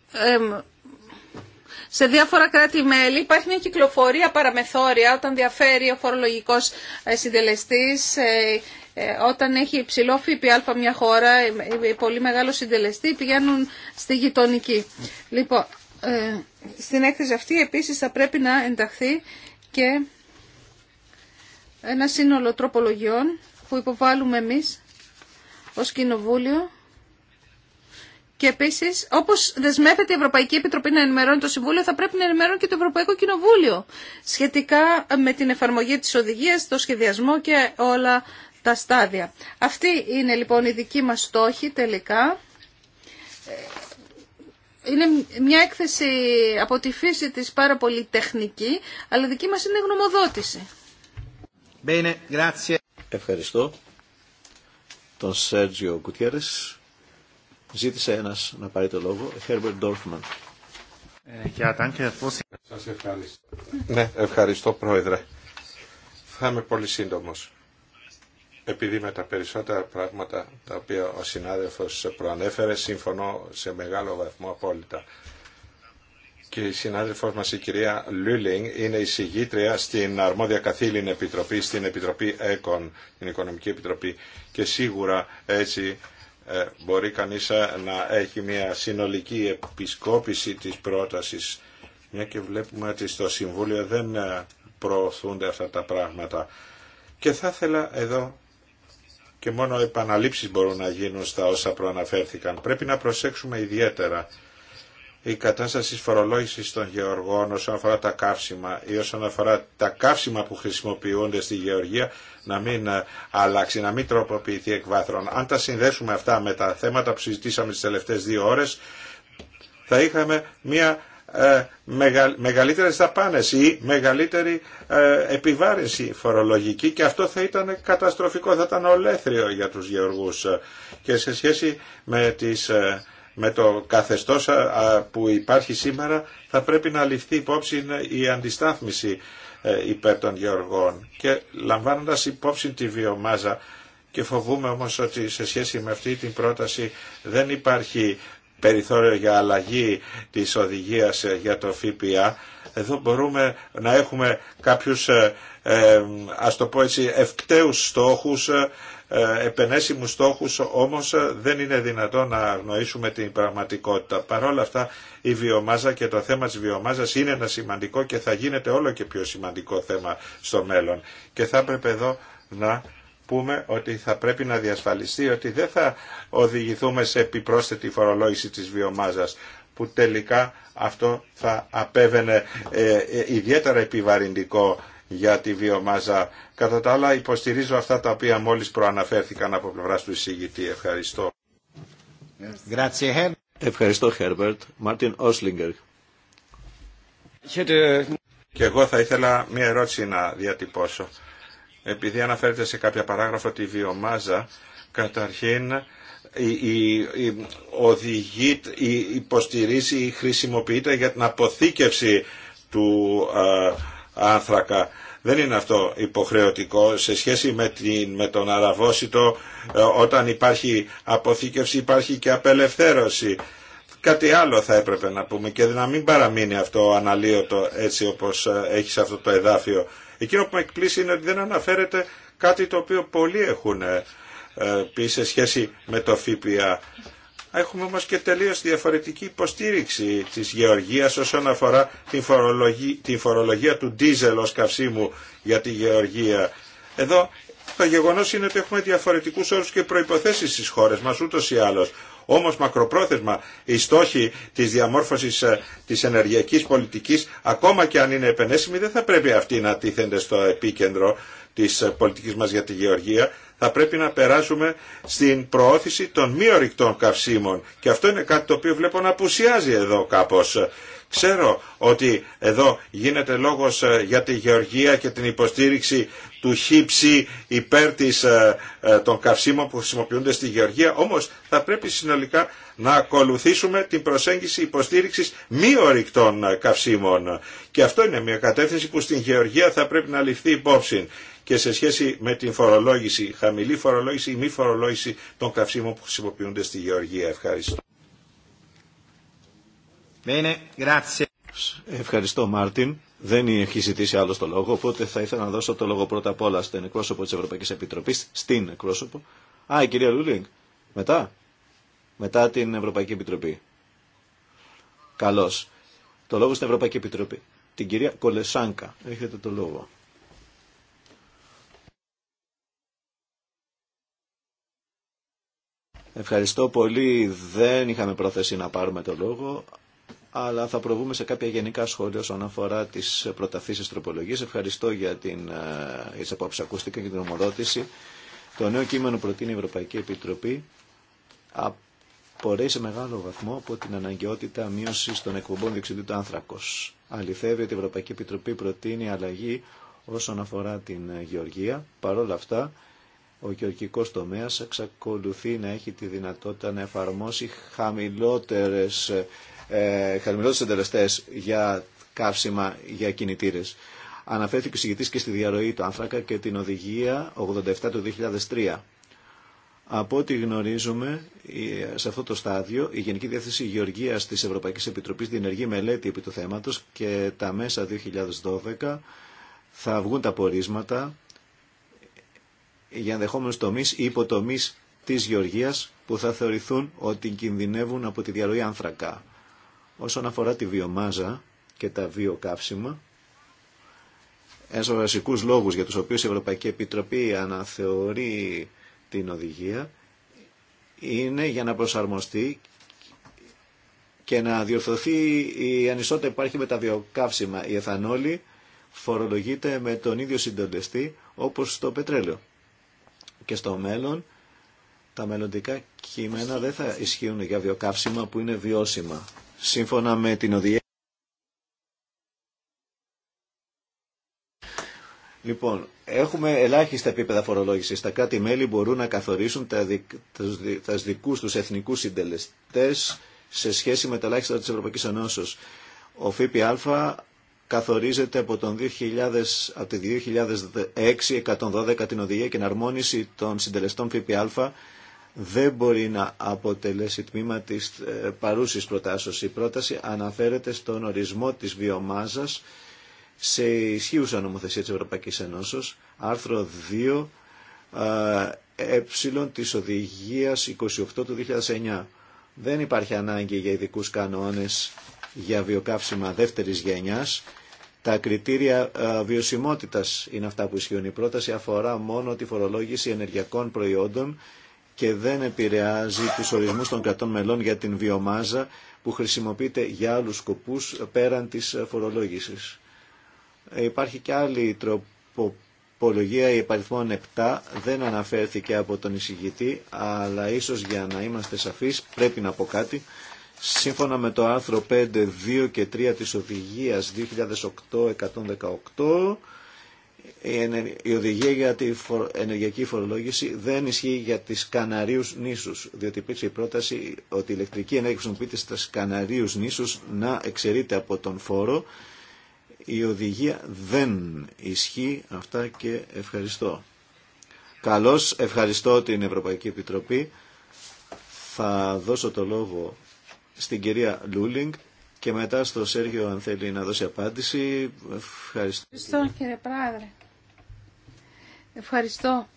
σε διάφορα κράτη-μέλη υπάρχει μια κυκλοφορία παραμεθόρια όταν διαφέρει ο φορολογικός ε, συντελεστής ε, ε, όταν έχει υψηλό ΦΠΑ μια χώρα, πολύ μεγάλο συντελεστή, πηγαίνουν στη γειτονική. Λοιπόν, ε, στην έκθεση αυτή επίσης θα πρέπει να ενταχθεί και ένα σύνολο τροπολογιών που υποβάλλουμε εμείς ως Κοινοβούλιο και επίσης όπως δεσμεύεται η Ευρωπαϊκή Επιτροπή να ενημερώνει το Συμβούλιο θα πρέπει να ενημερώνει και το Ευρωπαϊκό Κοινοβούλιο σχετικά με την εφαρμογή της οδηγίας, το σχεδιασμό και όλα τα στάδια. Αυτή είναι λοιπόν η δική μας στόχη τελικά. Είναι μια έκθεση από τη φύση της πάρα πολύ τεχνική, αλλά δική μας είναι γνωμοδότηση. Bene, grazie. Ευχαριστώ τον Σέργιο Κουτιέρες. Ζήτησε ένας να πάρει το λόγο, Herbert Dorfman. Σας ευχαριστώ. Ναι, ευχαριστώ Πρόεδρε. Θα είμαι πολύ σύντομος επειδή με τα περισσότερα πράγματα τα οποία ο συνάδελφος προανέφερε συμφωνώ σε μεγάλο βαθμό απόλυτα. Και η συνάδελφός μας η κυρία Λούλινγκ είναι η συγγήτρια στην αρμόδια καθήλυνη επιτροπή, στην Επιτροπή ΕΚΟΝ, την Οικονομική Επιτροπή και σίγουρα έτσι ε, μπορεί κανείς ε, να έχει μια συνολική επισκόπηση της πρότασης μια και βλέπουμε ότι στο Συμβούλιο δεν ε, προωθούνται αυτά τα πράγματα. Και θα ήθελα εδώ και μόνο επαναλήψεις μπορούν να γίνουν στα όσα προαναφέρθηκαν. Πρέπει να προσέξουμε ιδιαίτερα η κατάσταση φορολόγησης των γεωργών όσον αφορά τα καύσιμα ή όσον αφορά τα καύσιμα που χρησιμοποιούνται στη γεωργία να μην ε, αλλάξει, να μην τροποποιηθεί εκ βάθρων. Αν τα συνδέσουμε αυτά με τα θέματα που συζητήσαμε τις τελευταίες δύο ώρες θα είχαμε μια ε, μεγαλύτερες δαπάνες ή μεγαλύτερη ε, επιβάρυνση φορολογική και αυτό θα ήταν καταστροφικό, θα ήταν ολέθριο για τους γεωργούς και σε σχέση με ε, με το καθεστώς που υπάρχει σήμερα θα πρέπει να ληφθεί υπόψη η αντιστάθμιση υπέρ των γεωργών και λαμβάνοντας υπόψη τη βιομάζα και φοβούμε όμως ότι σε σχέση με αυτή την πρόταση δεν υπάρχει περιθώριο για αλλαγή της οδηγίας ε, για το ΦΠΑ, εδώ μπορούμε να έχουμε κάποιους, ε, ε ας το πω έτσι, ευκταίους στόχους, ε, επενέσιμους στόχους, όμως δεν είναι δυνατό να αγνοήσουμε την πραγματικότητα. Παρ' όλα αυτά η βιομάζα και το θέμα της βιομάζας είναι ένα σημαντικό και θα γίνεται όλο και πιο σημαντικό θέμα στο μέλλον. Και θα έπρεπε εδώ να πούμε ότι θα πρέπει να διασφαλιστεί ότι δεν θα οδηγηθούμε σε επιπρόσθετη φορολόγηση της βιομάζας που τελικά αυτό θα απέβαινε ε, ε, ιδιαίτερα επιβαρυντικό για τη βιομάζα. Κατά τα άλλα υποστηρίζω αυτά τα οποία μόλις προαναφέρθηκαν από πλευρά του εισηγητή. Ευχαριστώ. Ευχαριστώ Χέρμπερτ. Μάρτιν Όσλιγκερ. Και εγώ θα ήθελα μια ερώτηση να διατυπώσω επειδή αναφέρεται σε κάποια παράγραφο τη βιομάζα, καταρχήν η, η, οδηγεί, η υποστηρίζει, η χρησιμοποιείται για την αποθήκευση του άνθρακα. Δεν είναι αυτό υποχρεωτικό σε σχέση με, την, με τον αραβόσιτο ε, όταν υπάρχει αποθήκευση υπάρχει και απελευθέρωση. Κάτι άλλο θα έπρεπε να πούμε και να μην παραμείνει αυτό αναλύωτο έτσι όπως ε, έχει αυτό το εδάφιο. Εκείνο που με εκπλήσει είναι ότι δεν αναφέρεται κάτι το οποίο πολλοί έχουν ε, ε, πει σε σχέση με το ΦΠΑ. Έχουμε όμως και τελείως διαφορετική υποστήριξη της γεωργίας όσον αφορά την φορολογία, φορολογία του ντίζελ ως καυσίμου για τη γεωργία. Εδώ το γεγονός είναι ότι έχουμε διαφορετικούς όρους και προϋποθέσεις στις χώρες μας ούτως ή άλλως. Όμως μακροπρόθεσμα οι στόχοι της διαμόρφωσης ε, της ενεργειακής πολιτικής ακόμα και αν είναι επενέσιμοι δεν θα πρέπει αυτοί να τίθενται στο επίκεντρο της ε, πολιτικής μας για τη γεωργία θα πρέπει να περάσουμε στην προώθηση των μη ορυκτών καυσίμων και αυτό είναι κάτι το οποίο βλέπω να απουσιάζει εδώ κάπως Ξέρω ότι εδώ γίνεται λόγος ε, για τη γεωργία και την υποστήριξη του χύψη υπέρ της, ε, ε, των καυσίμων που χρησιμοποιούνται στη γεωργία, όμως θα πρέπει συνολικά να ακολουθήσουμε την προσέγγιση υποστήριξης μη ορυκτών καυσίμων. Και αυτό είναι μια κατεύθυνση που στην γεωργία θα πρέπει να ληφθεί υπόψη και σε σχέση με την φορολόγηση, χαμηλή φορολόγηση ή μη φορολόγηση των καυσίμων που χρησιμοποιούνται στη γεωργία. Ευχαριστώ. Ευχαριστώ Μάρτιν. Δεν έχει ζητήσει άλλο το λόγο, οπότε θα ήθελα να δώσω το λόγο πρώτα απ' όλα στην εκπρόσωπο τη Ευρωπαϊκή Επιτροπή. στην εκπρόσωπο. Α, η κυρία Λούλινγκ. Μετά. Μετά την Ευρωπαϊκή Επιτροπή. Καλώ. Το λόγο στην Ευρωπαϊκή Επιτροπή. Την κυρία Κολεσάνκα. Έχετε το λόγο. Ευχαριστώ πολύ. Δεν είχαμε πρόθεση να πάρουμε το λόγο, αλλά θα προβούμε σε κάποια γενικά σχόλια όσον αφορά τι προταθήσει τροπολογία. Ευχαριστώ για, την, ε, τι απόψει και την ομοδότηση. Το νέο κείμενο προτείνει η Ευρωπαϊκή Επιτροπή απορρέει σε μεγάλο βαθμό από την αναγκαιότητα μείωση των εκπομπών διοξιδίου του άνθρακο. Αληθεύει ότι η Ευρωπαϊκή Επιτροπή προτείνει αλλαγή όσον αφορά την ε, γεωργία. Παρ' όλα αυτά, ο γεωργικός τομέας εξακολουθεί να έχει τη δυνατότητα να εφαρμόσει χαμηλότερες ε, ε, χαμηλότερους εντελεστές για καύσιμα για κινητήρε. Αναφέρθηκε ο συγκεκριτή και στη διαρροή του άνθρακα και την οδηγία 87 του 2003. Από ό,τι γνωρίζουμε, σε αυτό το στάδιο, η Γενική Διεύθυνση Γεωργία τη Ευρωπαϊκή Επιτροπή διενεργεί μελέτη επί του θέματο και τα μέσα 2012 θα βγουν τα πορίσματα για ενδεχόμενου τομεί ή υποτομεί τη γεωργία που θα θεωρηθούν ότι κινδυνεύουν από τη διαρροή άνθρακα. Όσον αφορά τη βιομάζα και τα βιοκαύσιμα, ένας από βασικούς λόγους για τους οποίους η Ευρωπαϊκή Επιτροπή αναθεωρεί την οδηγία είναι για να προσαρμοστεί και να διορθωθεί η ανισότητα που υπάρχει με τα βιοκαύσιμα. Η εθανόλη φορολογείται με τον ίδιο συντοντεστή όπως το πετρέλαιο. Και στο μέλλον τα μελλοντικά κείμενα δεν θα ισχύουν για βιοκαύσιμα που είναι βιώσιμα σύμφωνα με την οδηγία. Λοιπόν, έχουμε ελάχιστα επίπεδα φορολόγησης. Τα κράτη-μέλη μπορούν να καθορίσουν τα, δικ, τα δικούς τους εθνικούς συντελεστές σε σχέση με τα ελάχιστα της Ευρωπαϊκής Ενώσεως. Ο ΦΠΑ καθορίζεται από, τον 2000, από τη 2006-112 την οδηγία και εναρμόνιση των συντελεστών ΦΠΑ δεν μπορεί να αποτελέσει τμήμα της ε, παρούσης προτάσεως. Η πρόταση αναφέρεται στον ορισμό της βιομάζας σε ισχύουσα νομοθεσία της Ευρωπαϊκής Ενώσεως, άρθρο 2, ε, ε της Οδηγίας 28 του 2009. Δεν υπάρχει ανάγκη για ειδικούς κανόνες για βιοκαύσιμα δεύτερης γενιάς. Τα κριτήρια ε, βιωσιμότητας είναι αυτά που ισχύουν. Η πρόταση αφορά μόνο τη φορολόγηση ενεργειακών προϊόντων και δεν επηρεάζει τους ορισμούς των κρατών μελών για την βιομάζα που χρησιμοποιείται για άλλους σκοπούς πέραν της φορολόγησης. Υπάρχει και άλλη τροπολογία, η επαριθμόν 7 δεν αναφέρθηκε από τον εισηγητή, αλλά ίσως για να είμαστε σαφείς πρέπει να πω κάτι. Σύμφωνα με το άρθρο 5, 2 και 3 της Οδηγίας 2008-118, η οδηγία για την ενεργειακή φορολόγηση δεν ισχύει για τις Καναρίους νήσους, διότι υπήρξε η πρόταση ότι η ηλεκτρική ενέργεια που χρησιμοποιείται στι Καναρίους νήσους να εξαιρείται από τον φόρο. Η οδηγία δεν ισχύει αυτά και ευχαριστώ. Καλώ ευχαριστώ την Ευρωπαϊκή Επιτροπή. Θα δώσω το λόγο στην κυρία Λούλινγκ και μετά στο Σέργιο αν θέλει να δώσει απάντηση. Ευχαριστώ. Ευχαριστώ κύριε Πράδρε. Ευχαριστώ.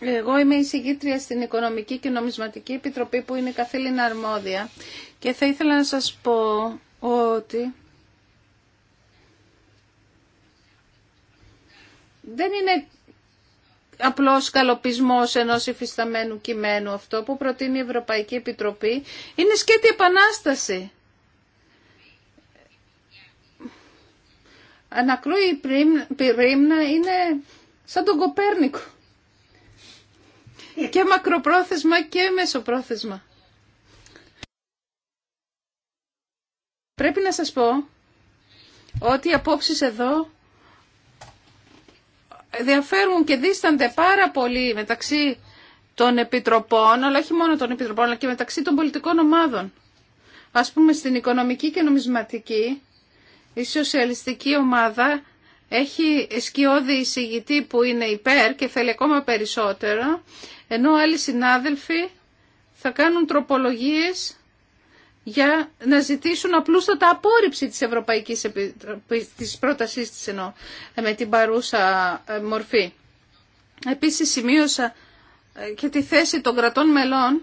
Εγώ είμαι η συγκήτρια στην Οικονομική και Νομισματική Επιτροπή που είναι καθήλυνα αρμόδια και θα ήθελα να σας πω ότι δεν είναι απλώς καλοπισμός ενός υφισταμένου κειμένου. Αυτό που προτείνει η Ευρωπαϊκή Επιτροπή είναι σκέτη επανάσταση. Ανακλούει η πυρήμνα είναι σαν τον Κοπέρνικο. Και μακροπρόθεσμα και μεσοπρόθεσμα. Πρέπει να σας πω ότι οι απόψεις εδώ διαφέρουν και δίστανται πάρα πολύ μεταξύ των επιτροπών, αλλά όχι μόνο των επιτροπών, αλλά και μεταξύ των πολιτικών ομάδων. Ας πούμε στην οικονομική και νομισματική, η σοσιαλιστική ομάδα έχει σκιώδη εισηγητή που είναι υπέρ και θέλει ακόμα περισσότερο, ενώ άλλοι συνάδελφοι θα κάνουν τροπολογίες για να ζητήσουν απλούστατα απόρριψη της Ευρωπαϊκής Επιτροπής, της πρότασής της ενώ, με την παρούσα ε, μορφή. Επίσης σημείωσα ε, και τη θέση των κρατών μελών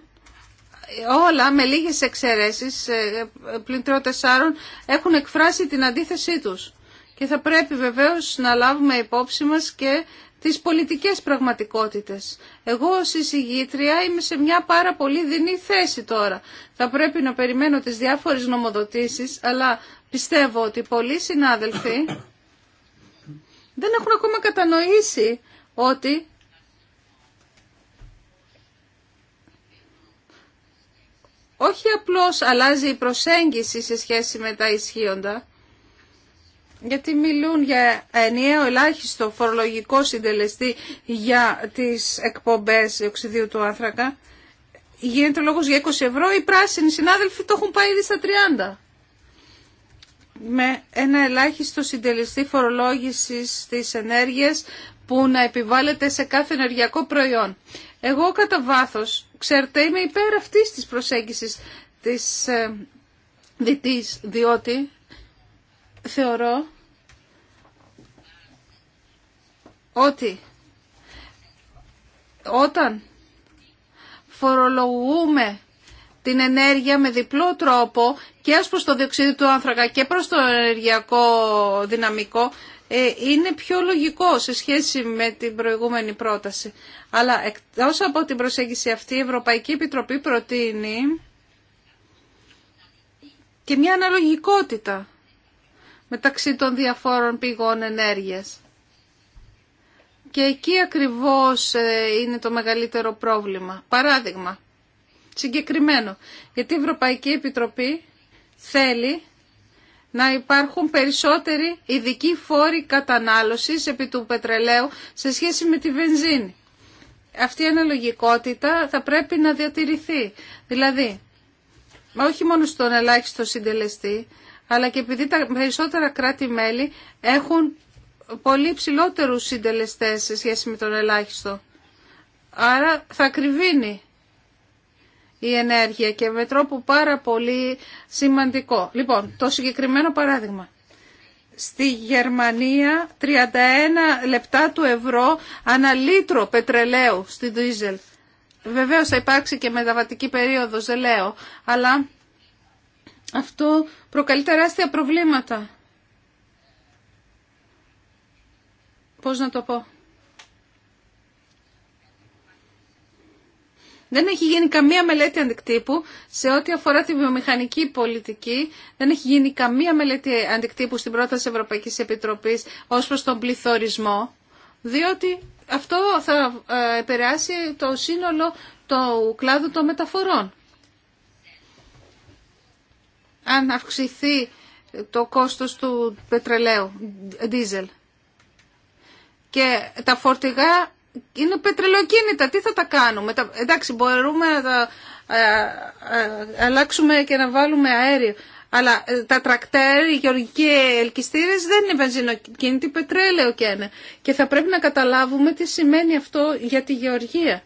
όλα με λίγες εξαιρέσεις ε, πλην τριών έχουν εκφράσει την αντίθεσή τους. Και θα πρέπει βεβαίως να λάβουμε υπόψη μας και τις πολιτικές πραγματικότητες. Εγώ ως εισηγήτρια είμαι σε μια πάρα πολύ δινή θέση τώρα. Θα πρέπει να περιμένω τις διάφορες νομοδοτήσεις, αλλά πιστεύω ότι πολλοί συνάδελφοι (coughs) δεν έχουν ακόμα κατανοήσει ότι όχι απλώς αλλάζει η προσέγγιση σε σχέση με τα ισχύοντα, γιατί μιλούν για ενιαίο ελάχιστο φορολογικό συντελεστή για τις εκπομπές οξυδίου του άνθρακα. Γίνεται λόγο για 20 ευρώ, οι πράσινοι συνάδελφοι το έχουν πάει ήδη στα 30 με ένα ελάχιστο συντελεστή φορολόγησης της ενέργειας που να επιβάλλεται σε κάθε ενεργειακό προϊόν. Εγώ κατά βάθο, ξέρετε, είμαι υπέρ αυτή τη προσέγγισης της ε, διότι θεωρώ ότι όταν φορολογούμε την ενέργεια με διπλό τρόπο και ως προς το διοξείδιο του άνθρακα και προς το ενεργειακό δυναμικό ε, είναι πιο λογικό σε σχέση με την προηγούμενη πρόταση. Αλλά εκτός από την προσέγγιση αυτή η Ευρωπαϊκή Επιτροπή προτείνει και μια αναλογικότητα μεταξύ των διαφόρων πηγών ενέργειας. Και εκεί ακριβώς ε, είναι το μεγαλύτερο πρόβλημα. Παράδειγμα, συγκεκριμένο, γιατί η Ευρωπαϊκή Επιτροπή θέλει να υπάρχουν περισσότεροι ειδικοί φόροι κατανάλωσης επί του πετρελαίου σε σχέση με τη βενζίνη. Αυτή η αναλογικότητα θα πρέπει να διατηρηθεί. Δηλαδή, όχι μόνο στον ελάχιστο συντελεστή, αλλά και επειδή τα περισσότερα κράτη-μέλη έχουν πολύ ψηλότερους συντελεστές σε σχέση με τον ελάχιστο. Άρα θα κρυβίνει η ενέργεια και με τρόπο πάρα πολύ σημαντικό. Λοιπόν, το συγκεκριμένο παράδειγμα. Στη Γερμανία 31 λεπτά του ευρώ ανά λίτρο πετρελαίου στη δίζελ. Βεβαίως θα υπάρξει και μεταβατική περίοδος, δεν λέω, αλλά αυτό προκαλεί τεράστια προβλήματα. πώς να το πω, Δεν έχει γίνει καμία μελέτη αντικτύπου σε ό,τι αφορά τη βιομηχανική πολιτική. Δεν έχει γίνει καμία μελέτη αντικτύπου στην πρόταση Ευρωπαϊκής Επιτροπής ως προς τον πληθωρισμό, διότι αυτό θα ε, επηρεάσει το σύνολο του κλάδου των μεταφορών. Αν αυξηθεί το κόστος του πετρελαίου, δίζελ. Και τα φορτηγά είναι πετρελοκίνητα. Τι θα τα κάνουμε. Εντάξει, μπορούμε να τα ε, ε, αλλάξουμε και να βάλουμε αέριο. Αλλά ε, τα τρακτέρ, οι γεωργικοί ελκυστήρες δεν είναι βενζινοκίνητοι, πετρέλαιο και είναι. Και θα πρέπει να καταλάβουμε τι σημαίνει αυτό για τη γεωργία.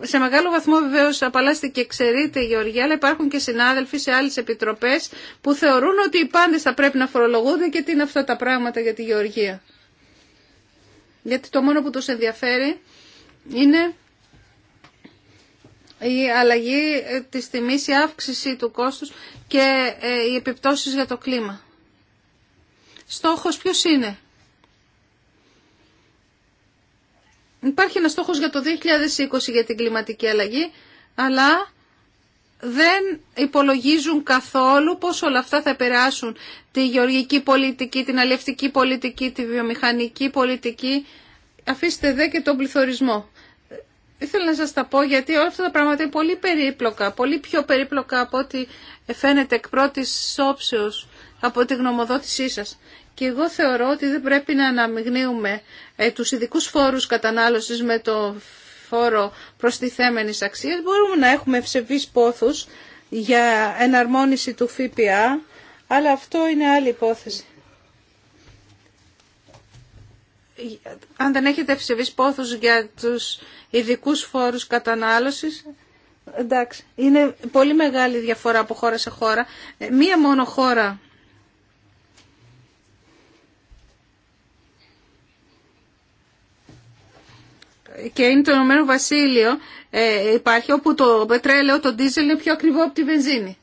Σε μεγάλο βαθμό βεβαίω απαλλάσσεται και εξαιρείται η Γεωργία, αλλά υπάρχουν και συνάδελφοι σε άλλε επιτροπέ που θεωρούν ότι οι πάντε θα πρέπει να φορολογούνται και τι είναι αυτά τα πράγματα για τη Γεωργία γιατί το μόνο που τους ενδιαφέρει είναι η αλλαγή της τιμής, η αύξηση του κόστους και ε, οι επιπτώσεις για το κλίμα. Στόχος ποιος είναι. Υπάρχει ένα στόχος για το 2020 για την κλιματική αλλαγή, αλλά δεν υπολογίζουν καθόλου πώς όλα αυτά θα επηρεάσουν τη γεωργική πολιτική, την αλληλευτική πολιτική, τη βιομηχανική πολιτική. Αφήστε δε και τον πληθωρισμό. Ήθελα να σας τα πω γιατί όλα αυτά τα πράγματα είναι πολύ περίπλοκα, πολύ πιο περίπλοκα από ό,τι φαίνεται εκ πρώτης όψεως από τη γνωμοδότησή σας. Και εγώ θεωρώ ότι δεν πρέπει να αναμειγνύουμε ε, τους ειδικούς φόρους κατανάλωσης με το φόρο προστιθέμενης αξίας, μπορούμε να έχουμε ευσεβείς πόθους για εναρμόνιση του ΦΠΑ, αλλά αυτό είναι άλλη υπόθεση. Αν δεν έχετε ευσεβείς πόθους για τους ειδικού φόρους κατανάλωσης, εντάξει, είναι πολύ μεγάλη διαφορά από χώρα σε χώρα. Ε, μία μόνο χώρα και είναι το Ηνωμένο Βασίλειο ε, υπάρχει όπου το πετρέλαιο, το ντίζελ είναι πιο ακριβό από τη βενζίνη.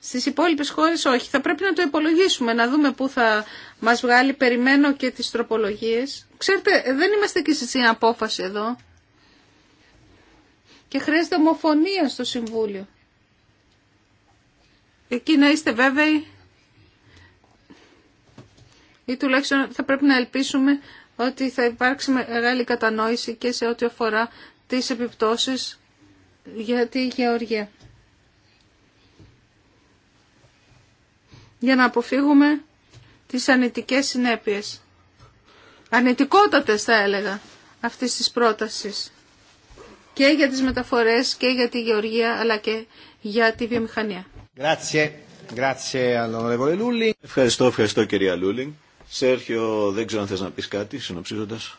Στις υπόλοιπες χώρες όχι. Θα πρέπει να το υπολογίσουμε, να δούμε πού θα μας βγάλει. Περιμένω και τις τροπολογίες. Ξέρετε, δεν είμαστε και στην απόφαση εδώ. Και χρειάζεται ομοφωνία στο Συμβούλιο. Εκεί να είστε βέβαιοι ή τουλάχιστον θα πρέπει να ελπίσουμε ότι θα υπάρξει μεγάλη κατανόηση και σε ό,τι αφορά τις επιπτώσεις για τη γεωργία. Για να αποφύγουμε τις ανητικές συνέπειες. Ανητικότατες θα έλεγα αυτής της πρότασης. Και για τις μεταφορές και για τη γεωργία αλλά και για τη βιομηχανία. Ευχαριστώ, ευχαριστώ κυρία Λούλινγκ. Σέρχιο, δεν ξέρω αν θες να πεις κάτι, συνοψίζοντας.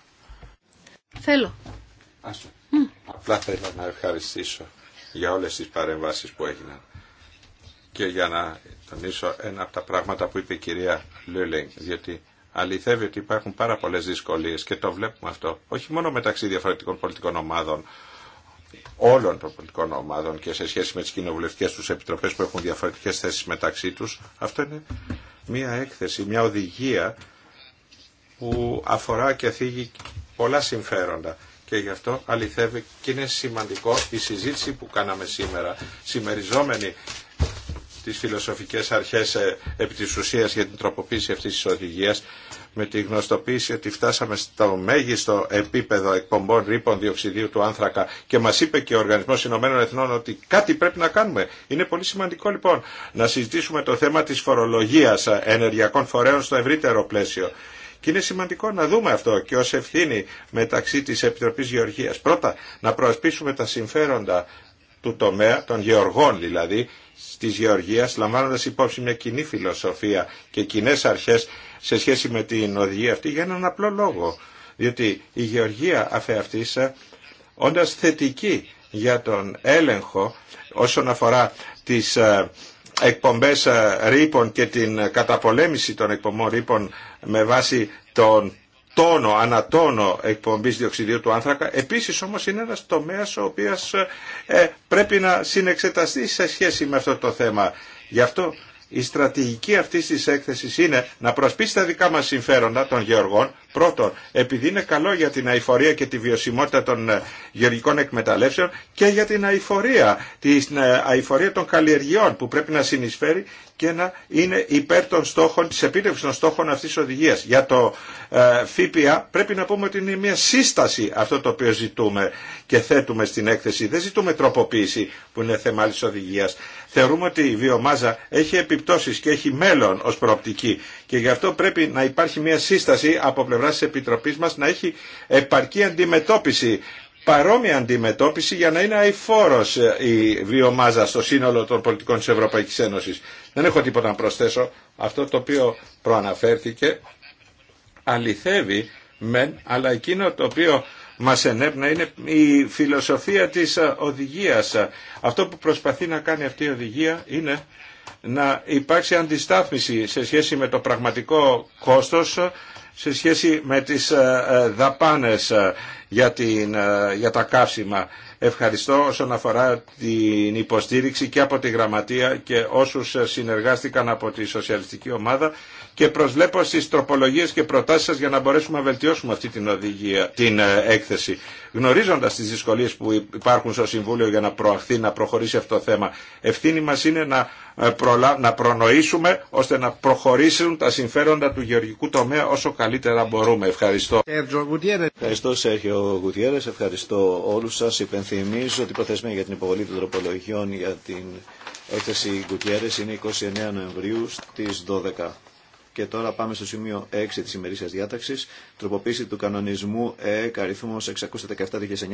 Θέλω. Mm. Απλά θέλω να ευχαριστήσω για όλες τις παρεμβάσεις που έγιναν. Και για να τονίσω ένα από τα πράγματα που είπε η κυρία Λούλινγκ, διότι αληθεύει ότι υπάρχουν πάρα πολλές δυσκολίες και το βλέπουμε αυτό, όχι μόνο μεταξύ διαφορετικών πολιτικών ομάδων, όλων των πολιτικών ομάδων και σε σχέση με τις κοινοβουλευτικές τους επιτροπές που έχουν διαφορετικές θέσεις μεταξύ τους, αυτό είναι μία έκθεση, μία οδηγία που αφορά και θίγει πολλά συμφέροντα. Και γι' αυτό αληθεύει και είναι σημαντικό η συζήτηση που κάναμε σήμερα, συμμεριζόμενη τις φιλοσοφικές αρχές ε, επί της ουσίας για την τροποποίηση αυτής της οδηγίας με τη γνωστοποίηση ότι φτάσαμε στο μέγιστο επίπεδο εκπομπών ρήπων διοξιδίου του άνθρακα και μας είπε και ο Οργανισμός Ηνωμένων Εθνών ότι κάτι πρέπει να κάνουμε. Είναι πολύ σημαντικό λοιπόν να συζητήσουμε το θέμα της φορολογίας ενεργειακών φορέων στο ευρύτερο πλαίσιο. Και είναι σημαντικό να δούμε αυτό και ως ευθύνη μεταξύ της Επιτροπής Γεωργίας. Πρώτα, να προασπίσουμε τα συμφέροντα του τομέα, των γεωργών δηλαδή, της Γεωργίας λαμβάνοντας υπόψη μια κοινή φιλοσοφία και κοινέ αρχές σε σχέση με την οδηγία αυτή για έναν απλό λόγο. Διότι η Γεωργία αφεαυτής ε, όντας θετική για τον έλεγχο όσον αφορά τις ε, εκπομπές ε, ρήπων και την καταπολέμηση των εκπομπών ρήπων με βάση τον τόνο, ανατόνο εκπομπής διοξιδίου του άνθρακα. Επίσης όμως είναι ένας τομέας ο οποίος ε, πρέπει να συνεξεταστεί σε σχέση με αυτό το θέμα. Γι' αυτό η στρατηγική αυτής της έκθεσης είναι να προσπίσει τα δικά μας συμφέροντα των γεωργών. Πρώτον, επειδή είναι καλό για την αηφορία και τη βιωσιμότητα των ε, γεωργικών εκμεταλλεύσεων και για την αηφορία, την ε, αηφορία των καλλιεργειών που πρέπει να συνεισφέρει και να είναι υπέρ των στόχων, της επίτευξης των στόχων αυτής της οδηγίας. Για το ε, ΦΠΑ πρέπει να πούμε ότι είναι μια σύσταση αυτό το οποίο ζητούμε και θέτουμε στην έκθεση. Δεν ζητούμε τροποποίηση που είναι θέμα άλλης οδηγίας. Θεωρούμε ότι η βιομάζα έχει επιπτώσεις και έχει μέλλον ως προοπτική και γι' αυτό πρέπει να υπάρχει μια σύσταση από πλευράς της Επιτροπής μας να έχει επαρκή αντιμετώπιση παρόμοια αντιμετώπιση για να είναι αηφόρος ε, η βιομάζα στο σύνολο των πολιτικών της Ευρωπαϊκή Ένωσης. Δεν έχω τίποτα να προσθέσω. Αυτό το οποίο προαναφέρθηκε αληθεύει μεν, αλλά εκείνο το οποίο μας ενέπνα είναι η φιλοσοφία της ε, οδηγίας. Αυτό που προσπαθεί να κάνει αυτή η οδηγία είναι να υπάρξει αντιστάθμιση σε σχέση με το πραγματικό κόστος σε σχέση με τις ε, δαπάνες για, την, ε, για τα καύσιμα. Ευχαριστώ όσον αφορά την υποστήριξη και από τη Γραμματεία και όσους συνεργάστηκαν από τη Σοσιαλιστική Ομάδα και προσβλέπω στις τροπολογίες και προτάσεις σας για να μπορέσουμε να βελτιώσουμε αυτή την, οδηγία, την ε, έκθεση. Γνωρίζοντας τις δυσκολίες που υπάρχουν στο Συμβούλιο για να προαχθεί, να προχωρήσει αυτό το θέμα, ευθύνη μας είναι να, ε, να προνοήσουμε ώστε να προχωρήσουν τα συμφέροντα του γεωργικού τομέα όσο καλύτερα μπορούμε. Ευχαριστώ. Ευχαριστώ Σέρχιο ευχαριστώ όλους σας. Υπενθυμίζω ότι η προθεσμία για την υποβολή των τροπολογιών για την έκθεση Γκουτιέρες είναι 29 Νοεμβρίου στις 12. Και τώρα πάμε στο σημείο 6 της ημερήσιας διάταξης, τροποποίηση του κανονισμού ΕΕΚ αριθμός 617-2009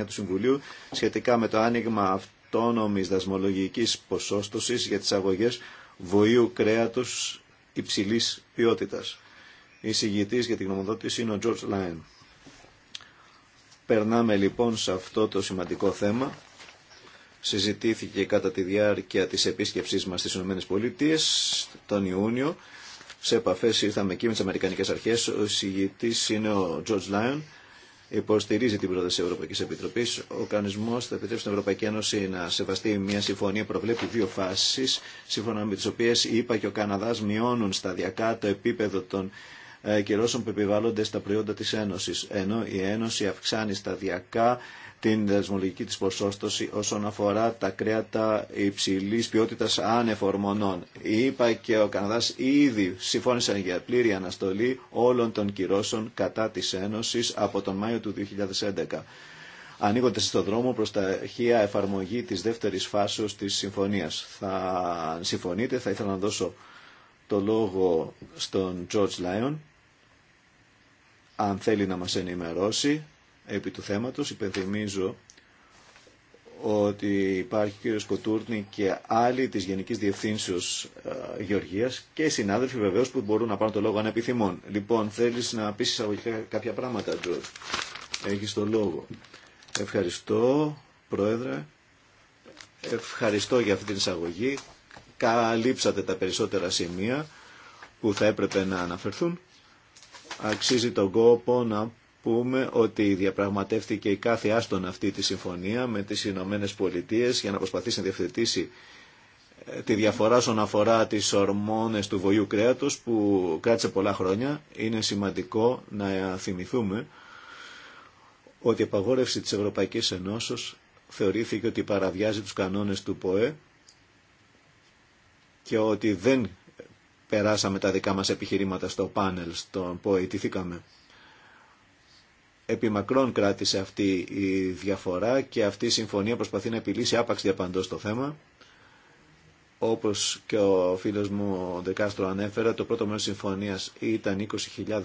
του Συμβουλίου σχετικά με το άνοιγμα αυτόνομης δασμολογικής ποσόστοσης για τις αγωγές βοήου κρέατος υψηλής ποιότητας. Η συγγητής για την γνωμοδότηση είναι ο George Lyon. Περνάμε λοιπόν σε αυτό το σημαντικό θέμα. Συζητήθηκε κατά τη διάρκεια της επίσκεψής μας στις ΗΠΑ τον Ιούνιο. Σε επαφέ ήρθαμε εκεί με τι Αμερικανικέ Αρχές. Ο εισηγητή είναι ο George Lyon. Υποστηρίζει την πρόταση τη Ευρωπαϊκή Επιτροπή. Ο κανονισμό θα επιτρέψει στην Ευρωπαϊκή Ένωση να σεβαστεί μια συμφωνία που προβλέπει δύο φάσει, σύμφωνα με τι οποίε η και ο Καναδά μειώνουν σταδιακά το επίπεδο των ε, και Ρώσων που επιβάλλονται στα προϊόντα της Ένωσης, ενώ η Ένωση αυξάνει σταδιακά την δρασμολογική της ποσόστοση όσον αφορά τα κρέατα υψηλής ποιότητας ανεφορμονών. Η και ο Καναδάς ήδη συμφώνησαν για πλήρη αναστολή όλων των κυρώσεων κατά της Ένωσης από τον Μάιο του 2011 ανοίγοντα στον δρόμο προς τα χεία εφαρμογή της δεύτερης φάση της συμφωνίας. Θα συμφωνείτε, θα ήθελα να δώσω το λόγο στον George Lyon αν θέλει να μας ενημερώσει επί του θέματος. Υπενθυμίζω ότι υπάρχει ο κ. Κοτούρνη και άλλοι της Γενικής Διευθύνσεως ε, Γεωργίας και συνάδελφοι βεβαίως που μπορούν να πάρουν το λόγο αν επιθυμούν. Λοιπόν, θέλεις να πεις εισαγωγικά κάποια πράγματα, Τζορτ. Έχεις το λόγο. Ευχαριστώ, Πρόεδρε. Ευχαριστώ για αυτή την εισαγωγή. Καλύψατε τα περισσότερα σημεία που θα έπρεπε να αναφερθούν. Αξίζει τον κόπο να πούμε ότι διαπραγματεύτηκε η κάθε άστον αυτή τη συμφωνία με τις Ηνωμένε Πολιτείε για να προσπαθήσει να διευθετήσει ε, τη διαφορά όσον αφορά τις ορμόνες του βοηού κρέατος που κράτησε πολλά χρόνια. Είναι σημαντικό να θυμηθούμε ότι η απαγόρευση της Ευρωπαϊκής Ενώσεως θεωρήθηκε ότι παραβιάζει τους κανόνες του ΠΟΕ και ότι δεν περάσαμε τα δικά μας επιχειρήματα στο πάνελ, στον που Επί μακρόν κράτησε αυτή η διαφορά και αυτή η συμφωνία προσπαθεί να επιλύσει άπαξ διαπαντός το θέμα. Όπως και ο φίλος μου ο Δεκάστρο ανέφερε, το πρώτο μέρος συμφωνίας ήταν 20.000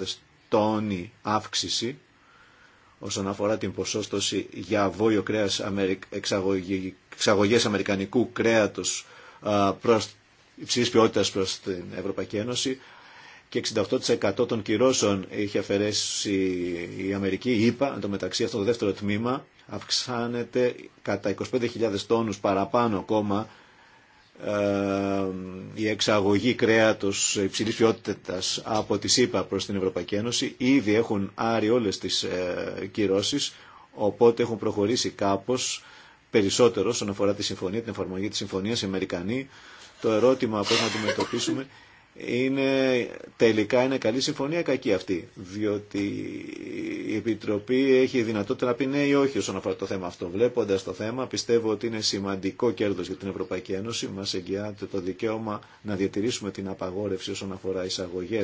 τόνοι αύξηση όσον αφορά την ποσόστοση για βόλιο κρέας εξαγωγές αμερικανικού κρέατος προς υψηλή ποιότητα προ την Ευρωπαϊκή Ένωση και 68% των κυρώσεων είχε αφαιρέσει η Αμερική, η ΕΠΑ, εν μεταξύ αυτό το δεύτερο τμήμα αυξάνεται κατά 25.000 τόνους παραπάνω ακόμα ε, η εξαγωγή κρέατος υψηλής ποιότητας από τη ΣΥΠΑ προς την Ευρωπαϊκή Ένωση ήδη έχουν άρει όλες τις ε, κυρώσεις οπότε έχουν προχωρήσει κάπως περισσότερο όσον αφορά τη συμφωνία, την εφαρμογή της συμφωνίας οι Αμερικανοί το ερώτημα πώς να αντιμετωπίσουμε είναι τελικά είναι καλή συμφωνία ή κακή αυτή. Διότι η Επιτροπή έχει δυνατότητα να πει ναι ή όχι όσον αφορά το θέμα αυτό. Βλέποντα το θέμα, πιστεύω ότι είναι σημαντικό κέρδο για την Ευρωπαϊκή Ένωση. Μα εγγυάται το δικαίωμα να διατηρήσουμε την απαγόρευση όσον αφορά εισαγωγέ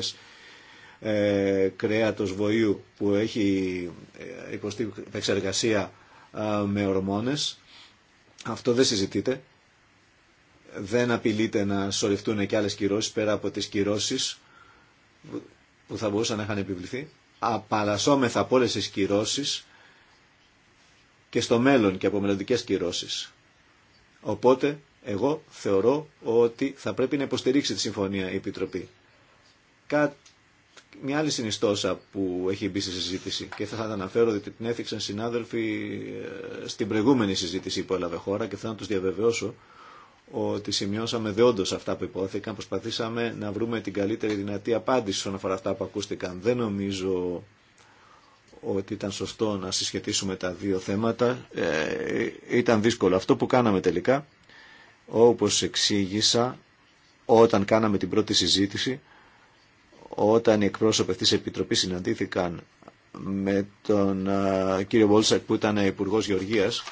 ε, κρέατος βοήου που έχει ε, υποστεί επεξεργασία ε, με ορμόνες. Αυτό δεν συζητείται δεν απειλείται να σωρευτούν και άλλες κυρώσεις πέρα από τις κυρώσεις που θα μπορούσαν να είχαν επιβληθεί. Απαλλασσόμεθα από όλες τις κυρώσεις και στο μέλλον και από μελλοντικές κυρώσεις. Οπότε εγώ θεωρώ ότι θα πρέπει να υποστηρίξει τη συμφωνία η Επιτροπή. Κά... Μια άλλη συνιστόσα που έχει μπει στη συζήτηση και θα, θα αναφέρω ότι την έθιξαν συνάδελφοι ε, στην προηγούμενη συζήτηση που έλαβε χώρα και θέλω να τους διαβεβαιώσω ότι σημειώσαμε δεόντω αυτά που υπόθηκαν. Προσπαθήσαμε να βρούμε την καλύτερη δυνατή απάντηση όσον αφορά αυτά που ακούστηκαν. Δεν νομίζω ότι ήταν σωστό να συσχετίσουμε τα δύο θέματα. Ε, ήταν δύσκολο. Αυτό που κάναμε τελικά, όπως εξήγησα όταν κάναμε την πρώτη συζήτηση, όταν οι εκπρόσωποι αυτής της Επιτροπής συναντήθηκαν με τον κύριο Βόλσακ που ήταν Υπουργός Γεωργίας,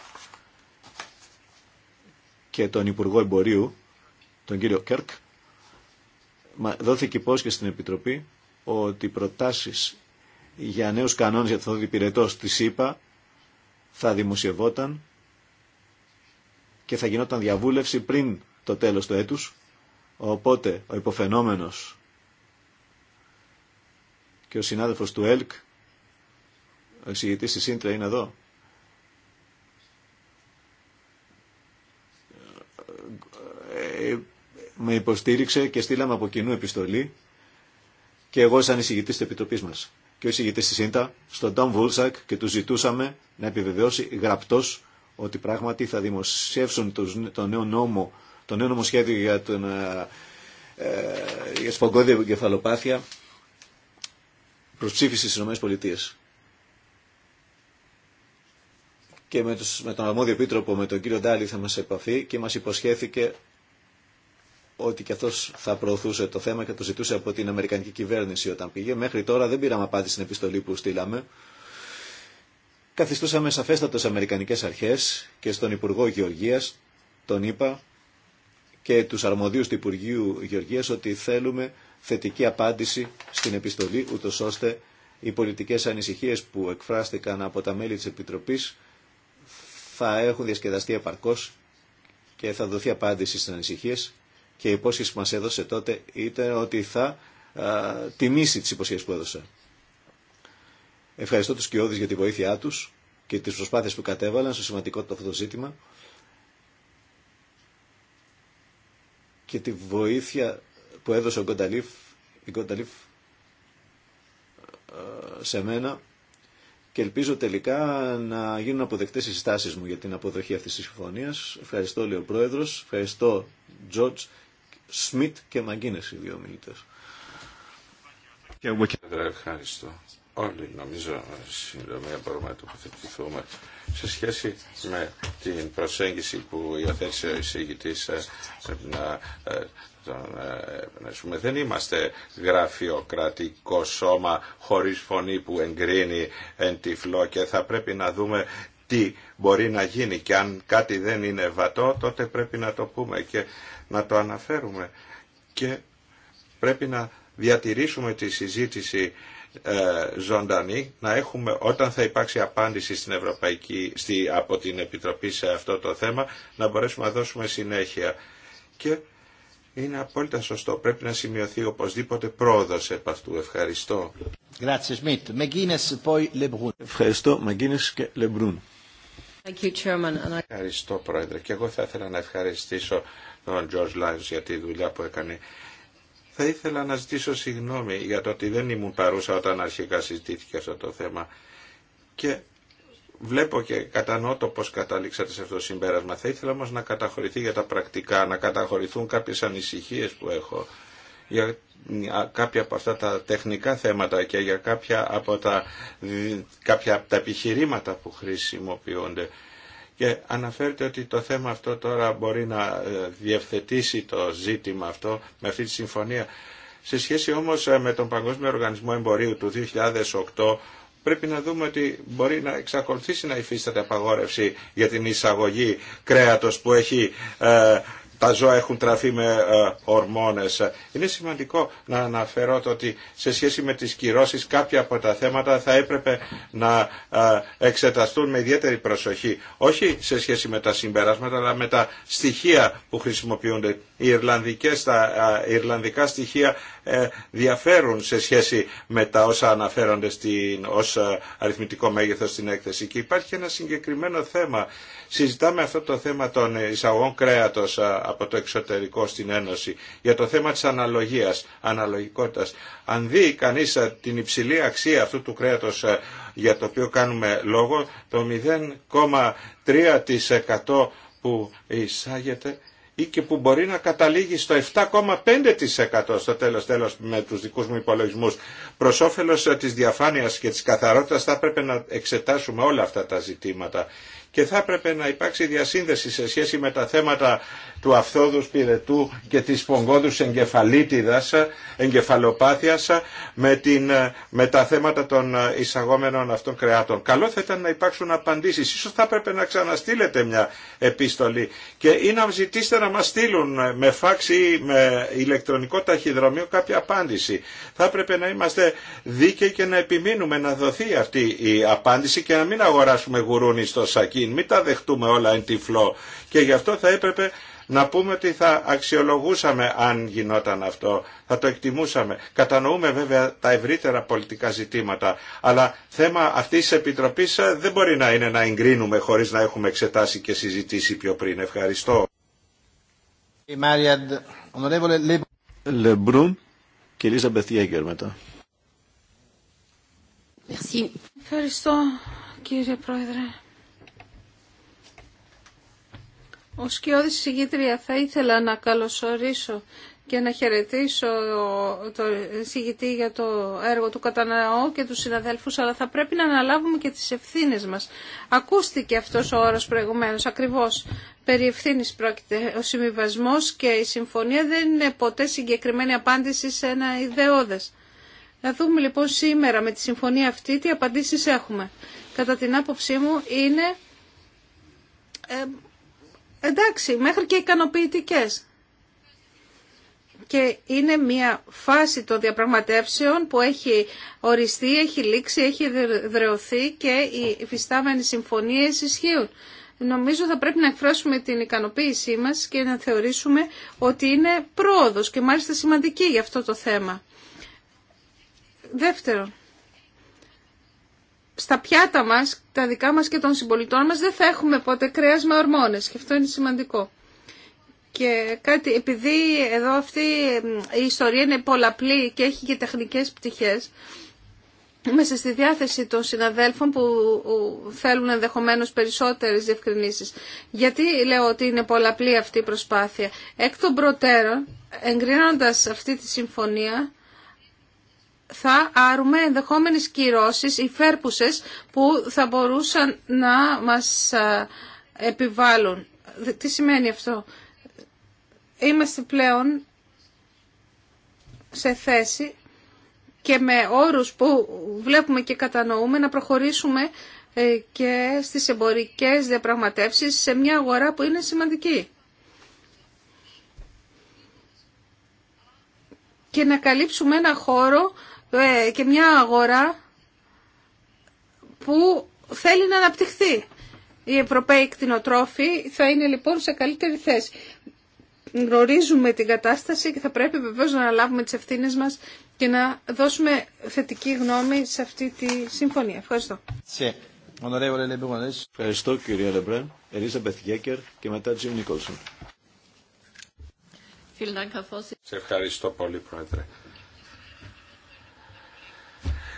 και τον Υπουργό Εμπορίου, τον κύριο Κέρκ, δόθηκε υπόσχεση στην Επιτροπή ότι οι προτάσεις για νέους κανόνες για το πυρετός της ίπα θα δημοσιευόταν και θα γινόταν διαβούλευση πριν το τέλος του έτους. Οπότε ο υποφαινόμενος και ο συνάδελφος του ΕΛΚ, ο εισηγητής της Σύντρα είναι εδώ. με υποστήριξε και στείλαμε από κοινού επιστολή και εγώ σαν εισηγητή τη Επιτροπή μα και ο εισηγητή τη ΣΥΝΤΑ στον Τόμ Βούλσακ και του ζητούσαμε να επιβεβαιώσει γραπτό ότι πράγματι θα δημοσιεύσουν το νέο νόμο, το νέο νομοσχέδιο για την ε, κεφαλοπάθεια εγκεφαλοπάθεια προς ψήφιση στι ΗΠΑ. Και με, τον αρμόδιο επίτροπο, με τον κύριο Ντάλι, θα μα επαφή και μα υποσχέθηκε ότι και αυτός θα προωθούσε το θέμα και το ζητούσε από την Αμερικανική κυβέρνηση όταν πήγε. Μέχρι τώρα δεν πήραμε απάντηση στην επιστολή που στείλαμε. Καθιστούσαμε σαφέστατο στι Αμερικανικές αρχές και στον Υπουργό Γεωργίας, τον είπα, και του αρμοδίου του Υπουργείου Γεωργίας ότι θέλουμε θετική απάντηση στην επιστολή, ούτω ώστε οι πολιτικέ ανησυχίε που εκφράστηκαν από τα μέλη τη Επιτροπή θα έχουν διασκεδαστεί επαρκώ και θα δοθεί απάντηση στι ανησυχίε και η υπόσχεση που μας έδωσε τότε ήταν ότι θα τιμήσει τις υποσχέσεις που έδωσε. Ευχαριστώ τους Κιώδης για τη βοήθειά τους και τις προσπάθειες που κατέβαλαν στο σημαντικότητα αυτό το ζήτημα και τη βοήθεια που έδωσε ο Γκονταλίφ, η σε μένα και ελπίζω τελικά να γίνουν αποδεκτέ οι συστάσεις μου για την αποδοχή αυτή τη συμφωνία. Ευχαριστώ, λέει ο Πρόεδρο. Ευχαριστώ, Τζορτζ, Σμιτ και Μαγκίνες οι δύο μιλητές. Ευχαριστώ. Όλοι νομίζω συντομία μπορούμε να τοποθετηθούμε σε σχέση με την προσέγγιση που υιοθέτησε ο εισηγητής ε, να ε, ε, δεν είμαστε γραφειοκρατικό σώμα χωρίς φωνή που εγκρίνει εν τυφλό και θα πρέπει να δούμε τι μπορεί να γίνει και αν κάτι δεν είναι βατό, τότε πρέπει να το πούμε και να το αναφέρουμε και πρέπει να διατηρήσουμε τη συζήτηση ε, ζωντανή να έχουμε όταν θα υπάρξει απάντηση στην Ευρωπαϊκή, στη, από την Επιτροπή σε αυτό το θέμα να μπορέσουμε να δώσουμε συνέχεια και είναι απόλυτα σωστό. Πρέπει να σημειωθεί οπωσδήποτε πρόοδο επ' αυτού. Ευχαριστώ. Ευχαριστώ, Μαγκίνε και Λεμπρούν. Ευχαριστώ Πρόεδρε και εγώ θα ήθελα να ευχαριστήσω τον George Lyons για τη δουλειά που έκανε. Θα ήθελα να ζητήσω συγγνώμη για το ότι δεν ήμουν παρούσα όταν αρχικά συζητήθηκε αυτό το θέμα και βλέπω και κατανοώ το πώς καταλήξατε σε αυτό το συμπέρασμα. Θα ήθελα όμως να καταχωρηθεί για τα πρακτικά, να καταχωρηθούν κάποιες ανησυχίες που έχω για κάποια από αυτά τα τεχνικά θέματα και για κάποια από τα, κάποια από τα επιχειρήματα που χρησιμοποιούνται. Και αναφέρεται ότι το θέμα αυτό τώρα μπορεί να ε, διευθετήσει το ζήτημα αυτό με αυτή τη συμφωνία. Σε σχέση όμως ε, με τον Παγκόσμιο Οργανισμό Εμπορίου του 2008 πρέπει να δούμε ότι μπορεί να εξακολουθήσει να υφίσταται απαγόρευση για την εισαγωγή κρέατος που έχει ε, τα ζώα έχουν τραφεί με ε, ορμόνες. Είναι σημαντικό να αναφέρω το ότι σε σχέση με τις κυρώσεις κάποια από τα θέματα θα έπρεπε να ε, εξεταστούν με ιδιαίτερη προσοχή. Όχι σε σχέση με τα συμπεράσματα αλλά με τα στοιχεία που χρησιμοποιούνται. Οι Ιρλανδικές, τα ε, Ιρλανδικά στοιχεία ε, διαφέρουν σε σχέση με τα όσα αναφέρονται στην, ως ε, αριθμητικό μέγεθος στην έκθεση. Και υπάρχει ένα συγκεκριμένο θέμα. Συζητάμε αυτό το θέμα των εισαγών κρέατος ε, από το εξωτερικό στην Ένωση για το θέμα της αναλογίας, αναλογικότητας. Αν δει κανείς την υψηλή αξία αυτού του κρέατος για το οποίο κάνουμε λόγο, το 0,3% που εισάγεται ή και που μπορεί να καταλήγει στο 7,5% στο τέλος τέλος με τους δικούς μου υπολογισμούς. Προς όφελος ε, της διαφάνειας και της καθαρότητας θα έπρεπε να εξετάσουμε όλα αυτά τα ζητήματα και θα έπρεπε να υπάρξει διασύνδεση σε σχέση με τα θέματα του αυθόδους πυρετού και της πογκόδους εγκεφαλίτιδας, εγκεφαλοπάθειας με, την, τα θέματα των εισαγόμενων αυτών κρεάτων. Καλό θα ήταν να υπάρξουν απαντήσεις. Ίσως θα έπρεπε να ξαναστείλετε μια επίστολη και ή να ζητήσετε να μας στείλουν με φάξ ή με ηλεκτρονικό ταχυδρομείο κάποια απάντηση. Θα έπρεπε να είμαστε δίκαιοι και να επιμείνουμε να δοθεί αυτή η απάντηση και να μην αγοράσουμε γουρούνι στο σακί μην τα δεχτούμε όλα εν τυφλό. Και γι' αυτό θα έπρεπε να πούμε ότι θα αξιολογούσαμε αν γινόταν αυτό, θα το εκτιμούσαμε. Κατανοούμε βέβαια τα ευρύτερα πολιτικά ζητήματα, αλλά θέμα αυτής της Επιτροπής ε, δεν μπορεί να είναι να εγκρίνουμε χωρίς να έχουμε εξετάσει και συζητήσει πιο πριν. Ευχαριστώ. Λεμπρούν και Ευχαριστώ κύριε Πρόεδρε. Ο κοιόδη συγγήτρια θα ήθελα να καλωσορίσω και να χαιρετήσω το συγητή για το έργο του καταναώ και του συναδέλφου, αλλά θα πρέπει να αναλάβουμε και τις ευθύνες μας. Ακούστηκε αυτός ο όρος προηγουμένως, ακριβώς. Περί ευθύνης πρόκειται ο συμβιβασμό και η συμφωνία δεν είναι ποτέ συγκεκριμένη απάντηση σε ένα ιδεώδες. Να δούμε λοιπόν σήμερα με τη συμφωνία αυτή τι απαντήσεις έχουμε. Κατά την άποψή μου είναι ε, εντάξει, μέχρι και ικανοποιητικέ. Και είναι μια φάση των διαπραγματεύσεων που έχει οριστεί, έχει λήξει, έχει δρεωθεί και οι υφιστάμενες συμφωνίες ισχύουν. Νομίζω θα πρέπει να εκφράσουμε την ικανοποίησή μας και να θεωρήσουμε ότι είναι πρόοδος και μάλιστα σημαντική για αυτό το θέμα. Δεύτερον, στα πιάτα μας, τα δικά μας και των συμπολιτών μας, δεν θα έχουμε ποτέ κρέας με ορμόνες και αυτό είναι σημαντικό. Και κάτι, επειδή εδώ αυτή η ιστορία είναι πολλαπλή και έχει και τεχνικές πτυχές, Είμαστε στη διάθεση των συναδέλφων που θέλουν ενδεχομένως περισσότερες διευκρινήσεις. Γιατί λέω ότι είναι πολλαπλή αυτή η προσπάθεια. Εκ των προτέρων, εγκρίνοντας αυτή τη συμφωνία, θα άρουμε ενδεχόμενες κυρώσεις ή φέρπουσες που θα μπορούσαν να μας επιβάλλουν. Τι σημαίνει αυτό. Είμαστε πλέον σε θέση και με όρους που βλέπουμε και κατανοούμε να προχωρήσουμε ε, και στις εμπορικές διαπραγματεύσεις σε μια αγορά που είναι σημαντική. Και να καλύψουμε ένα χώρο ε, και μια αγορά που θέλει να αναπτυχθεί. Οι Ευρωπαίοι κτηνοτρόφοι θα είναι λοιπόν σε καλύτερη θέση. Γνωρίζουμε την κατάσταση και θα πρέπει βεβαίως να αναλάβουμε τις ευθύνες μας και να δώσουμε θετική γνώμη σε αυτή τη συμφωνία. Ευχαριστώ. Ευχαριστώ κυρία Λεμπρέν, Ελίζα Μπεθιέκερ και μετά Τζιμ Νίκολσον. Σε ευχαριστώ πολύ πρόεδρε.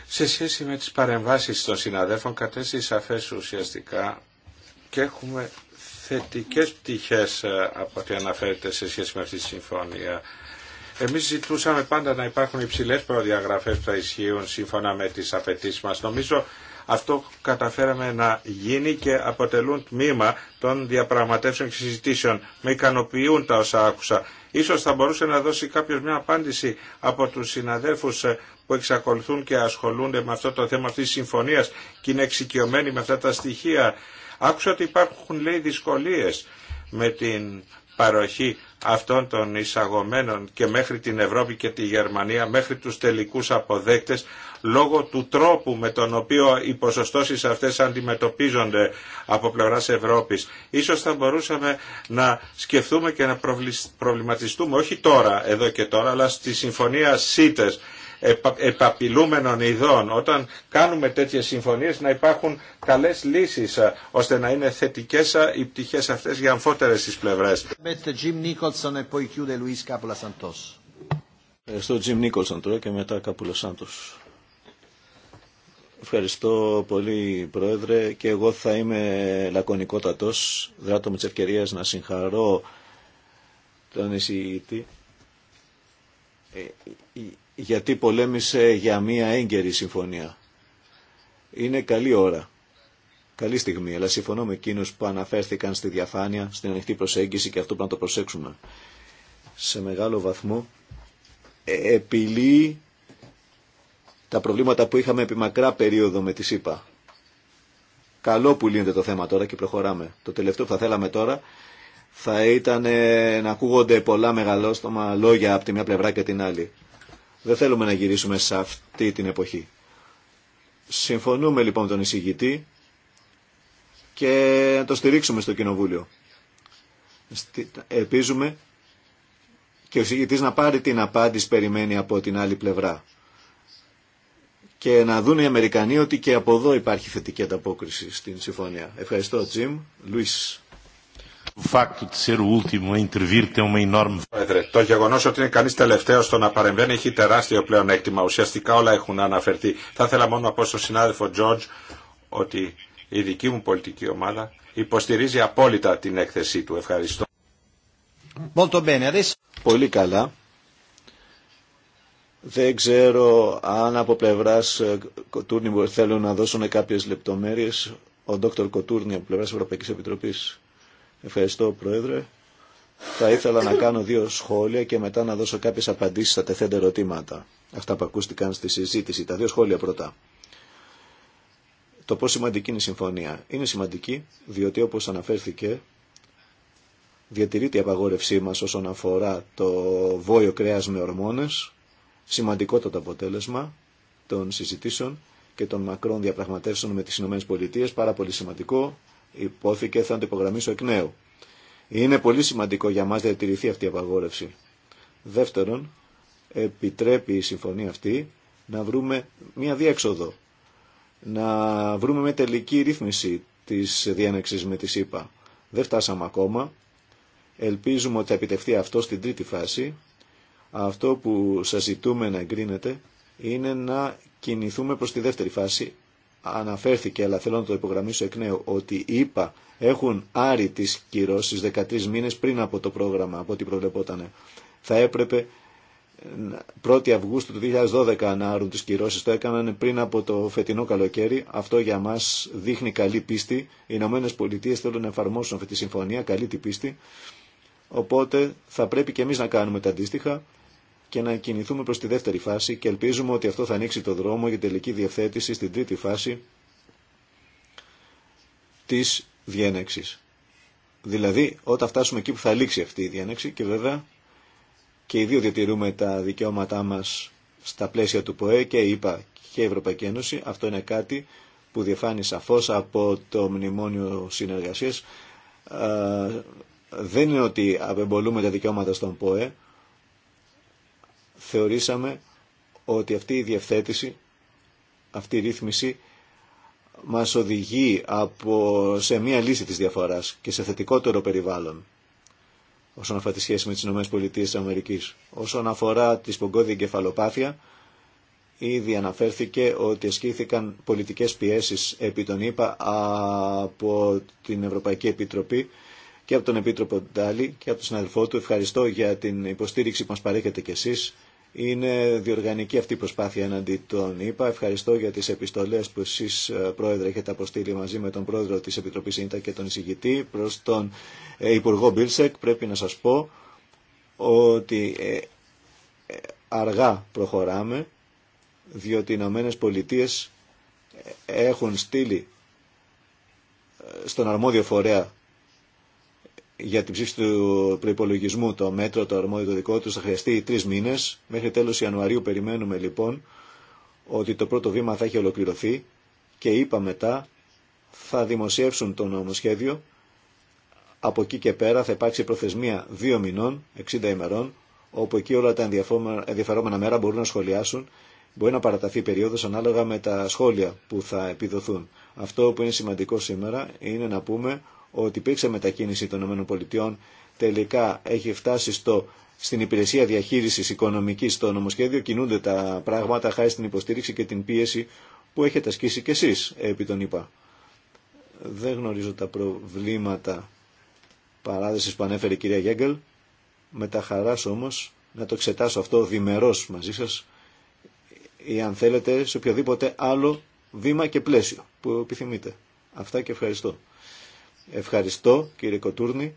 Σε σχέση με τις παρεμβάσεις των συναδέλφων κατέστη σαφές ουσιαστικά και έχουμε θετικές πτυχές ε, από ό,τι αναφέρεται σε σχέση με αυτή τη συμφωνία. Εμείς ζητούσαμε πάντα να υπάρχουν υψηλές προδιαγραφές που θα ισχύουν σύμφωνα με τις απαιτήσεις μας. Νομίζω αυτό καταφέραμε να γίνει και αποτελούν τμήμα των διαπραγματεύσεων και συζητήσεων. Με ικανοποιούν τα όσα άκουσα. Ίσως θα μπορούσε να δώσει κάποιος μια απάντηση από τους συναδέλφους ε, που εξακολουθούν και ασχολούνται με αυτό το θέμα αυτής της συμφωνίας και είναι εξοικειωμένοι με αυτά τα στοιχεία. Άκουσα ότι υπάρχουν λέει δυσκολίες με την παροχή αυτών των εισαγωμένων και μέχρι την Ευρώπη και τη Γερμανία, μέχρι τους τελικούς αποδέκτες, λόγω του τρόπου με τον οποίο οι ποσοστώσεις αυτές αντιμετωπίζονται από πλευράς Ευρώπης. Ίσως θα μπορούσαμε να σκεφτούμε και να προβληματιστούμε, όχι τώρα, εδώ και τώρα, αλλά στη Συμφωνία ΣΥΤΕΣ επαπειλούμενων ειδών, όταν κάνουμε τέτοιες συμφωνίες να υπάρχουν καλές λύσεις ε, ώστε να είναι θετικές ε, οι πτυχές αυτές για αμφότερες τις πλευρές. Ευχαριστώ Τζιμ Νίκολσον τώρα και μετά Κάπουλο Σάντος. Ευχαριστώ πολύ Πρόεδρε και εγώ θα είμαι λακωνικότατος. Δράτω με τις ευκαιρίες να συγχαρώ τον εισηγητή ε, γιατί πολέμησε για μία έγκαιρη συμφωνία. Είναι καλή ώρα. Καλή στιγμή, αλλά συμφωνώ με εκείνου που αναφέρθηκαν στη διαφάνεια, στην ανοιχτή προσέγγιση και αυτό που να το προσέξουμε. Σε μεγάλο βαθμό ε, επιλύει τα προβλήματα που είχαμε επί μακρά περίοδο με τη ΣΥΠΑ. Καλό που λύνεται το θέμα τώρα και προχωράμε. Το τελευταίο που θα θέλαμε τώρα θα ήταν ε, να ακούγονται πολλά μεγαλόστομα λόγια από τη μια πλευρά και την άλλη. Δεν θέλουμε να γυρίσουμε σε αυτή την εποχή. Συμφωνούμε λοιπόν με τον εισηγητή και να το στηρίξουμε στο Κοινοβούλιο. Επίζουμε και ο εισηγητής να πάρει την απάντηση περιμένει από την άλλη πλευρά. Και να δουν οι Αμερικανοί ότι και από εδώ υπάρχει θετική ανταπόκριση στην συμφωνία. Ευχαριστώ Τζιμ. Λουίς το γεγονό ότι είναι κανεί τελευταίο στο να παρεμβαίνει έχει τεράστιο πλεονέκτημα. Ουσιαστικά όλα έχουν αναφερθεί. Θα ήθελα μόνο να πω στον συνάδελφο Τζορτζ ότι η δική μου πολιτική ομάδα υποστηρίζει απόλυτα την έκθεσή του. Ευχαριστώ. Πολύ καλά. Δεν ξέρω αν από πλευρά ε, Κοτούρνη θέλουν να δώσουν κάποιε λεπτομέρειε. Ο Δ. Κοτούρνη από πλευρά Ευρωπαϊκή Επιτροπή. Ευχαριστώ, Πρόεδρε. Θα ήθελα να κάνω δύο σχόλια και μετά να δώσω κάποιε απαντήσει στα τεθέντα ερωτήματα. Αυτά που ακούστηκαν στη συζήτηση. Τα δύο σχόλια πρώτα. Το πώ σημαντική είναι η συμφωνία. Είναι σημαντική διότι όπω αναφέρθηκε διατηρείται η απαγόρευσή μα όσον αφορά το βόλιο κρέα με ορμόνες. Σημαντικότατο αποτέλεσμα των συζητήσεων και των μακρών διαπραγματεύσεων με τι ΗΠΑ. Πάρα πολύ σημαντικό υπόθηκε θα το υπογραμμίσω εκ νέου. Είναι πολύ σημαντικό για μας να διατηρηθεί αυτή η απαγόρευση. Δεύτερον, επιτρέπει η συμφωνία αυτή να βρούμε μία διέξοδο, να βρούμε μια τελική με τελικη ρυθμιση της διένεξης με τη ΣΥΠΑ. Δεν φτάσαμε ακόμα. Ελπίζουμε ότι θα επιτευχθεί αυτό στην τρίτη φάση. Αυτό που σας ζητούμε να εγκρίνετε είναι να κινηθούμε προς τη δεύτερη φάση αναφέρθηκε, αλλά θέλω να το υπογραμμίσω εκ νέου, ότι οι έχουν άρει τις κυρώσεις 13 μήνες πριν από το πρόγραμμα, από ό,τι προβλεπόταν. Θα έπρεπε 1η ε, Αυγούστου του 2012 να άρουν τις κυρώσεις. Το έκαναν πριν από το φετινό καλοκαίρι. Αυτό για μας δείχνει καλή πίστη. Οι Ηνωμένες Πολιτείες θέλουν να εφαρμόσουν αυτή τη συμφωνία, καλή την πίστη. Οπότε θα πρέπει και εμείς να κάνουμε τα αντίστοιχα και να κινηθούμε προς τη δεύτερη φάση και ελπίζουμε ότι αυτό θα ανοίξει το δρόμο για τελική διευθέτηση στην τρίτη φάση της διένεξης. Δηλαδή όταν φτάσουμε εκεί που θα λήξει αυτή η διένεξη και βέβαια και οι δύο διατηρούμε τα δικαιώματά μας στα πλαίσια του ΠΟΕ και η Ευρωπαϊκή Ένωση. Αυτό είναι κάτι που διαφάνει σαφώς από το Μνημόνιο συνεργασία. Δεν είναι ότι απεμπολούμε τα δικαιώματα στον ΠΟΕ, θεωρήσαμε ότι αυτή η διευθέτηση, αυτή η ρύθμιση μας οδηγεί από, σε μία λύση της διαφοράς και σε θετικότερο περιβάλλον όσον αφορά τη σχέση με τις ΗΠΑ. Όσον αφορά τη σπογκώδη εγκεφαλοπάθεια, ήδη αναφέρθηκε ότι ασκήθηκαν πολιτικές πιέσεις επί τον ΗΠΑ από την Ευρωπαϊκή Επιτροπή και από τον Επίτροπο Ντάλι και από τον συναδελφό του. Ευχαριστώ για την υποστήριξη που μας παρέχετε κι εσείς είναι διοργανική αυτή η προσπάθεια εναντί των ΗΠΑ. Ευχαριστώ για τι επιστολέ που εσεί, ε, Πρόεδρε, έχετε αποστείλει μαζί με τον Πρόεδρο τη Επιτροπή ΙΝΤΑ και τον εισηγητή προ τον ε, Υπουργό Μπίλσεκ. Πρέπει να σα πω ότι ε, αργά προχωράμε, διότι οι Ηνωμένε Πολιτείε έχουν στείλει στον αρμόδιο φορέα για την ψήφιση του προπολογισμού το μέτρο, το αρμόδιο το δικό του, θα χρειαστεί τρει μήνε. Μέχρι τέλο Ιανουαρίου περιμένουμε λοιπόν ότι το πρώτο βήμα θα έχει ολοκληρωθεί και είπα μετά θα δημοσιεύσουν το νομοσχέδιο. Από εκεί και πέρα θα υπάρξει προθεσμία δύο μηνών, 60 ημερών, όπου εκεί όλα τα ενδιαφερόμενα μέρα μπορούν να σχολιάσουν. Μπορεί να παραταθεί η περίοδος ανάλογα με τα σχόλια που θα επιδοθούν. Αυτό που είναι σημαντικό σήμερα είναι να πούμε ότι υπήρξε μετακίνηση των ΗΠΑ τελικά έχει φτάσει στο, στην υπηρεσία διαχείρισης οικονομικής στο νομοσχέδιο κινούνται τα πράγματα χάρη στην υποστήριξη και την πίεση που έχετε ασκήσει κι εσείς επί τον ΙΠΑ. Δεν γνωρίζω τα προβλήματα παράδεση που ανέφερε η κυρία Γέγκελ. Με τα χαράς όμως να το εξετάσω αυτό διμερώς μαζί σας ή αν θέλετε σε οποιοδήποτε άλλο βήμα και πλαίσιο που επιθυμείτε. Αυτά και ευχαριστώ. Ευχαριστώ κύριε Κοτούρνη.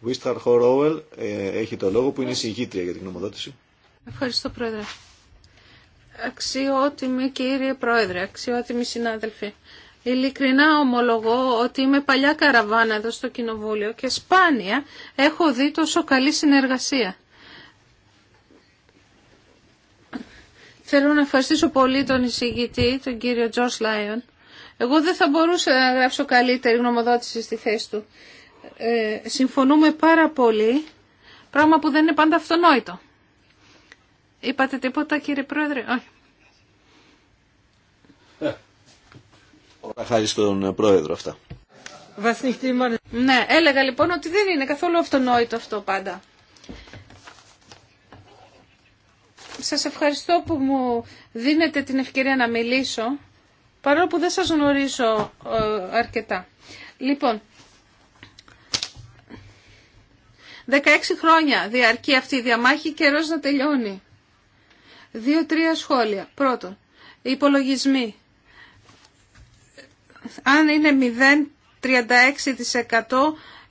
Βίσταρ Χορόελ έχει το λόγο που είναι συγγήτρια για την γνωμοδότηση. Ευχαριστώ πρόεδρε. Αξιότιμη κύριε πρόεδρε, αξιότιμοι συνάδελφοι. Ειλικρινά ομολογώ ότι είμαι παλιά καραβάνα εδώ στο Κοινοβούλιο και σπάνια έχω δει τόσο καλή συνεργασία. Θέλω να ευχαριστήσω πολύ τον εισηγητή, τον κύριο Τζος Λάιον, εγώ δεν θα μπορούσα να γράψω καλύτερη γνωμοδότηση στη θέση του. Ε, συμφωνούμε πάρα πολύ, πράγμα που δεν είναι πάντα αυτονόητο. Είπατε τίποτα κύριε Πρόεδρε, όχι. Ε, χάρη Πρόεδρο αυτά. Ναι, έλεγα λοιπόν ότι δεν είναι καθόλου αυτονόητο αυτό πάντα. Σας ευχαριστώ που μου δίνετε την ευκαιρία να μιλήσω. Παρόλο που δεν σας γνωρίζω ε, αρκετά. Λοιπόν, 16 χρόνια διαρκεί αυτή η διαμάχη, καιρός να τελειώνει. Δύο-τρία σχόλια. Πρώτον, οι υπολογισμοί. Αν είναι 0,36%,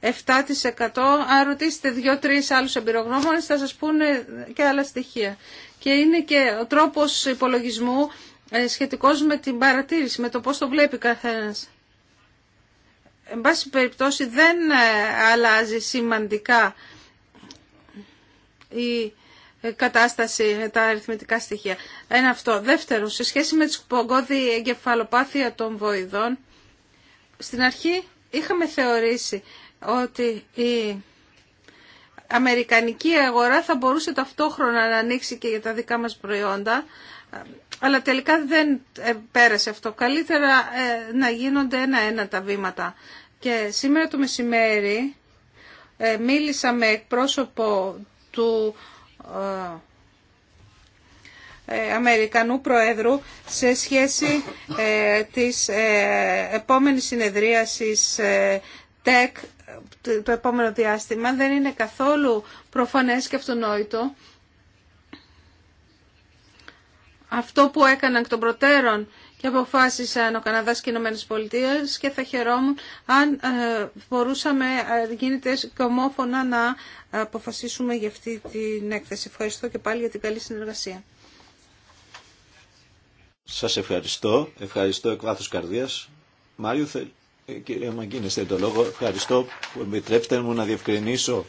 7%, αν ρωτήσετε δύο-τρεις άλλους εμπειρογνώμονες θα σας πούνε και άλλα στοιχεία. Και είναι και ο τρόπος υπολογισμού ε, σχετικός με την παρατήρηση, με το πώς το βλέπει καθένας. Εν πάση περιπτώσει δεν ε, αλλάζει σημαντικά η ε, κατάσταση με τα αριθμητικά στοιχεία. Ένα αυτό. Δεύτερο, σε σχέση με τη σκουπογκώδη εγκεφαλοπάθεια των βοηδών, στην αρχή είχαμε θεωρήσει ότι η αμερικανική αγορά θα μπορούσε ταυτόχρονα να ανοίξει και για τα δικά μας προϊόντα, αλλά τελικά δεν ε, πέρασε αυτό. Καλύτερα ε, να γίνονται ένα-ένα τα βήματα. Και σήμερα το μεσημέρι ε, μίλησα με εκπρόσωπο του Αμερικανού Προέδρου σε σχέση της επόμενης συνεδρίασης ΤΕΚ το επόμενο διάστημα δεν είναι καθόλου προφανές και αυτονόητο. Αυτό που έκαναν εκ των προτέρων και αποφάσισαν ο Καναδάς και οι Ηνωμένες Πολιτείες και θα χαιρόμουν αν ε, μπορούσαμε ε, γίνεται και ομόφωνα να αποφασίσουμε για αυτή την έκθεση. Ευχαριστώ και πάλι για την καλή συνεργασία. Σας ευχαριστώ. Ευχαριστώ εκ βάθους καρδίας. Μάριο, ε, κύριε Μαγκίνες, το λόγο. Ευχαριστώ που επιτρέψτε μου να διευκρινίσω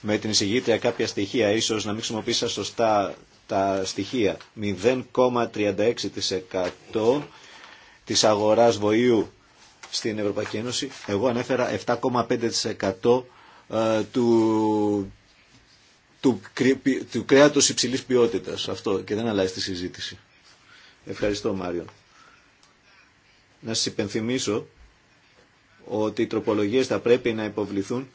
με την εισηγήτρια κάποια στοιχεία, ίσως να μην χρησιμοποίησα σωστά τα στοιχεία. 0,36% της αγοράς βοήου στην Ευρωπαϊκή Ένωση. Εγώ ανέφερα 7,5% ε, του, του, του κρέατος υψηλής ποιότητας. Αυτό και δεν αλλάζει τη συζήτηση. Ευχαριστώ Μάριο. Να σας υπενθυμίσω ότι οι τροπολογίες θα πρέπει να υποβληθούν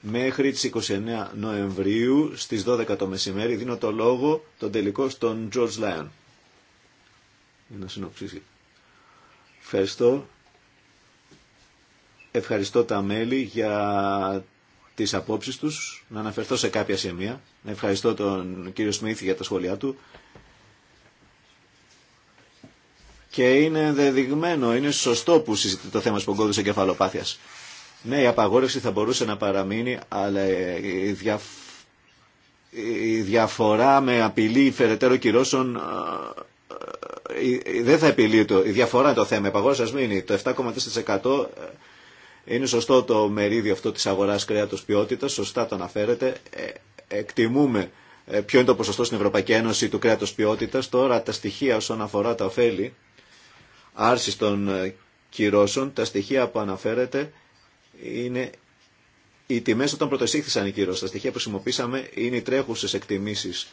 μέχρι τις 29 Νοεμβρίου στις 12 το μεσημέρι. Δίνω το λόγο τον τελικό στον George Lyon. Για να συνοψίσει. Ευχαριστώ. Ευχαριστώ τα μέλη για τις απόψεις τους. Να αναφερθώ σε κάποια σημεία. Ευχαριστώ τον κύριο Σμίθ για τα σχόλιά του. και είναι ενδεδειγμένο, είναι σωστό που συζητεί το θέμα τη πονκόδου εγκεφαλοπάθεια. Ναι, η απαγόρευση θα μπορούσε να παραμείνει, αλλά η, διαφορά με απειλή φερετέρω κυρώσεων ε, ε, ε, δεν θα επιλύει Η διαφορά είναι το θέμα. Η απαγόρευση α μείνει. Το 7,4% είναι σωστό το μερίδιο αυτό τη αγορά κρέατο ποιότητα. Σωστά το αναφέρετε. Εκτιμούμε ποιο είναι το ποσοστό στην Ευρωπαϊκή Ένωση του κρέατος ποιότητας. Τώρα τα στοιχεία όσον αφορά τα ωφέλη άρσης των ε, κυρώσεων, τα στοιχεία που αναφέρεται είναι οι τιμέ όταν πρωτοσύχθησαν οι κυρώσεις. Τα στοιχεία που χρησιμοποίησαμε είναι οι τρέχουσες εκτιμήσεις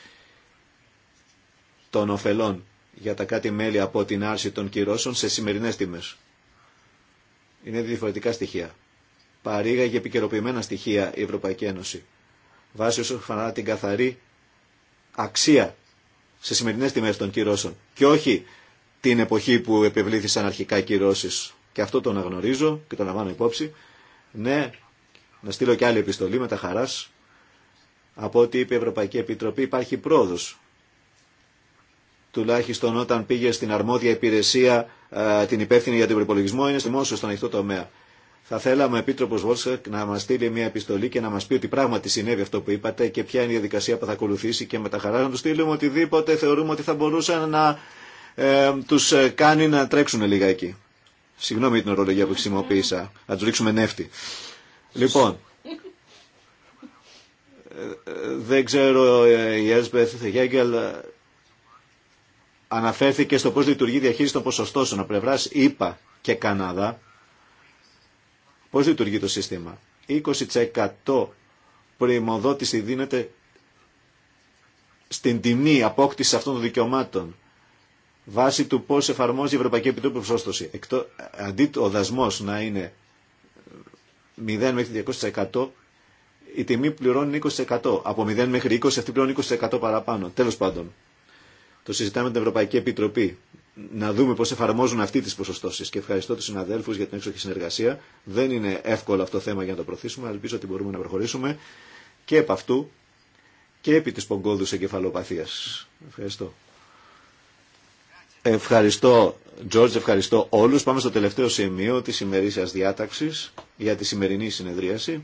των ωφελών για τα κάτι μέλη από την άρση των κυρώσεων σε σημερινές τιμές. Είναι διαφορετικά στοιχεία. Παρήγαγε επικαιροποιημένα στοιχεία η Ευρωπαϊκή Ένωση. Βάσει όσο φανά την καθαρή αξία σε σημερινές τιμές των κυρώσεων. Και όχι την εποχή που επιβλήθησαν αρχικά οι κυρώσεις. Και αυτό το αναγνωρίζω και το λαμβάνω υπόψη. Ναι, να στείλω και άλλη επιστολή με τα χαράς. Από ό,τι είπε η Ευρωπαϊκή Επιτροπή υπάρχει πρόοδος. Τουλάχιστον όταν πήγε στην αρμόδια υπηρεσία ε, την υπεύθυνη για τον προπολογισμό είναι δημόσιο στον ανοιχτό τομέα. Θα θέλαμε ο Επίτροπο Βόρσεκ να μα στείλει μια επιστολή και να μα πει ότι πράγματι συνέβη αυτό που είπατε και ποια είναι η διαδικασία που θα ακολουθήσει και με να του στείλουμε οτιδήποτε θεωρούμε ότι θα μπορούσαν να ε, τους ε, κάνει να τρέξουν εκεί. Συγγνώμη την ορολογία που χρησιμοποίησα. Να τους ρίξουμε νεύτη. Λοιπόν, ε, δεν ξέρω ε, η Έσπεθ Γέγκελ αναφέρθηκε στο πώς λειτουργεί η διαχείριση των ποσοστών από πλευρά ΗΠΑ και Καναδά. Πώς λειτουργεί το σύστημα. 20% πρημοδότηση δίνεται στην τιμή απόκτηση αυτών των δικαιωμάτων βάσει του πώ εφαρμόζει η Ευρωπαϊκή Επιτροπή Προσώστοση. Αντί ο δασμό να είναι 0 μέχρι 200%, η τιμή πληρώνει 20%. Από 0 μέχρι 20, αυτή πληρώνει 20% παραπάνω. τέλο πάντων, το συζητάμε με την Ευρωπαϊκή Επιτροπή. Να δούμε πώ εφαρμόζουν αυτή τι ποσοστώσει. Και ευχαριστώ του συναδέλφου για την έξοχη συνεργασία. Δεν είναι εύκολο αυτό το θέμα για να το προωθήσουμε, αλλά ελπίζω ότι μπορούμε να προχωρήσουμε και επ' αυτού και επί της πογκόδους εγκεφαλοπαθίας. Ευχαριστώ. Ευχαριστώ, Τζόρτζ, ευχαριστώ όλους. Πάμε στο τελευταίο σημείο της ημερήσιας διάταξης για τη σημερινή συνεδρίαση.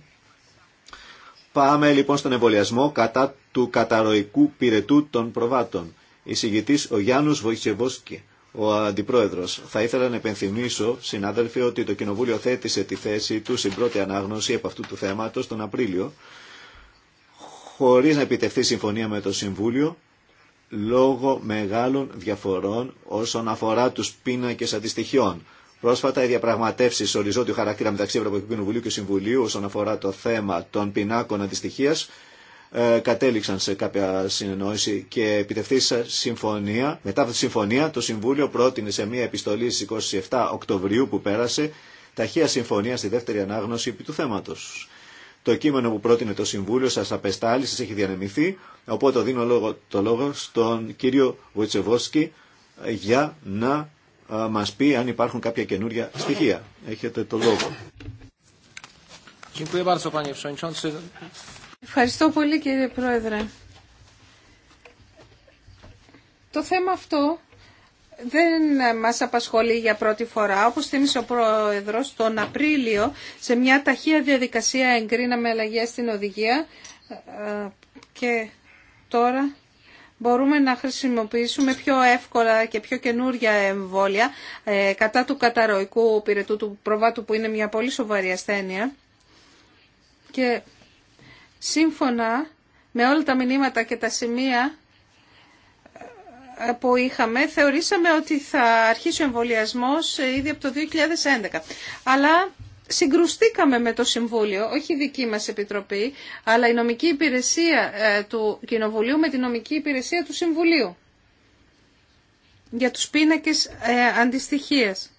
Πάμε λοιπόν στον εμβολιασμό κατά του καταρροϊκού πυρετού των προβάτων. Εισηγητής ο Γιάννους Βοητσεβόσκη, ο Αντιπρόεδρος. Θα ήθελα να επενθυμίσω, συνάδελφοι, ότι το Κοινοβούλιο θέτησε τη θέση του στην πρώτη ανάγνωση από αυτού του θέματος τον Απρίλιο, χωρίς να επιτευχθεί συμφωνία με το Συμβούλιο λόγω μεγάλων διαφορών όσον αφορά τους πίνακες αντιστοιχειών. Πρόσφατα, οι διαπραγματεύσει οριζόντιου χαρακτήρα μεταξύ Ευρωπαϊκού Κοινοβουλίου και Συμβουλίου όσον αφορά το θέμα των πινάκων αντιστοιχία ε, κατέληξαν σε κάποια συνεννόηση και επιτευχθεί συμφωνία. Μετά από τη συμφωνία, το Συμβούλιο πρότεινε σε μια επιστολή στι 27 Οκτωβρίου που πέρασε ταχεία συμφωνία στη δεύτερη ανάγνωση του θέματος. Το κείμενο που πρότεινε το Συμβούλιο σας απεστάλει, σας έχει διανεμηθεί, οπότε δίνω λόγο, το λόγο στον κύριο Βουτσεβόσκι ε, για να ε, μας πει αν υπάρχουν κάποια καινούρια στοιχεία. Έχετε το λόγο. Ευχαριστώ πολύ κύριε Πρόεδρε. Το θέμα αυτό δεν μας απασχολεί για πρώτη φορά. Όπως θύμισε ο Πρόεδρος, τον Απρίλιο σε μια ταχεία διαδικασία εγκρίναμε αλλαγέ στην οδηγία ε, και τώρα μπορούμε να χρησιμοποιήσουμε πιο εύκολα και πιο καινούρια εμβόλια ε, κατά του καταρροϊκού πυρετού του προβάτου που είναι μια πολύ σοβαρή ασθένεια. Και σύμφωνα με όλα τα μηνύματα και τα σημεία που είχαμε, θεωρήσαμε ότι θα αρχίσει ο εμβολιασμό ήδη από το 2011. Αλλά συγκρουστήκαμε με το Συμβούλιο, όχι η δική μας Επιτροπή, αλλά η νομική υπηρεσία ε, του Κοινοβουλίου με τη νομική υπηρεσία του Συμβουλίου για τους πίνακες ε, αντιστοιχίας.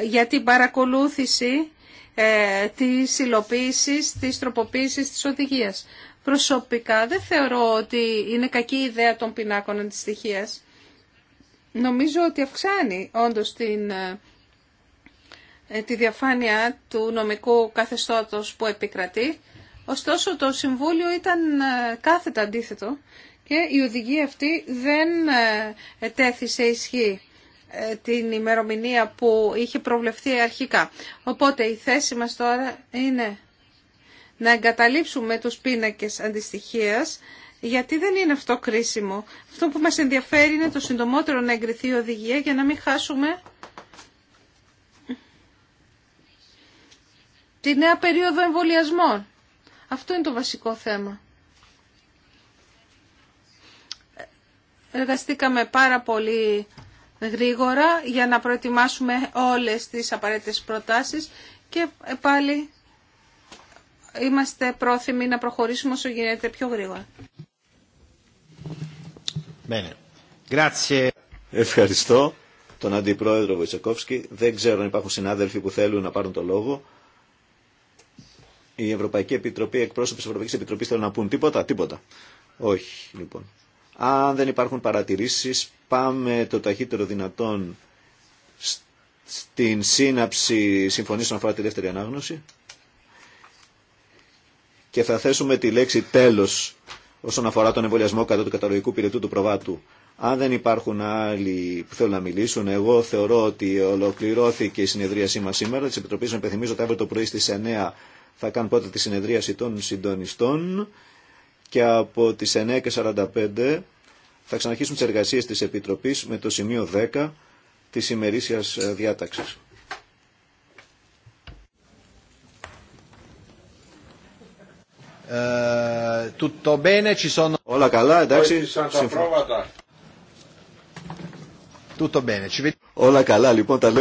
Για την παρακολούθηση ε, της υλοποίησης, της τροποποίησης της οδηγίας. Προσωπικά δεν θεωρώ ότι είναι κακή ιδέα των πινάκων αντιστοιχία, Νομίζω ότι αυξάνει όντως την, ε, ε, τη διαφάνεια του νομικού καθεστώτος που επικρατεί. Ωστόσο το Συμβούλιο ήταν ε, κάθετα αντίθετο και η οδηγία αυτή δεν τέθησε σε ισχύ την ημερομηνία που είχε προβλεφθεί αρχικά. Οπότε η θέση μας τώρα είναι να εγκαταλείψουμε τους πίνακες αντιστοιχίας, γιατί δεν είναι αυτό κρίσιμο. Αυτό που μας ενδιαφέρει είναι το συντομότερο να εγκριθεί η οδηγία για να μην χάσουμε τη νέα περίοδο εμβολιασμών. Αυτό είναι το βασικό θέμα. Εργαστήκαμε πάρα πολύ γρήγορα για να προετοιμάσουμε όλες τις απαραίτητες προτάσεις και πάλι είμαστε πρόθυμοι να προχωρήσουμε όσο γίνεται πιο γρήγορα. Ευχαριστώ τον Αντιπρόεδρο Βοητσοκόφσκι. Δεν ξέρω αν υπάρχουν συνάδελφοι που θέλουν να πάρουν το λόγο. Η Ευρωπαϊκή Επιτροπή, εκπρόσωποι τη Ευρωπαϊκή Επιτροπή θέλουν να πούν τίποτα. Τίποτα. Όχι, λοιπόν. Αν δεν υπάρχουν παρατηρήσει, πάμε το ταχύτερο δυνατόν στην σύναψη συμφωνήσεων αφορά τη δεύτερη ανάγνωση και θα θέσουμε τη λέξη τέλος όσον αφορά τον εμβολιασμό κατά του καταλογικού πυρετού του προβάτου. Αν δεν υπάρχουν άλλοι που θέλουν να μιλήσουν, εγώ θεωρώ ότι ολοκληρώθηκε η συνεδρίασή μα σήμερα. Τη Επιτροπή να υπενθυμίζω ότι αύριο το πρωί στι 9 θα κάνουν πρώτα τη συνεδρίαση των συντονιστών και από τι 9.45 θα ξαναρχίσουν τι εργασίε τη Επιτροπή με το σημείο 10 τη ημερήσια διάταξη. Tutto bene, ci sono... Όλα καλά, Tutto bene, ci Όλα καλά, λοιπόν, τα I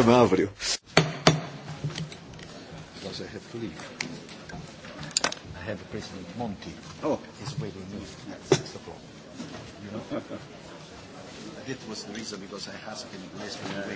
have President Monti. Oh. He's waiting me at 6 You know? did was the reason because I asked him last